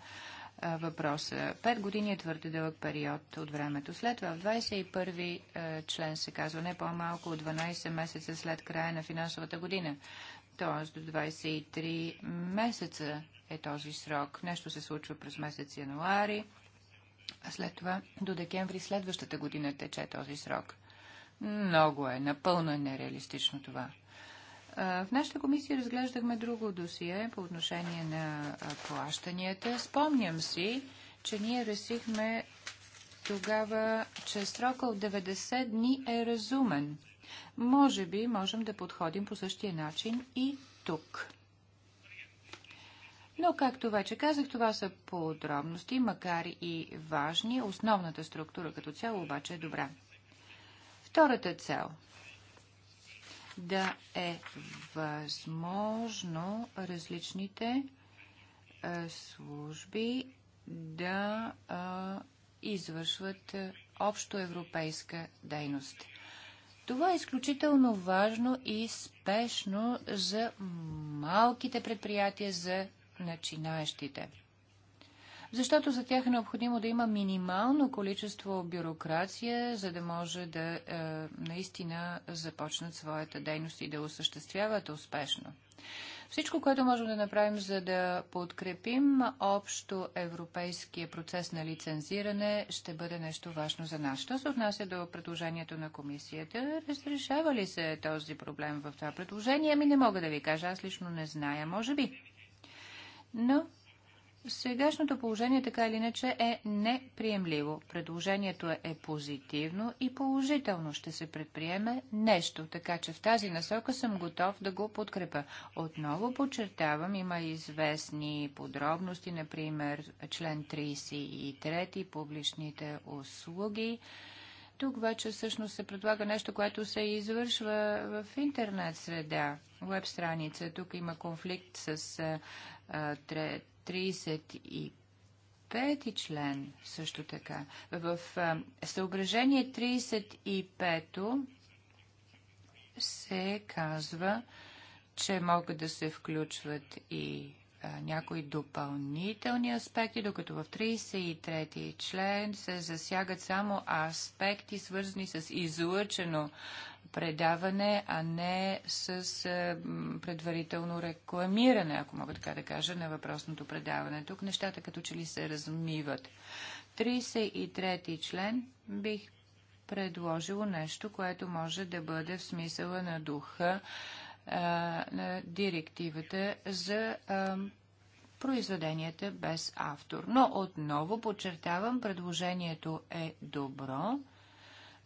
въпроса. Пет години е твърде дълъг период от времето. След това в 21-и член се казва не по-малко от 12 месеца след края на финансовата година. Тоест до 23 месеца е този срок. Нещо се случва през месец януари, а след това до декември следващата година тече този срок. Много е, напълно е нереалистично това. В нашата комисия разглеждахме друго досие по отношение на плащанията. Спомням си, че ние решихме тогава, че срока от 90 дни е разумен. Може би можем да подходим по същия начин и тук. Но, както вече казах, това са подробности, макар и важни. Основната структура като цяло обаче е добра. Втората цел – да е възможно различните а, служби да а, извършват общо европейска дейност. Това е изключително важно и спешно за малките предприятия, за начинаещите защото за тях е необходимо да има минимално количество бюрокрация, за да може да е, наистина започнат своята дейност и да осъществяват успешно. Всичко, което можем да направим, за да подкрепим общо европейския процес на лицензиране, ще бъде нещо важно за нас. Що се отнася до предложението на комисията? Разрешава ли се този проблем в това предложение? Ами не мога да ви кажа, аз лично не зная, може би. Но Сегашното положение така или иначе е неприемливо. Предложението е, е позитивно и положително ще се предприеме нещо, така че в тази насока съм готов да го подкрепа. Отново подчертавам, има известни подробности, например член 33, публичните услуги. Тук вече всъщност се предлага нещо, което се извършва в интернет среда, веб страница. Тук има конфликт с а, трет 35 и член също така. В съображение 35 се казва, че могат да се включват и някои допълнителни аспекти, докато в 33 член се засягат само аспекти, свързани с излъчено предаване, а не с е, предварително рекламиране, ако мога така да кажа, на въпросното предаване. Тук нещата като че ли се размиват. 33-ти член бих предложило нещо, което може да бъде в смисъла на духа а, е, на директивата за а, е, произведенията без автор. Но отново подчертавам, предложението е добро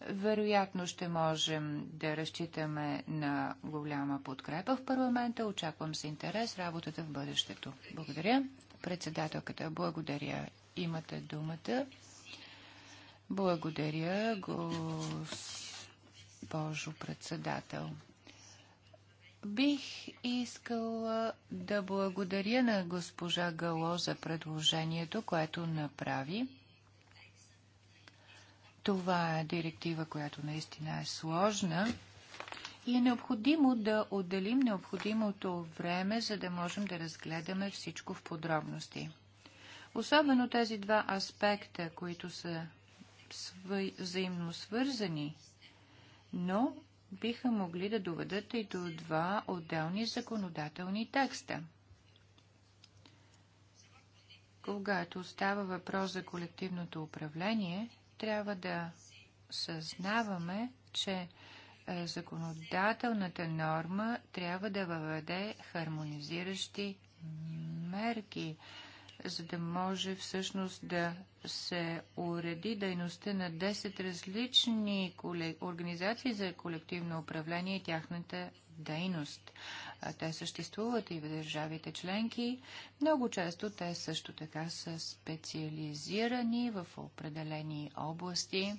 вероятно ще можем да разчитаме на голяма подкрепа в парламента. Очаквам с интерес работата в бъдещето. Благодаря. Председателката, благодаря. Имате думата. Благодаря, госпожо председател. Бих искала да благодаря на госпожа Гало за предложението, което направи. Това е директива, която наистина е сложна и е необходимо да отделим необходимото време, за да можем да разгледаме всичко в подробности. Особено тези два аспекта, които са взаимно свързани, но биха могли да доведат и до два отделни законодателни текста. Когато става въпрос за колективното управление – трябва да съзнаваме, че е, законодателната норма трябва да въведе хармонизиращи мерки, за да може всъщност да се уреди дейността на 10 различни организации за колективно управление и тяхната дейност. Те съществуват и в държавите членки. Много често те също така са специализирани в определени области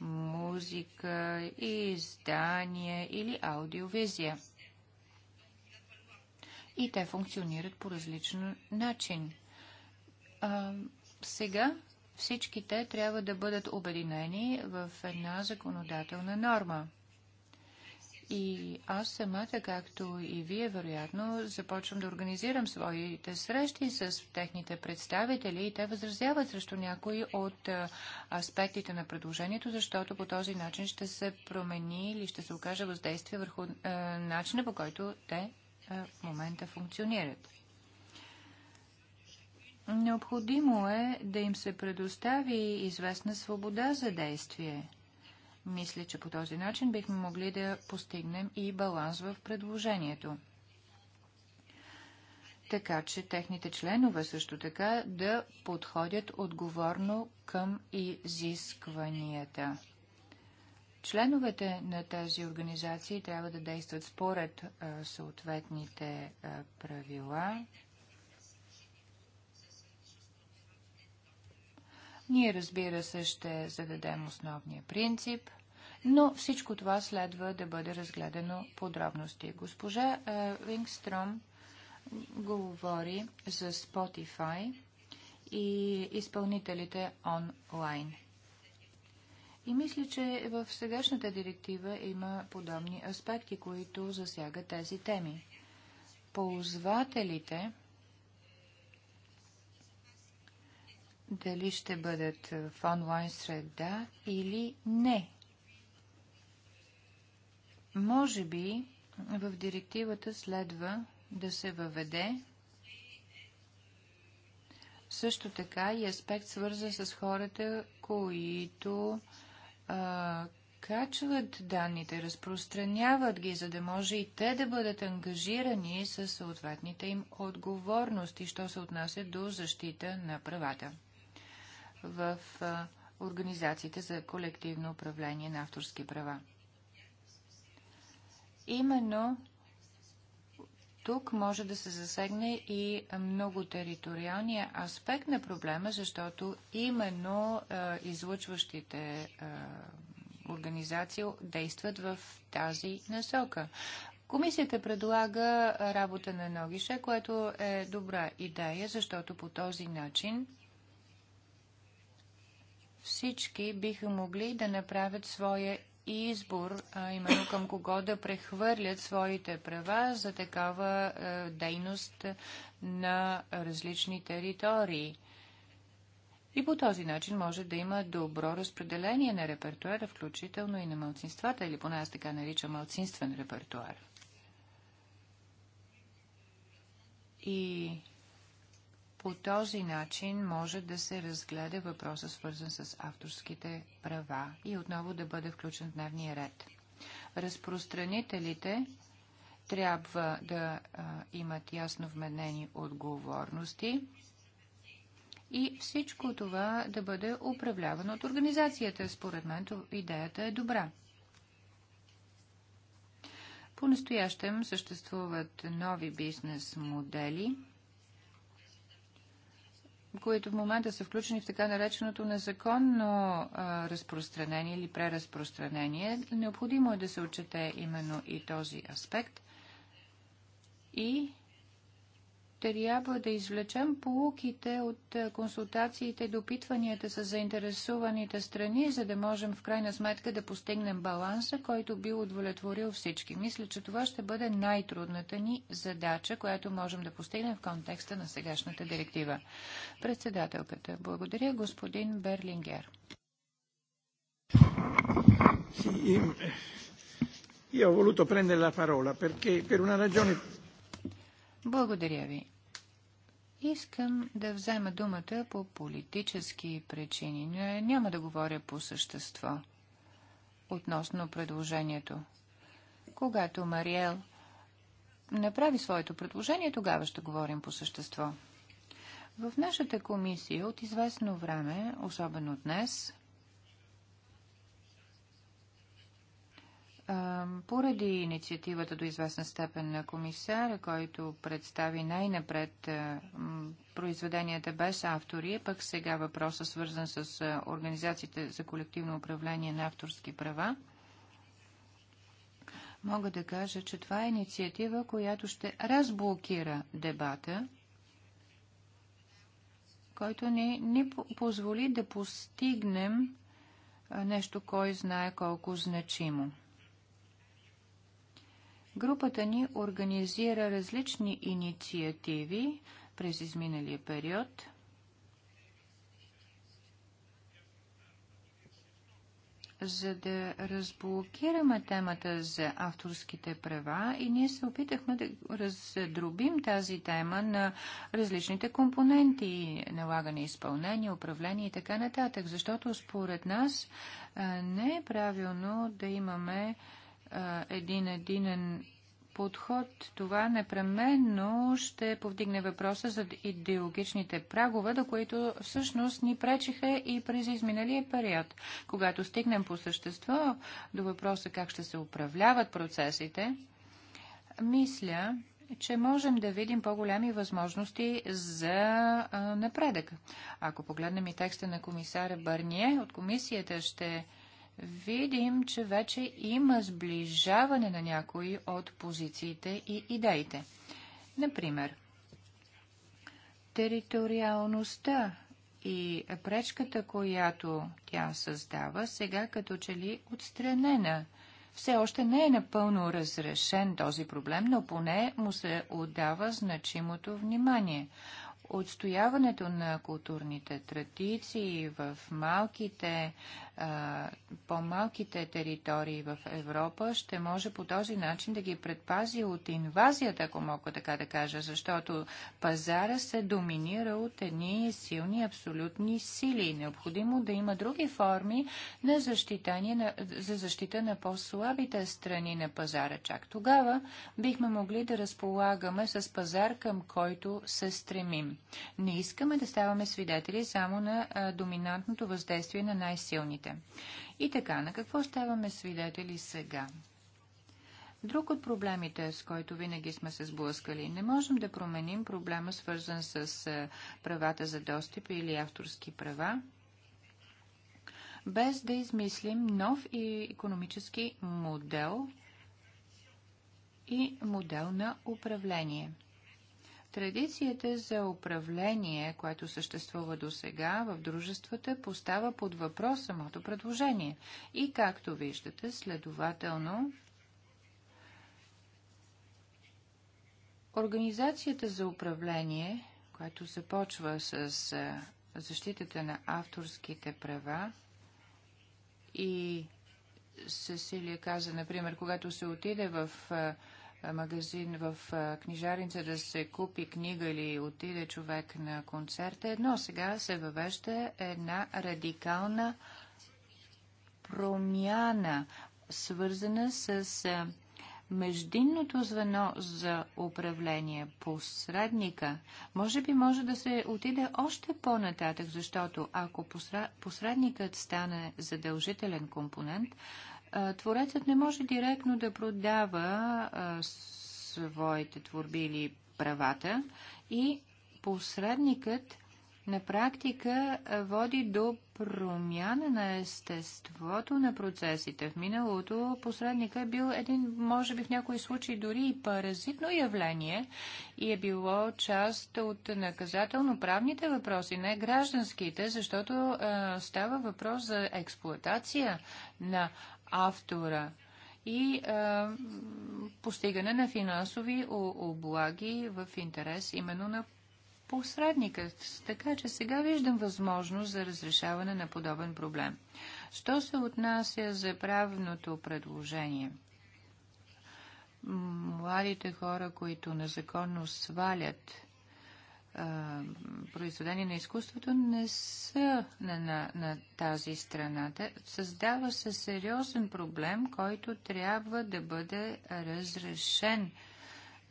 музика, издания или аудиовизия. И те функционират по различен начин. А, сега всички те трябва да бъдат обединени в една законодателна норма – и аз самата, както и вие, вероятно, започвам да организирам своите срещи с техните представители и те възразяват срещу някои от аспектите на предложението, защото по този начин ще се промени или ще се окаже въздействие върху е, начина, по който те е, в момента функционират. Необходимо е да им се предостави известна свобода за действие – мисля, че по този начин бихме могли да постигнем и баланс в предложението. Така че техните членове също така да подходят отговорно към изискванията. Членовете на тези организации трябва да действат според а, съответните а, правила, Ние, разбира се, ще зададем основния принцип, но всичко това следва да бъде разгледано подробности. Госпожа е, Вингстром говори за Spotify и изпълнителите онлайн. И мисля, че в сегашната директива има подобни аспекти, които засягат тези теми. Ползвателите дали ще бъдат е, в онлайн среда или не. Може би в директивата следва да се въведе също така и аспект свързан с хората, които а, качват данните, разпространяват ги, за да може и те да бъдат ангажирани с съответните им отговорности, що се отнася до защита на правата в организациите за колективно управление на авторски права. Именно тук може да се засегне и много териториалния аспект на проблема, защото именно е, излъчващите е, организации действат в тази насока. Комисията предлага работа на Ногише, което е добра идея, защото по този начин всички биха могли да направят своя избор, а именно към кого да прехвърлят своите права за такава е, дейност на различни територии. И по този начин може да има добро разпределение на репертуара, включително и на малцинствата, или поне аз така наричам малцинствен репертуар. И по този начин може да се разгледа въпроса, свързан с авторските права и отново да бъде включен в дневния ред. Разпространителите трябва да а, имат ясно вменени отговорности и всичко това да бъде управлявано от организацията. Според мен идеята е добра. По-настоящем съществуват нови бизнес модели – които в момента са включени в така нареченото незаконно разпространение или преразпространение. Необходимо е да се отчете именно и този аспект. И трябва да извлечем полуките от е, консултациите и допитванията с заинтересуваните страни, за да можем в крайна сметка да постигнем баланса, който би удовлетворил всички. Мисля, че това ще бъде най-трудната ни задача, която можем да постигнем в контекста на сегашната директива. Председателката, благодаря господин Берлингер. Io ho voluto prendere la parola perché per una ragione благодаря ви. Искам да взема думата по политически причини. но е, Няма да говоря по същество относно предложението. Когато Мариел направи своето предложение, тогава ще говорим по същество. В нашата комисия от известно време, особено днес, Поради инициативата до известна степен на комисаря, който представи най-напред произведенията без автори, пък сега въпроса свързан с организациите за колективно управление на авторски права, мога да кажа, че това е инициатива, която ще разблокира дебата, който ни, ни позволи да постигнем нещо, кой знае колко значимо. Групата ни организира различни инициативи през изминалия период. За да разблокираме темата за авторските права и ние се опитахме да раздробим тази тема на различните компоненти, налагане, изпълнение, управление и така нататък, защото според нас не е правилно да имаме един единен подход, това непременно ще повдигне въпроса за идеологичните прагове, до които всъщност ни пречиха и през изминалия период. Когато стигнем по същество до въпроса как ще се управляват процесите, мисля, че можем да видим по-голями възможности за напредък. Ако погледнем и текста на комисаря Бърние, от комисията ще видим, че вече има сближаване на някои от позициите и идеите. Например, териториалността и пречката, която тя създава, сега като че ли отстранена. Все още не е напълно разрешен този проблем, но поне му се отдава значимото внимание. Отстояването на културните традиции в малките по-малките територии в Европа, ще може по този начин да ги е предпази от инвазията, ако мога така да кажа, защото пазара се доминира от едни силни абсолютни сили. Необходимо да има други форми на защитание, за защита на по-слабите страни на пазара. Чак тогава бихме могли да разполагаме с пазар, към който се стремим. Не искаме да ставаме свидетели само на доминантното въздействие на най-силните гражданите. И така, на какво ставаме свидетели сега? Друг от проблемите, с който винаги сме се сблъскали, не можем да променим проблема, свързан с правата за достъп или авторски права, без да измислим нов и економически модел и модел на управление – Традицията за управление, което съществува до сега в дружествата, поставя под въпрос самото предложение. И както виждате, следователно, Организацията за управление, която започва с защитата на авторските права и Сесилия каза, например, когато се отиде в е, магазин, в е, книжарница да се купи книга или отиде човек на концерт е едно. Сега се въвежда една радикална промяна, свързана с е, междинното звено за управление, посредника, може би може да се отиде още по-нататък, защото ако посредникът стане задължителен компонент, творецът не може директно да продава своите творби или правата и посредникът на практика води до промяна на естеството на процесите. В миналото посредника е бил един, може би в някои случаи дори и паразитно явление и е било част от наказателно-правните въпроси, не гражданските, защото е, става въпрос за експлуатация на автора и е, постигане на финансови облаги в интерес именно на посредникът. Така че сега виждам възможност за разрешаване на подобен проблем. Що се отнася за правното предложение? Младите хора, които незаконно свалят произведения на изкуството не са на, на, на тази страна. Създава се сериозен проблем, който трябва да бъде разрешен,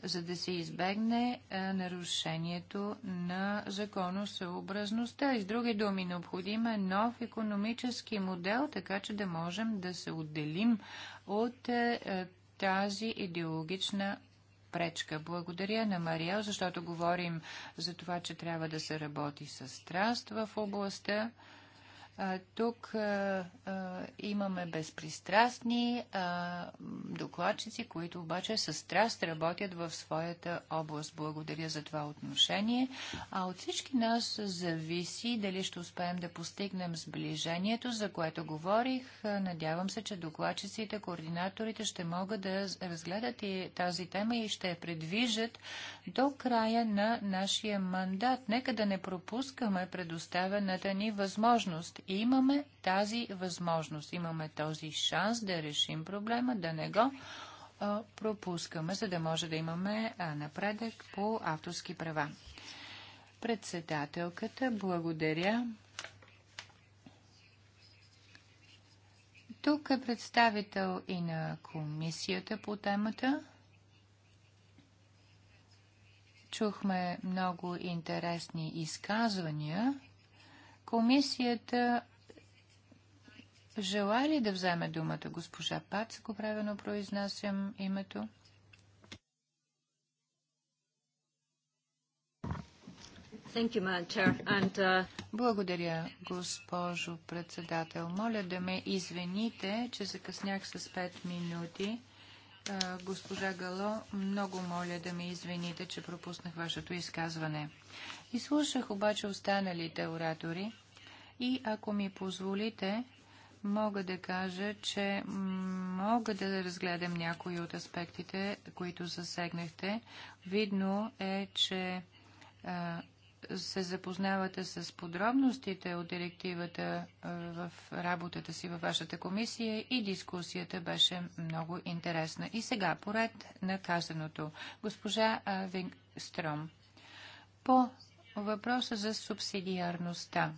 за да се избегне а, нарушението на законосъобразността. И с други думи, необходим е нов економически модел, така че да можем да се отделим от а, тази идеологична пречка. Благодаря на Мария, защото говорим за това, че трябва да се работи с страст в областта тук а, а, имаме безпристрастни а, докладчици, които обаче с страст работят в своята област. Благодаря за това отношение. А от всички нас зависи дали ще успеем да постигнем сближението, за което говорих. Надявам се, че докладчиците, координаторите ще могат да разгледат и тази тема и ще я предвижат до края на нашия мандат. Нека да не пропускаме предоставената ни възможност Имаме тази възможност, имаме този шанс да решим проблема, да не го пропускаме, за да може да имаме напредък по авторски права. Председателката, благодаря. Тук е представител и на комисията по темата. Чухме много интересни изказвания Комисията желая ли да вземе думата госпожа Пац, ако правилно произнасям името? Uh, Благодаря, госпожо председател. Моля да ме извините, че закъснях с 5 минути. Госпожа Гало, много моля да ме извините, че пропуснах вашето изказване. Изслушах обаче останалите оратори и ако ми позволите, мога да кажа, че мога да разгледам някои от аспектите, които засегнахте. Видно е, че се запознавате с подробностите от директивата в работата си във вашата комисия и дискусията беше много интересна. И сега, поред на казаното, госпожа Вингстром, по въпроса за субсидиарността.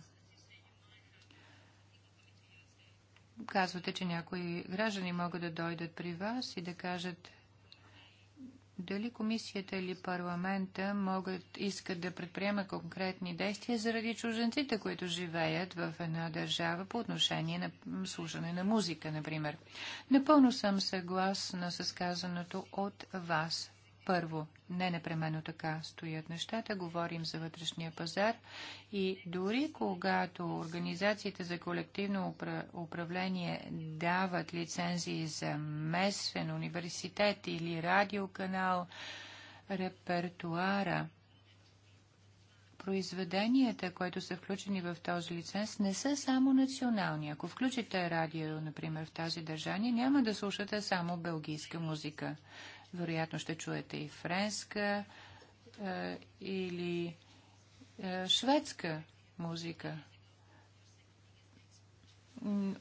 Казвате, че някои граждани могат да дойдат при вас и да кажат дали комисията или парламента могат, искат да предприема конкретни действия заради чужденците, които живеят в една държава по отношение на слушане на музика, например. Напълно съм съгласна с казаното от вас. Първо, не непременно така стоят нещата. Говорим за вътрешния пазар и дори когато организациите за колективно управление дават лицензии за местен университет или радиоканал, репертуара, произведенията, които са включени в този лиценз, не са само национални. Ако включите радио, например, в тази държание, няма да слушате само белгийска музика. Вероятно ще чуете и френска е, или е, шведска музика.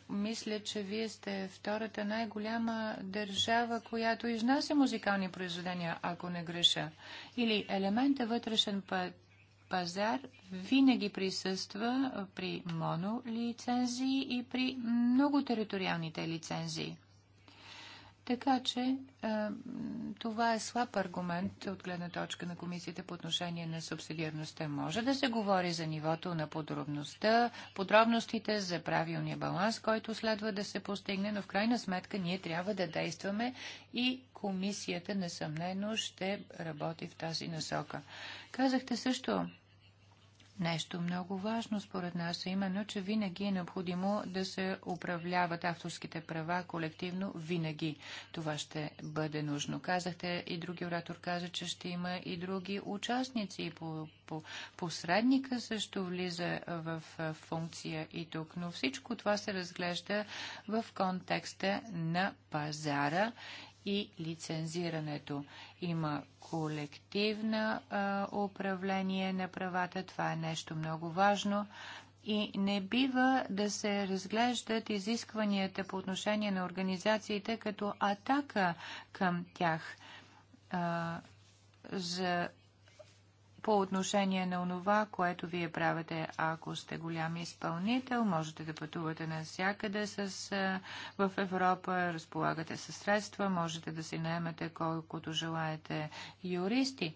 Мисля, че вие сте втората най-голяма държава, която изнася музикални произведения, ако не греша. Или елемента вътрешен пазар винаги присъства при монолицензии и при много териториалните лицензии. Така че е, това е слаб аргумент от гледна точка на комисията по отношение на субсидиарността. Може да се говори за нивото на подробността, подробностите за правилния баланс, който следва да се постигне, но в крайна сметка ние трябва да действаме и комисията несъмнено ще работи в тази насока. Казахте също Нещо много важно според нас е именно, че винаги е необходимо да се управляват авторските права колективно, винаги. Това ще бъде нужно. Казахте и други оратор каза, че ще има и други участници и по, по, посредника също влиза в функция и тук. Но всичко това се разглежда в контекста на пазара и лицензирането. Има колективна а, управление на правата. Това е нещо много важно. И не бива да се разглеждат изискванията по отношение на организациите като атака към тях. А, за по отношение на онова, което вие правите, ако сте голям изпълнител, можете да пътувате навсякъде с, в Европа, разполагате със средства, можете да си наемете колкото желаете юристи.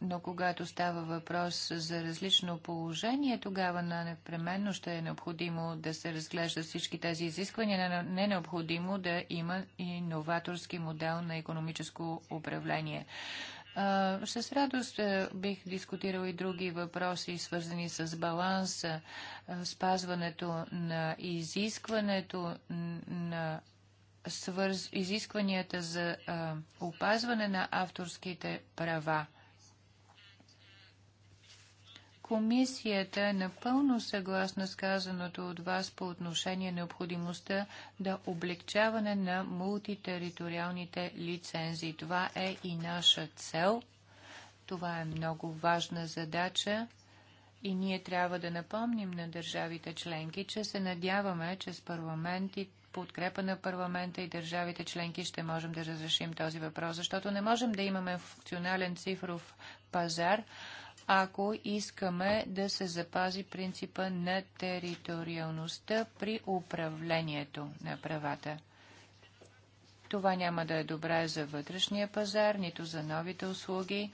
Но когато става въпрос за различно положение, тогава непременно ще е необходимо да се разглежда всички тези изисквания. Не е необходимо да има иноваторски модел на економическо управление. С радост е, бих дискутирал и други въпроси, свързани с баланса, спазването на изискването на свърз... изискванията за опазване на авторските права. Комисията е напълно съгласна с казаното от вас по отношение необходимостта да облегчаване на мултитериториалните лицензии. Това е и наша цел. Това е много важна задача и ние трябва да напомним на държавите членки, че се надяваме, че с парламенти, подкрепа на парламента и държавите членки ще можем да разрешим този въпрос, защото не можем да имаме функционален цифров пазар, ако искаме да се запази принципа на териториалността при управлението на правата. Това няма да е добре за вътрешния пазар, нито за новите услуги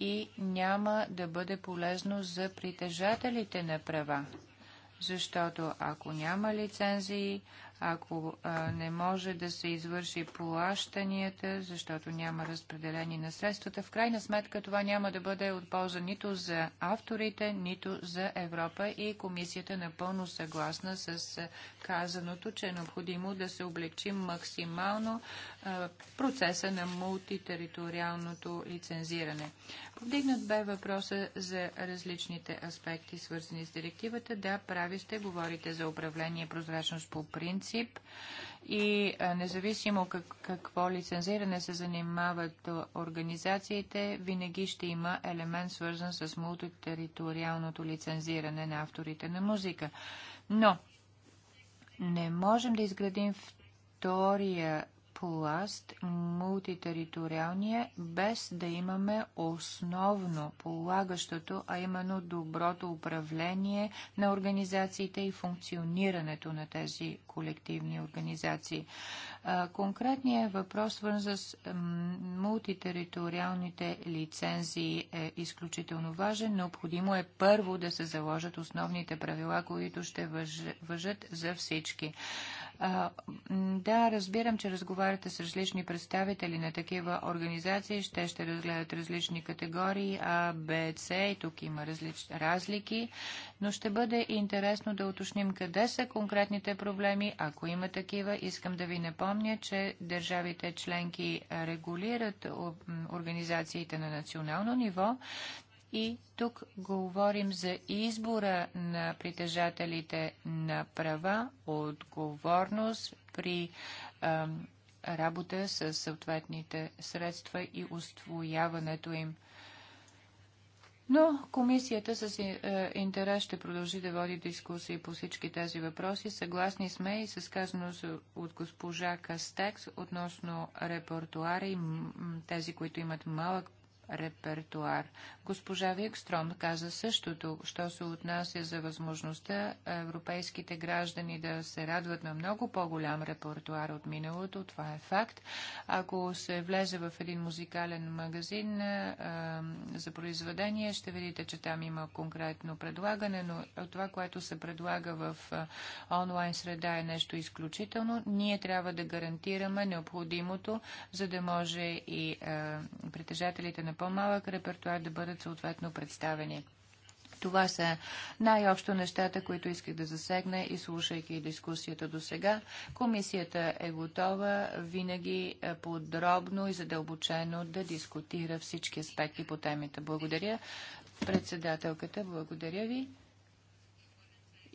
и няма да бъде полезно за притежателите на права. Защото ако няма лицензии, ако не може да се извърши плащанията, защото няма разпределение на средствата, в крайна сметка това няма да бъде от полза нито за авторите, нито за Европа и комисията напълно съгласна с казаното, че е необходимо да се облегчи максимално процеса на мултитериториалното лицензиране. Повдигнат бе въпроса за различните аспекти, свързани с директивата. Да, прави сте, говорите за управление и прозрачност по принцип и независимо как, какво лицензиране се занимават организациите, винаги ще има елемент свързан с мултитериториалното лицензиране на авторите на музика. Но не можем да изградим втория пласт, мултитериториалния, без да имаме основно полагащото, а именно доброто управление на организациите и функционирането на тези колективни организации. Конкретният въпрос, свързан с мултитериториалните лицензии, е изключително важен. Необходимо е първо да се заложат основните правила, които ще въжат за всички. да, разбирам, че разговаряте с различни представители на такива организации. Ще ще разгледат различни категории, А, Б, С и тук има различ... разлики. Но ще бъде интересно да уточним къде са конкретните проблеми. Ако има такива, искам да ви напомня напомня, че държавите членки регулират организациите на национално ниво, и тук говорим за избора на притежателите на права, отговорност при а, работа с съответните средства и устояването им. Но комисията с е, е, интерес ще продължи да води дискусии по всички тези въпроси. Съгласни сме и с казано от госпожа Кастекс относно репортуари, тези, които имат малък репертуар. Госпожа Викстром каза същото, що се отнася за възможността европейските граждани да се радват на много по-голям репертуар от миналото. Това е факт. Ако се влезе в един музикален магазин а, за произведение, ще видите, че там има конкретно предлагане, но това, което се предлага в онлайн среда е нещо изключително. Ние трябва да гарантираме необходимото, за да може и а, притежателите на по-малък репертуар да бъдат съответно представени. Това са най-общо нещата, които исках да засегна и слушайки дискусията до сега. Комисията е готова винаги е, подробно и задълбочено да дискутира всички аспекти по темите. Благодаря. Председателката, благодаря ви.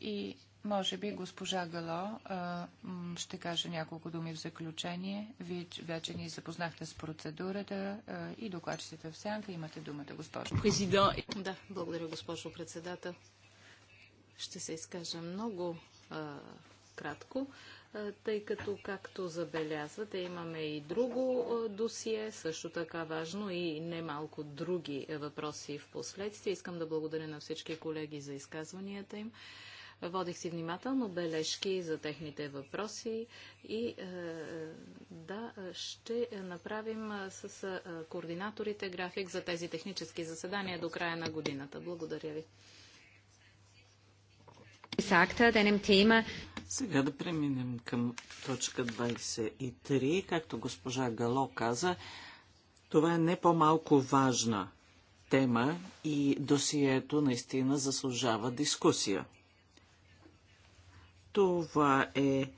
И може би госпожа Гало ще каже няколко думи в заключение. Вие вече ни запознахте с процедурата и докладчиците в сянка. Имате думата, госпожо. Президент. Да, благодаря, госпожо председател. Ще се изкажа много а, кратко, а, тъй като, както забелязвате, имаме и друго а, досие, също така важно и немалко други въпроси в последствие. Искам да благодаря на всички колеги за изказванията им. Водих си внимателно бележки за техните въпроси и е, е, да, ще направим е, с координаторите график за тези технически заседания до края на годината. Благодаря ви. Сега да преминем към точка 23. Както госпожа Гало каза, това е не по-малко важна тема и досието наистина заслужава дискусия. Това е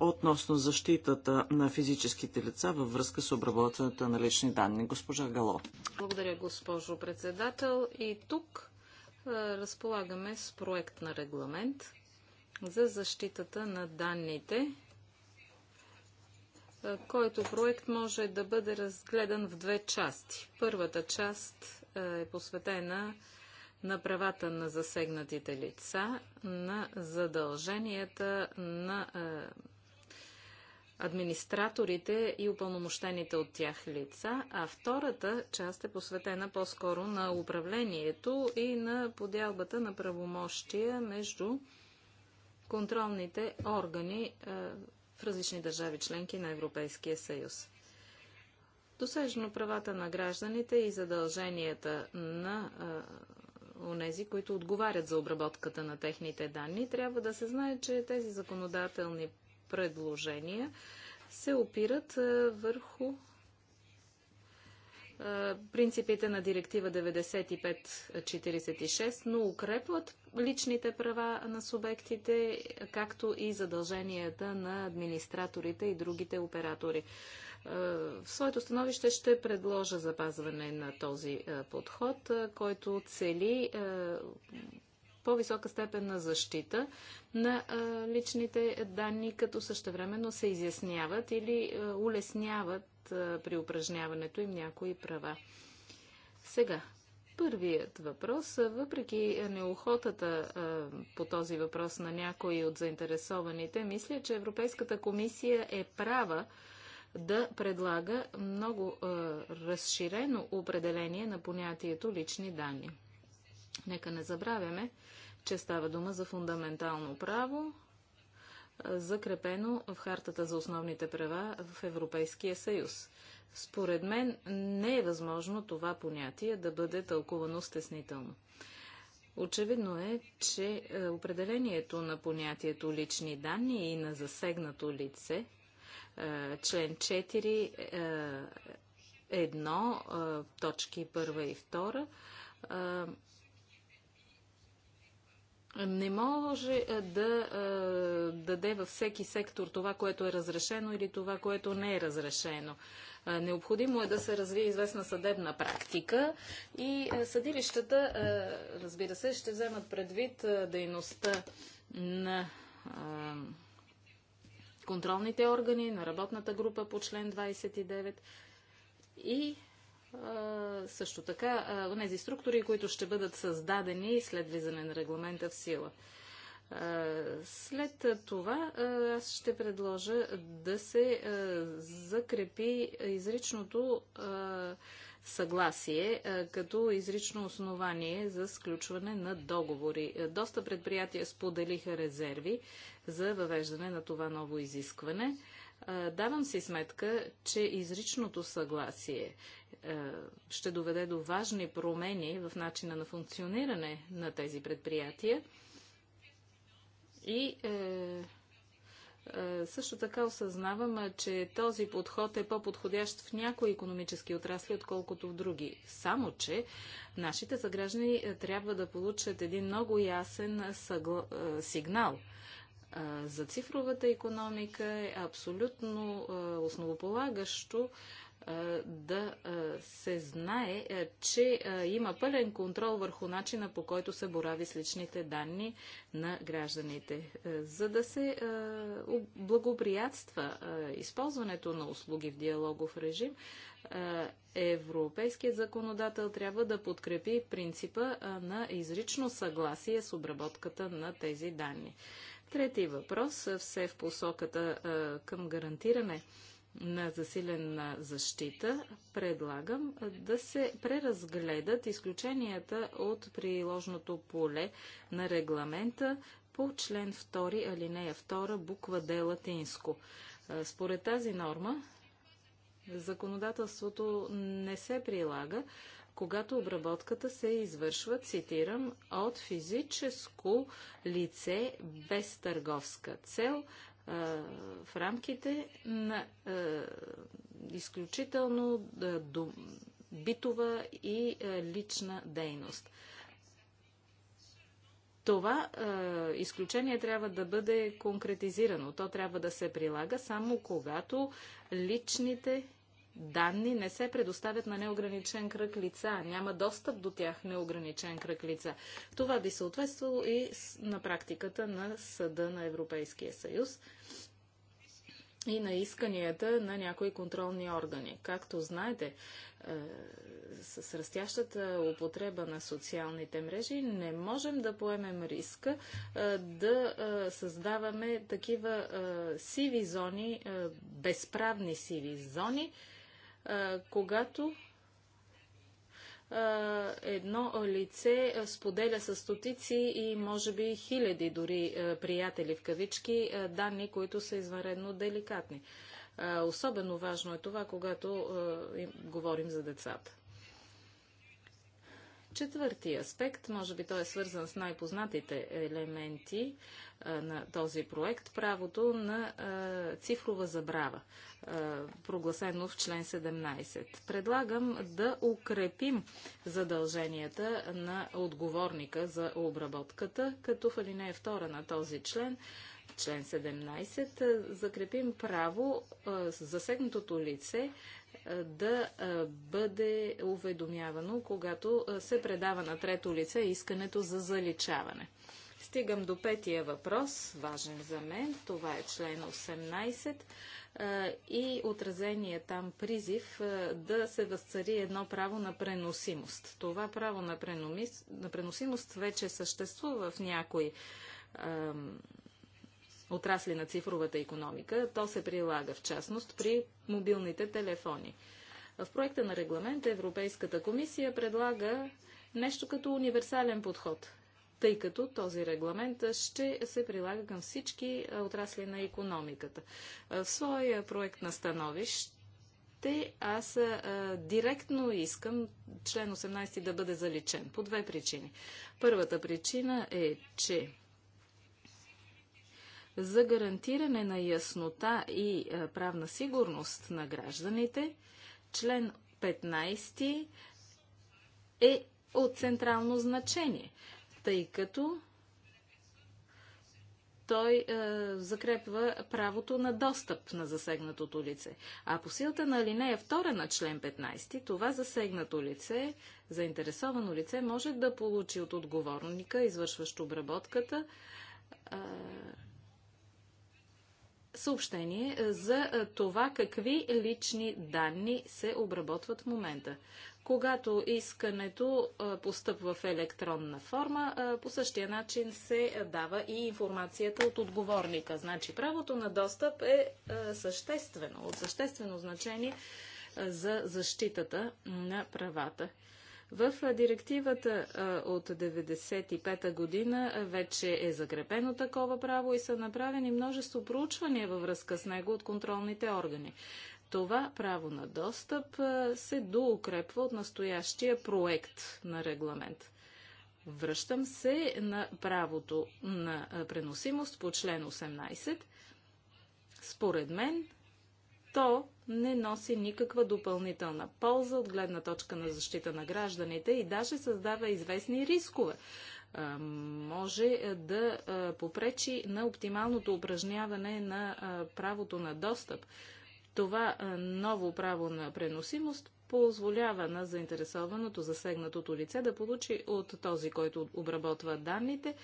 относно защитата на физическите лица във връзка с обработването на лични данни. Госпожа Гало. Благодаря, госпожо председател. И тук е, разполагаме с проект на регламент за защитата на данните, е, който проект може да бъде разгледан в две части. Първата част е посветена на правата на засегнатите лица, на задълженията на е, администраторите и упълномощените от тях лица, а втората част е посветена по-скоро на управлението и на подялбата на правомощия между контролните органи е, в различни държави членки на Европейския съюз. Досежно правата на гражданите и задълженията на а, е, онези, които отговарят за обработката на техните данни. Трябва да се знае, че тези законодателни предложения се опират върху принципите на директива 9546, но укрепват личните права на субектите, както и задълженията на администраторите и другите оператори. Е, в своето становище ще предложа запазване на този е, подход, е, който цели по-висока степен на защита на личните данни, като същевременно се изясняват или улесняват при упражняването им някои права. Сега, първият въпрос, въпреки неохотата по този въпрос на някои от заинтересованите, мисля, че Европейската комисия е права, да предлага много е, разширено определение на понятието лични данни. Нека не забравяме, че става дума за фундаментално право, е, закрепено в Хартата за основните права в Европейския съюз. Според мен не е възможно това понятие да бъде тълкувано стеснително. Очевидно е, че определението на понятието лични данни и на засегнато лице – е, член 4, е, е, едно, точки първа и втора, не може да даде във всеки сектор това, което е разрешено или това, което не е разрешено. Необходимо е да се развие известна съдебна практика и съдилищата, разбира се, ще вземат предвид дейността на контролните органи, на работната група по член 29 и също така тези структури, които ще бъдат създадени след влизане на регламента в сила. След това аз ще предложа да се закрепи изричното съгласие е, като изрично основание за сключване на договори. Е, доста предприятия споделиха резерви за въвеждане на това ново изискване. Е, давам си сметка, че изричното съгласие ще доведе до важни промени в начина на функциониране на тези предприятия и е, е, също така осъзнавам, че този подход е по-подходящ в някои економически отрасли, отколкото в други. Само, че нашите съграждани е, трябва да получат един много ясен е, съгла... сигнал за цифровата економика е абсолютно основополагащо да се знае, че има пълен контрол върху начина по който се борави с личните данни на гражданите. За да се благоприятства използването на услуги в диалогов режим, Европейският законодател трябва да подкрепи принципа на изрично съгласие с обработката на тези данни. Трети въпрос, все в посоката към гарантиране на засилена защита, предлагам да се преразгледат изключенията от приложното поле на регламента по член 2, алинея 2, буква Д латинско. Според тази норма, законодателството не се прилага, когато обработката се извършва, цитирам, от физическо лице без търговска цел – в рамките на изключително битова и лична дейност. Това е, изключение трябва да бъде конкретизирано. То трябва да се прилага само когато личните данни не се предоставят на неограничен кръг лица, няма достъп до тях неограничен кръг лица. Това би съответствало и на практиката на Съда на Европейския съюз и на исканията на някои контролни органи. Както знаете, е, с растящата употреба на социалните мрежи не можем да поемем риска е, да е, създаваме такива сиви зони, безправни сиви зони, а, когато едно лице споделя с стотици и може би хиляди дори приятели в кавички данни, които са извънредно деликатни. Особено важно е това, когато говорим за децата. Четвърти аспект, може би той е свързан с най-познатите елементи на този проект, правото на цифрова забрава, прогласено в член 17. Предлагам да укрепим задълженията на отговорника за обработката, като в алинея 2 на този член член 17 закрепим право засегнатото лице да бъде уведомявано, когато се предава на трето лице искането за заличаване. Стигам до петия въпрос, важен за мен. Това е член 18 и отразение там призив да се възцари едно право на преносимост. Това право на, на преносимост вече съществува в някои отрасли на цифровата економика. То се прилага в частност при мобилните телефони. В проекта на регламент Европейската комисия предлага нещо като универсален подход, тъй като този регламент ще се прилага към всички отрасли на економиката. В своя проект на становище аз а, директно искам член 18 да бъде заличен по две причини. Първата причина е, че за гарантиране на яснота и е, правна сигурност на гражданите, член 15 е от централно значение, тъй като той е, закрепва правото на достъп на засегнатото лице. А по силата на алинея 2 на член 15, това засегнато лице, заинтересовано лице, може да получи от отговорника, извършващ обработката, е, съобщение е, за е, това какви лични данни се обработват в момента. Когато искането е, постъпва в електронна форма, по същия начин се дава и информацията от отговорника. Значи правото на достъп е съществено, от съществено значение за защитата на правата в директивата от 1995 година вече е закрепено такова право и са направени множество проучвания във връзка с него от контролните органи. Това право на достъп се доукрепва от настоящия проект на регламент. Връщам се на правото на преносимост по член 18. Според мен то не носи никаква допълнителна полза от гледна точка на защита на гражданите и даже създава известни рискове. Може е, да попречи на оптималното упражняване на правото на достъп. Това ново право на преносимост позволява на заинтересованото засегнатото лице да получи от този, който обработва данните,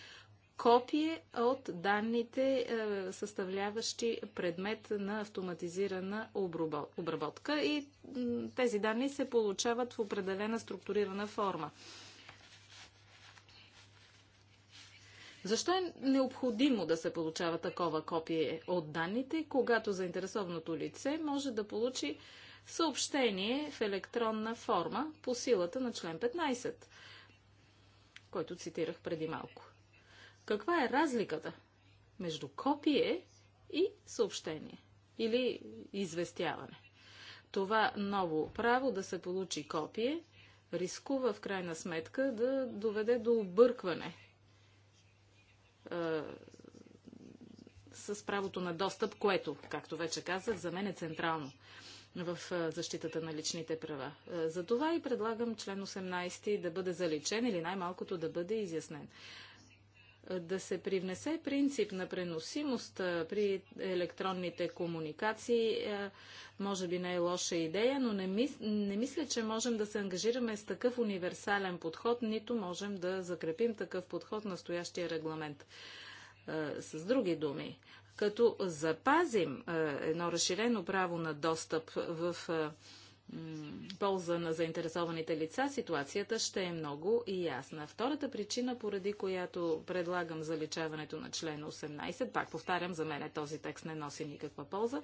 копие от данните, е, съставляващи предмет на автоматизирана обработка и тези данни се получават в определена структурирана форма. Защо е необходимо да се получава такова копие от данните, когато заинтересованото лице може да получи съобщение в електронна форма по силата на член 15, който цитирах преди малко? Каква е разликата между копие и съобщение или известяване? Това ново право да се получи копие рискува в крайна сметка да доведе до объркване с правото на достъп, което, както вече казах, за мен е централно в защитата на личните права. Затова и предлагам член 18 да бъде заличен или най-малкото да бъде изяснен да се привнесе принцип на преносимост при електронните комуникации. Е, може би не е лоша идея, но не, мис... не мисля, че можем да се ангажираме с такъв универсален подход, нито можем да закрепим такъв подход в настоящия регламент. Е, с други думи, като запазим е, едно разширено право на достъп в полза на заинтересованите лица, ситуацията ще е много и ясна. Втората причина, поради която предлагам заличаването на член 18, пак повтарям, за мен този текст не носи никаква полза,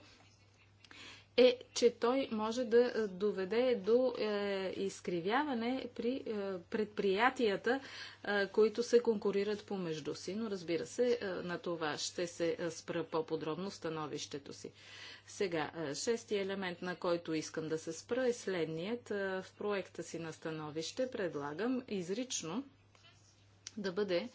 е, че той може да доведе до е, изкривяване при е, предприятията, е, които се конкурират помежду си. Но разбира се, е, на това ще се е, спра по-подробно становището си. Е, сега, шестия елемент, на който искам да се спра е следният. В проекта си на становище предлагам изрично да бъде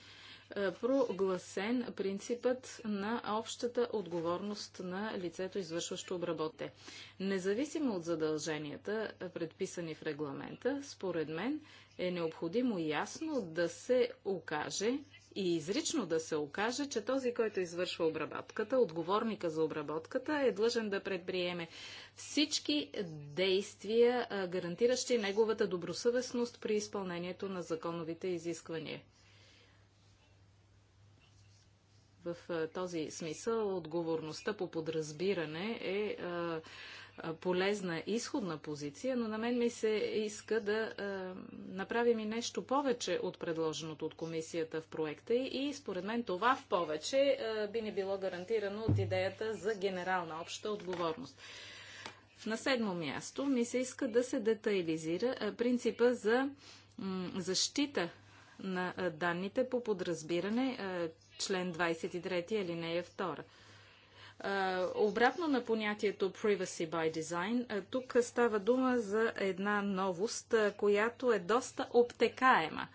прогласен принципът на общата отговорност на лицето, извършващо обработте. Независимо от задълженията, предписани в регламента, според мен е необходимо ясно да се окаже, и изрично да се окаже, че този, който извършва обработката, отговорника за обработката, е длъжен да предприеме всички действия, гарантиращи неговата добросъвестност при изпълнението на законовите изисквания. В този смисъл отговорността по подразбиране е полезна изходна позиция, но на мен ми се иска да направим и нещо повече от предложеното от комисията в проекта и според мен това в повече би ни било гарантирано от идеята за генерална обща отговорност. На седмо място ми се иска да се детайлизира принципа за защита на данните по подразбиране член 23 алинея 2. Обратно на понятието Privacy by Design, тук става дума за една новост, която е доста обтекаема,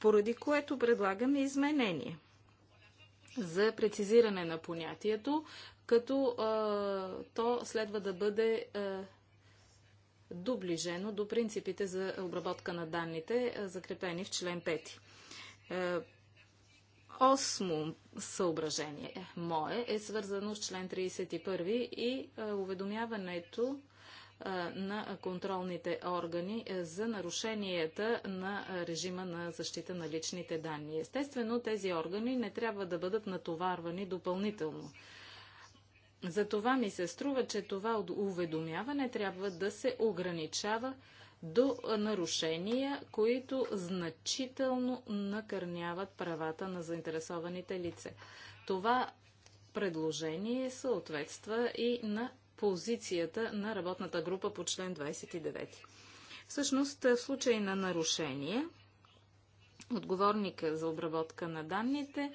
поради което предлагаме изменение за прецизиране на понятието, като а, то следва да бъде а, доближено до принципите за обработка на данните, а, закрепени в член 5. Осмо съображение мое е свързано с член 31 и е, уведомяването е, на контролните органи е, за нарушенията на режима на защита на личните данни. Естествено, тези органи не трябва да бъдат натоварвани допълнително. Затова ми се струва, че това уведомяване трябва да се ограничава до нарушения, които значително накърняват правата на заинтересованите лице. Това предложение съответства и на позицията на работната група по член 29. Всъщност, в случай на нарушение, отговорника за обработка на данните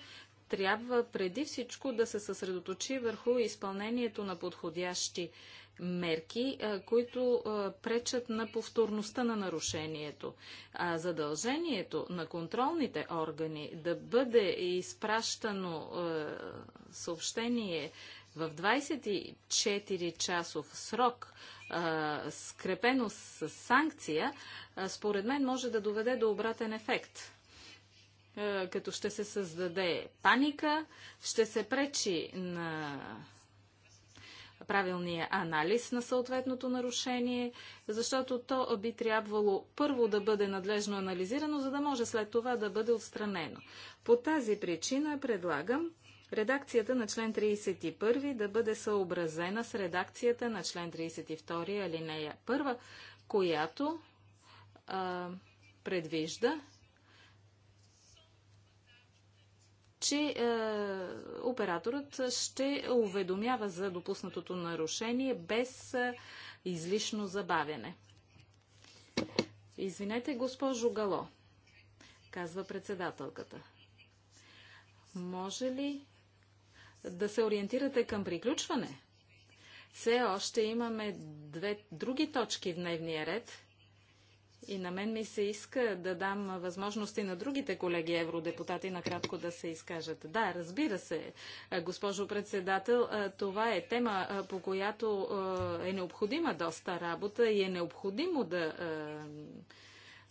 трябва преди всичко да се съсредоточи върху изпълнението на подходящи мерки, които пречат на повторността на нарушението. А задължението на контролните органи да бъде изпращано съобщение в 24-часов срок, скрепено с санкция, според мен може да доведе до обратен ефект като ще се създаде паника, ще се пречи на правилния анализ на съответното нарушение, защото то би трябвало първо да бъде надлежно анализирано, за да може след това да бъде отстранено. По тази причина предлагам редакцията на член 31 да бъде съобразена с редакцията на член 32 алинея 1, която а, предвижда че е, операторът ще уведомява за допуснатото нарушение без е, излишно забавяне. Извинете, госпожо Гало, казва председателката. Може ли да се ориентирате към приключване? Все още имаме две други точки в дневния ред – и на мен ми се иска да дам възможности на другите колеги евродепутати накратко да се изкажат. Да, разбира се, госпожо председател, това е тема, по която е необходима доста работа и е необходимо да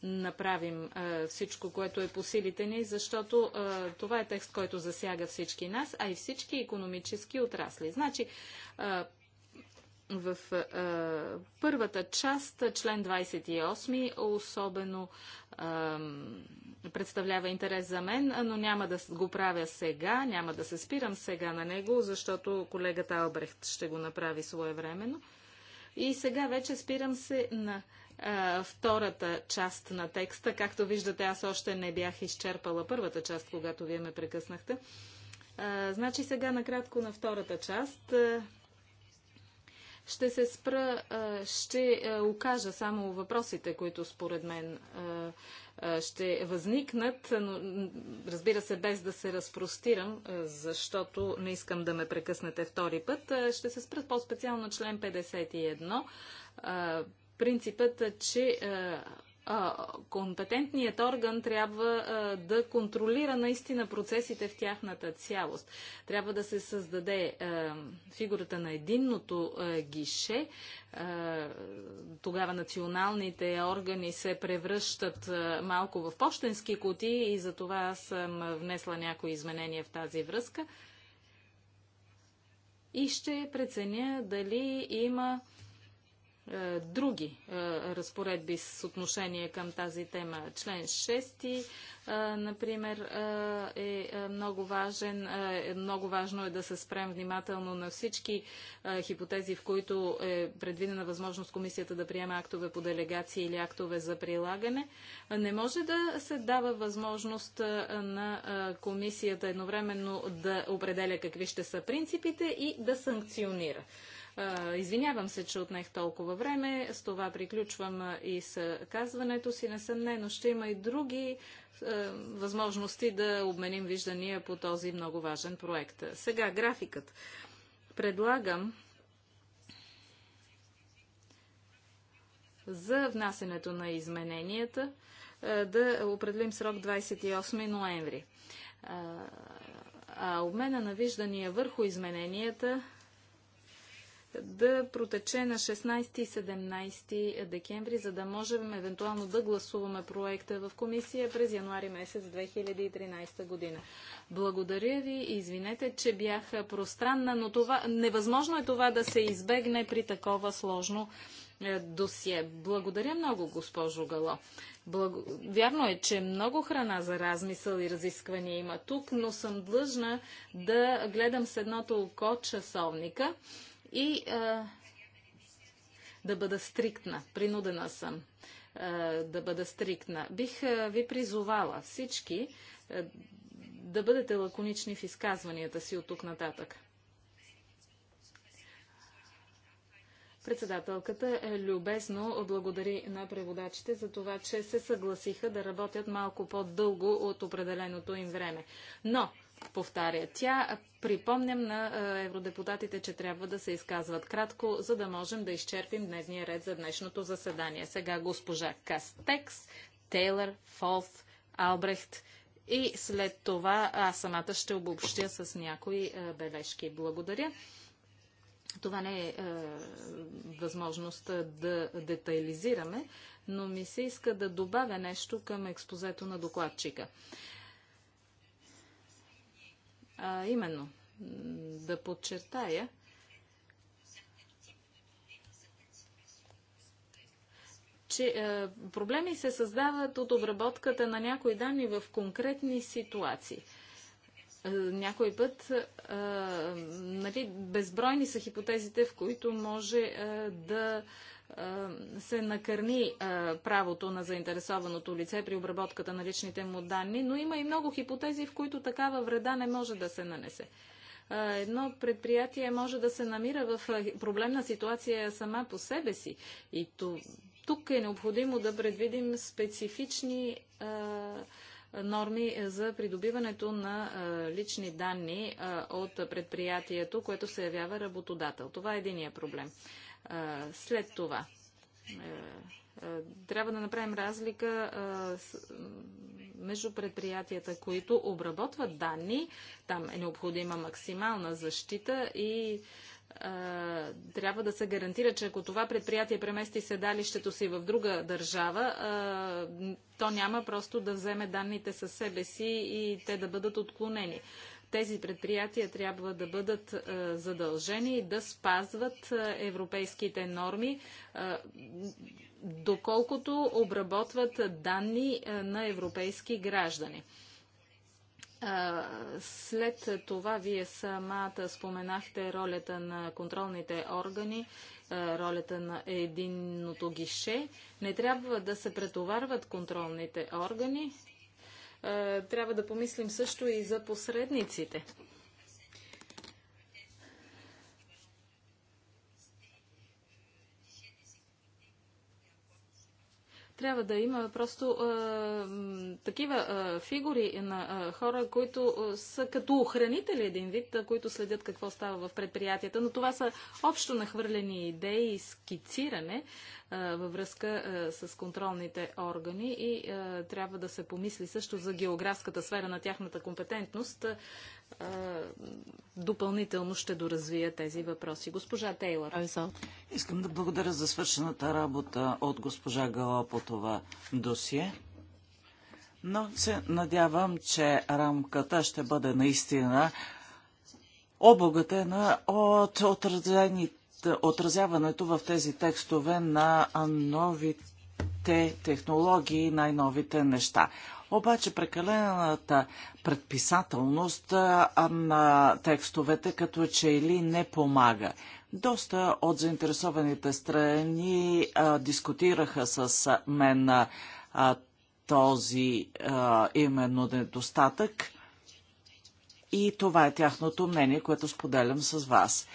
направим всичко, което е по силите ни, защото това е текст, който засяга всички нас, а и всички економически отрасли. Значи, в а, първата част, член 28, особено а, представлява интерес за мен, но няма да го правя сега, няма да се спирам сега на него, защото колегата Албрехт ще го направи своевременно. И сега вече спирам се на а, втората част на текста. Както виждате, аз още не бях изчерпала първата част, когато вие ме прекъснахте. А, значи сега накратко на втората част. Ще се спра, ще окажа само въпросите, които според мен ще възникнат, но разбира се, без да се разпростирам, защото не искам да ме прекъснете втори път. Ще се спра по-специално член 51, принципът, че компетентният орган трябва да контролира наистина процесите в тяхната цялост. Трябва да се създаде фигурата на единното гише. Тогава националните органи се превръщат малко в почтенски коти и за това съм внесла някои изменения в тази връзка. И ще преценя дали има е, други е, разпоредби с отношение към тази тема. Член 6, е, например, е много важен. Много важно е да се спрем внимателно на всички хипотези, в които е предвидена възможност комисията да приема актове по делегации или актове за прилагане. Не може да се дава възможност на комисията едновременно да определя какви ще са принципите и да санкционира. Извинявам се, че отнех толкова време. С това приключвам и с казването си. Несъмнено ще има и други възможности да обменим виждания по този много важен проект. Сега графикът. Предлагам за внасенето на измененията да определим срок 28 ноември. А обмена на виждания върху измененията да протече на 16 и 17 декември, за да можем евентуално да гласуваме проекта в комисия през януари месец 2013 година. Благодаря ви и извинете, че бях пространна, но това, невъзможно е това да се избегне при такова сложно е, досие. Благодаря много, госпожо Гало. Благо... Вярно е, че много храна за размисъл и разисквания има тук, но съм длъжна да гледам с едното око часовника и а, да бъда стриктна. Принудена съм а, да бъда стриктна. Бих а, ви призовала всички а, да бъдете лаконични в изказванията си от тук нататък. Председателката е любезно благодари на преводачите за това, че се съгласиха да работят малко по-дълго от определеното им време. Но повтаря тя. Припомням на е, евродепутатите, че трябва да се изказват кратко, за да можем да изчерпим дневния ред за днешното заседание. Сега госпожа Кастекс, Тейлър, Фолф, Албрехт и след това аз самата ще обобщя с някои е, бележки. Благодаря. Това не е, е възможност е, да детайлизираме, но ми се иска да добавя нещо към експозето на докладчика. А именно, да подчертая, че е, проблеми се създават от обработката на някои данни в конкретни ситуации. Е, някой път е, нали, безбройни са хипотезите, в които може е, да е, се накърни е, правото на заинтересованото лице при обработката на личните му данни, но има и много хипотези, в които такава вреда не може да се нанесе. Е, едно предприятие може да се намира в проблемна ситуация сама по себе си и тук е необходимо да предвидим специфични норми за придобиването на лични данни от предприятието, което се явява работодател. Това е единия проблем след това. Е, е, трябва да направим разлика е, между предприятията, които обработват данни. Там е необходима максимална защита и трябва да се гарантира, че ако това предприятие премести седалището си в друга държава, то няма просто да вземе данните със себе си и те да бъдат отклонени тези предприятия трябва да бъдат е, задължени да спазват е, европейските норми, е, доколкото обработват данни на европейски граждани. След това вие самата споменахте ролята на контролните органи, ролята на единното гише. Не трябва да се претоварват контролните органи, е, трябва да помислим също и за посредниците. трябва да има просто а, е, такива а, е, фигури на а, хора, които а, са като охранители един вид, а, които следят какво става в предприятията, но това са общо нахвърлени идеи и скициране, във връзка с контролните органи и трябва да се помисли също за географската сфера на тяхната компетентност. Допълнително ще доразвия тези въпроси. Госпожа Тейлор, Искам да благодаря за свършената работа от госпожа Гала по това досие. Но се надявам, че рамката ще бъде наистина обогатена от отразените отразяването в тези текстове на новите технологии, най-новите неща. Обаче прекалената предписателност на текстовете като че или не помага. Доста от заинтересованите страни а, дискутираха с мен а, този а, именно недостатък и това е тяхното мнение, което споделям с вас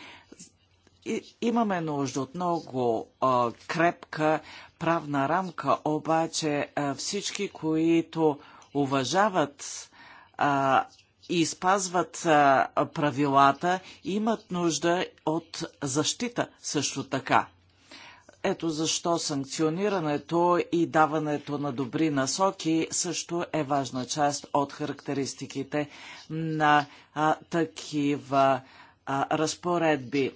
имаме нужда от много а, крепка правна рамка, обаче а, всички, които уважават а, и спазват а, правилата, имат нужда от защита също така. Ето защо санкционирането и даването на добри насоки също е важна част от характеристиките на а, такива а, разпоредби.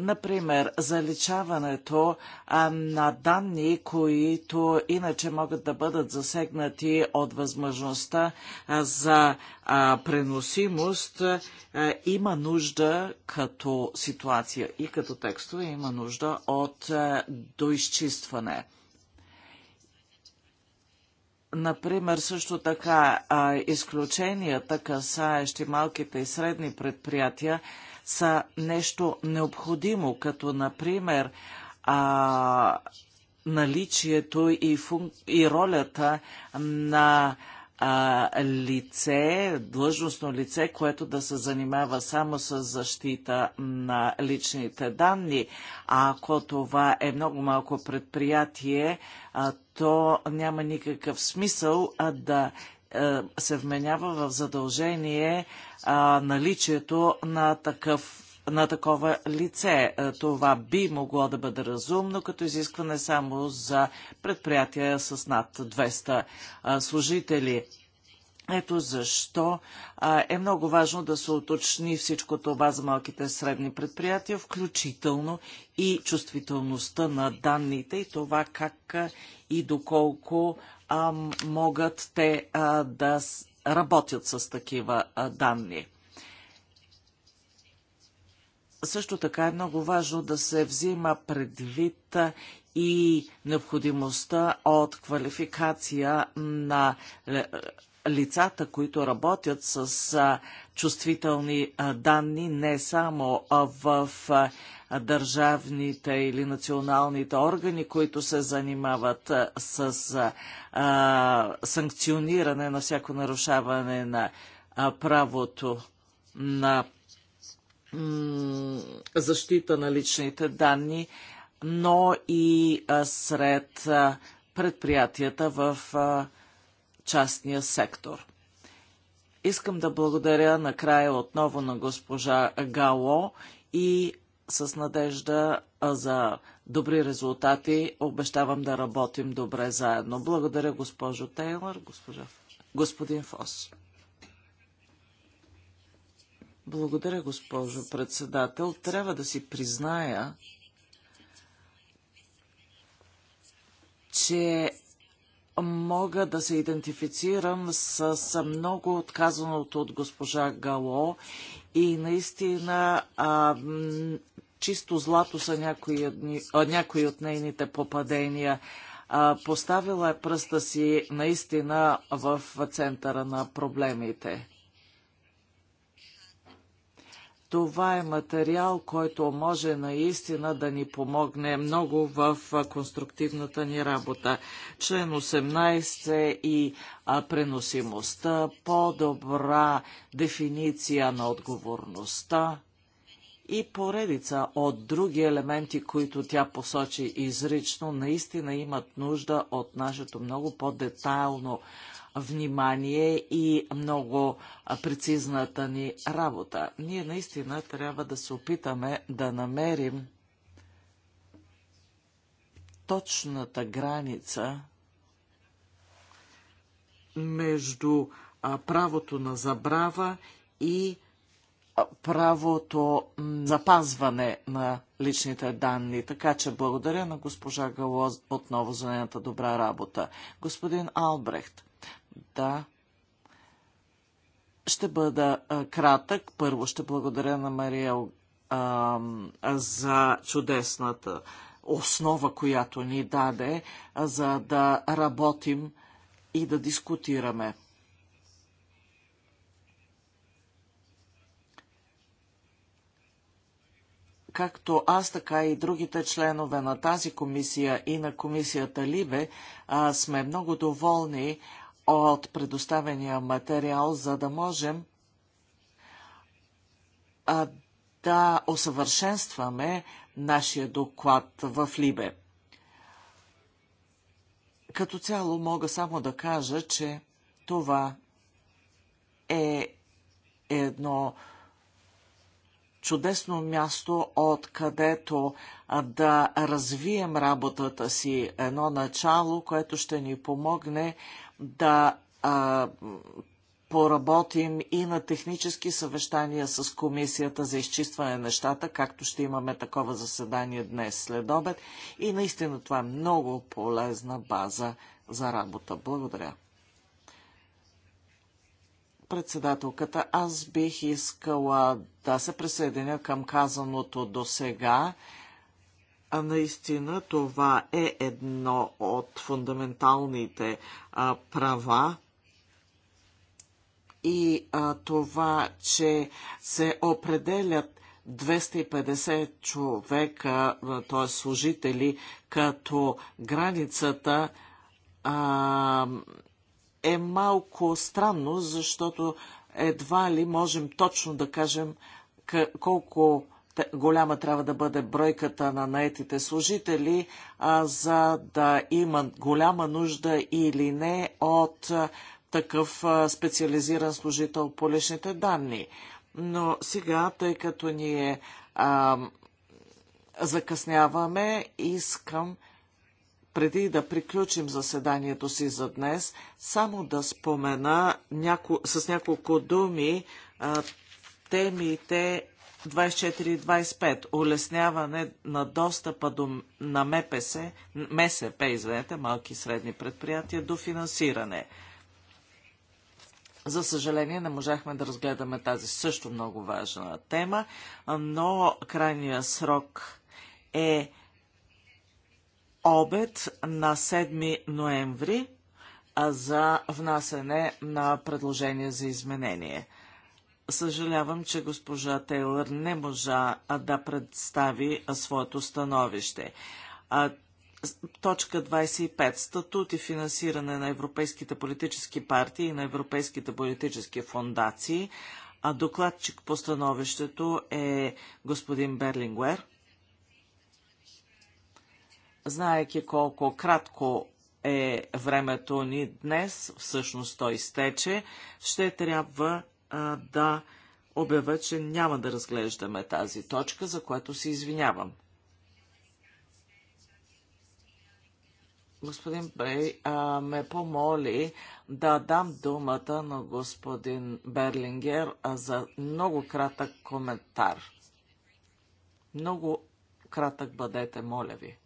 Например, заличаването а, на данни, които иначе могат да бъдат засегнати от възможността а, за а, преносимост, а, има нужда като ситуация и като текстове, има нужда от а, доизчистване. Например, също така а, изключенията, касаещи малките и средни предприятия, са нещо необходимо, като например а, наличието и, фун... и ролята на а, лице, длъжностно лице, което да се занимава само с защита на личните данни. А ако това е много малко предприятие, а, то няма никакъв смисъл а, да е, се вменява в задължение а, е, наличието на такъв на такова лице. Е, това би могло да бъде разумно, като изискване само за предприятия с над 200 служители. Ето защо е много важно да се уточни всичко това за малките и средни предприятия, включително и чувствителността на данните и това как и доколко а, могат те а, да работят с такива а, данни. Също така е много важно да се взима предвид и необходимостта от квалификация на е, лицата, които работят с чувствителни данни не само в държавните или националните органи, които се занимават с а, санкциониране на всяко нарушаване на а, правото на защита на личните данни, но и а, сред а, предприятията в а, частния сектор. Искам да благодаря накрая отново на госпожа Гало и с надежда за добри резултати. Обещавам да работим добре заедно. Благодаря, госпожо Тейлър, госпожа, господин Фос. Благодаря, госпожо председател. Трябва да си призная, че мога да се идентифицирам с, много отказаното от госпожа Гало и наистина а, чисто злато са някои, от, а, някои от нейните попадения. А, поставила е пръста си наистина в центъра на проблемите. Това е материал, който може наистина да ни помогне много в конструктивната ни работа. Член 18 и преносимостта, по-добра дефиниция на отговорността и поредица от други елементи, които тя посочи изрично, наистина имат нужда от нашето много по-детайлно внимание и много прецизната ни работа. Ние наистина трябва да се опитаме да намерим точната граница между правото на забрава и правото запазване на личните данни. Така че благодаря на госпожа Галоз отново за нейната добра работа. Господин Албрехт, да, ще бъда а, кратък. Първо ще благодаря на Мария а, за чудесната основа, която ни даде, а, за да работим и да дискутираме. както аз, така и другите членове на тази комисия и на комисията Либе сме много доволни от предоставения материал, за да можем да усъвършенстваме нашия доклад в Либе. Като цяло мога само да кажа, че това е едно чудесно място, откъдето да развием работата си, едно начало, което ще ни помогне да а, поработим и на технически съвещания с комисията за изчистване на нещата, както ще имаме такова заседание днес след обед. И наистина това е много полезна база за работа. Благодаря. Председателката, аз бих искала да се присъединя към казаното до сега. А наистина това е едно от фундаменталните а, права и а, това, че се определят 250 човека, т.е. служители, като границата а, е малко странно, защото едва ли можем точно да кажем колко голяма трябва да бъде бройката на наетите служители, а, за да има голяма нужда или не от а, такъв а, специализиран служител по личните данни. Но сега, тъй като ние а, закъсняваме, искам преди да приключим заседанието си за днес, само да спомена няко... с няколко думи а, темите 24 и 25. Улесняване на достъпа до, на МПС, МСП, извинете, малки и средни предприятия, до финансиране. За съжаление, не можахме да разгледаме тази също много важна тема, но крайния срок е обед на 7 ноември за внасене на предложение за изменение. Съжалявам, че госпожа Тейлър не можа да представи своето становище. Точка 25. Статут и финансиране на европейските политически партии и на европейските политически фондации. А докладчик по становището е господин Берлингуер. Знаеки колко кратко е времето ни днес, всъщност той изтече, ще трябва а, да обявя, че няма да разглеждаме тази точка, за което се извинявам. Господин Брей а, ме помоли да дам думата на господин Берлингер а, за много кратък коментар. Много кратък бъдете, моля ви.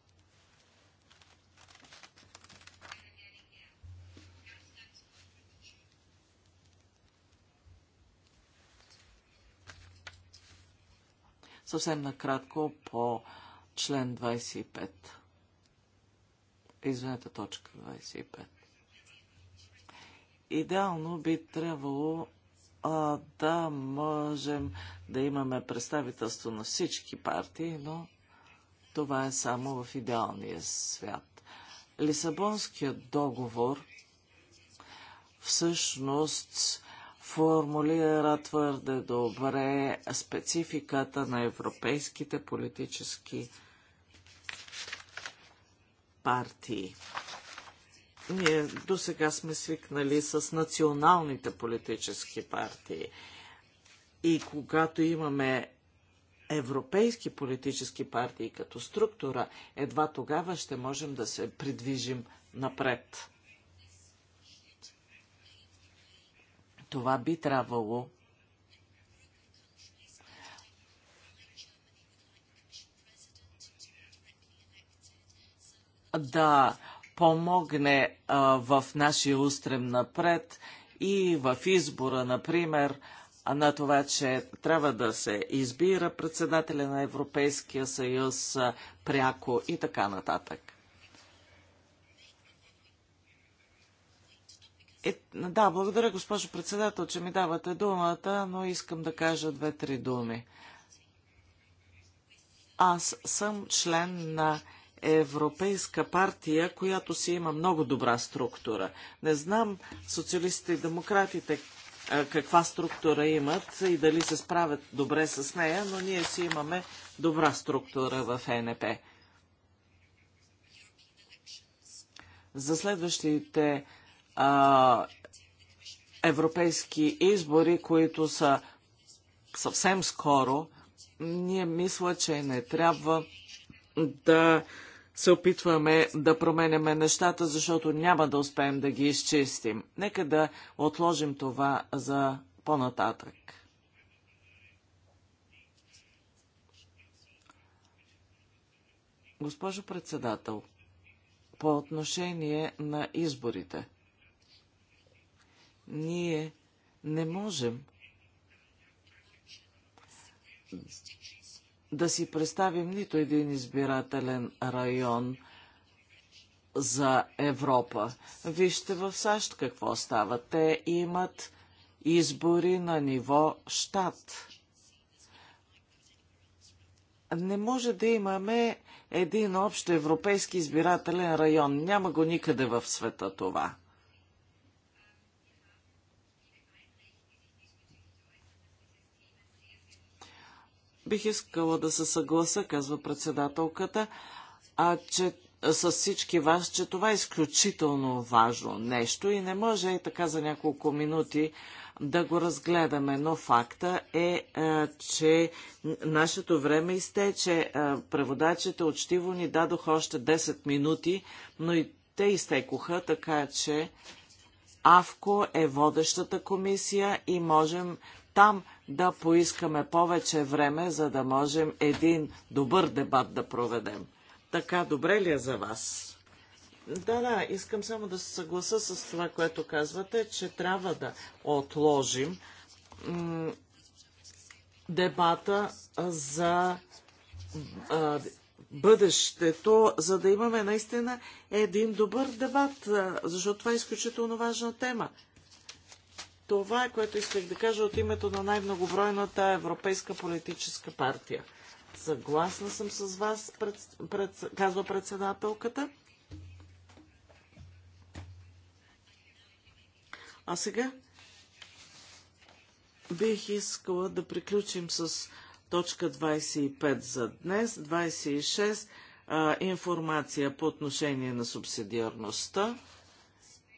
Съвсем накратко по член 25. Извинете, точка 25. Идеално би трябвало а, да можем да имаме представителство на всички партии, но това е само в идеалния свят. Лисабонският договор всъщност формулира твърде добре спецификата на европейските политически партии. Ние до сега сме свикнали с националните политически партии. И когато имаме европейски политически партии като структура, едва тогава ще можем да се придвижим напред. Това би трябвало да помогне а, в нашия устрем напред и в избора, например, на това, че трябва да се избира председателя на Европейския съюз а, пряко и така нататък. Е, да, благодаря, госпожо председател, че ми давате думата, но искам да кажа две-три думи. Аз съм член на европейска партия, която си има много добра структура. Не знам социалистите и демократите каква структура имат и дали се справят добре с нея, но ние си имаме добра структура в ЕНП. За следващите а, европейски избори, които са съвсем скоро, ние мисля, че не трябва да се опитваме да променяме нещата, защото няма да успеем да ги изчистим. Нека да отложим това за по-нататък. Госпожо председател, по отношение на изборите – ние не можем да си представим нито един избирателен район за Европа. Вижте в САЩ какво става. Те имат избори на ниво щат. Не може да имаме един общ европейски избирателен район. Няма го никъде в света това. Бих искала да се съгласа, казва председателката, а че с всички вас, че това е изключително важно нещо и не може и така за няколко минути да го разгледаме, но факта е, че нашето време изтече. Преводачите очтиво ни дадоха още 10 минути, но и те изтекоха, така че АВКО е водещата комисия и можем там да поискаме повече време, за да можем един добър дебат да проведем. Така добре ли е за вас? Да, да, искам само да се съгласа с това, което казвате, че трябва да отложим дебата за а, бъдещето, за да имаме наистина един добър дебат, защото това е изключително важна тема. Това е което исках да кажа от името на най-многобройната европейска политическа партия. Съгласна съм с вас, пред, пред, казва председателката. А сега бих искала да приключим с точка 25 за днес, 26 а, информация по отношение на субсидиарността.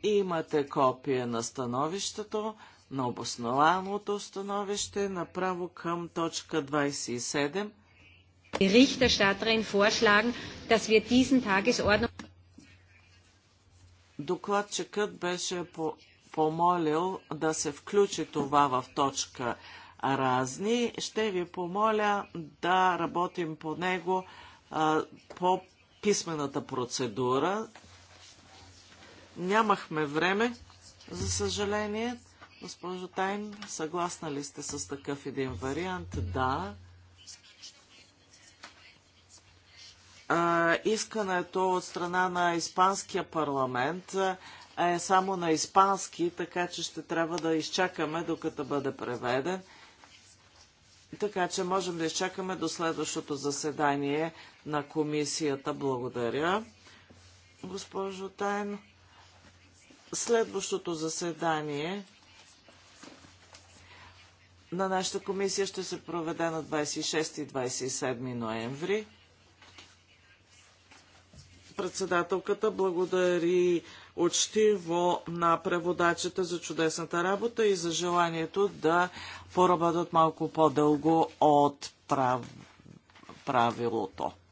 Имате копия на становището, на обоснованото становище, направо към точка 27. Berichterstatterin vorschlagen, dass wir diesen Tagesordnung Докладчикът беше по помолил да се включи това в точка разни. Ще ви помоля да работим по него а, по писмената процедура Нямахме време, за съжаление. Госпожо Тайн, съгласна ли сте с такъв един вариант? Да. А, искането от страна на Испанския парламент е само на испански, така че ще трябва да изчакаме докато бъде преведен. Така че можем да изчакаме до следващото заседание на комисията. Благодаря, госпожо Тайн следващото заседание на нашата комисия ще се проведе на 26 и 27 ноември. Председателката благодари учтиво на преводачите за чудесната работа и за желанието да поработят малко по-дълго от прав... правилото.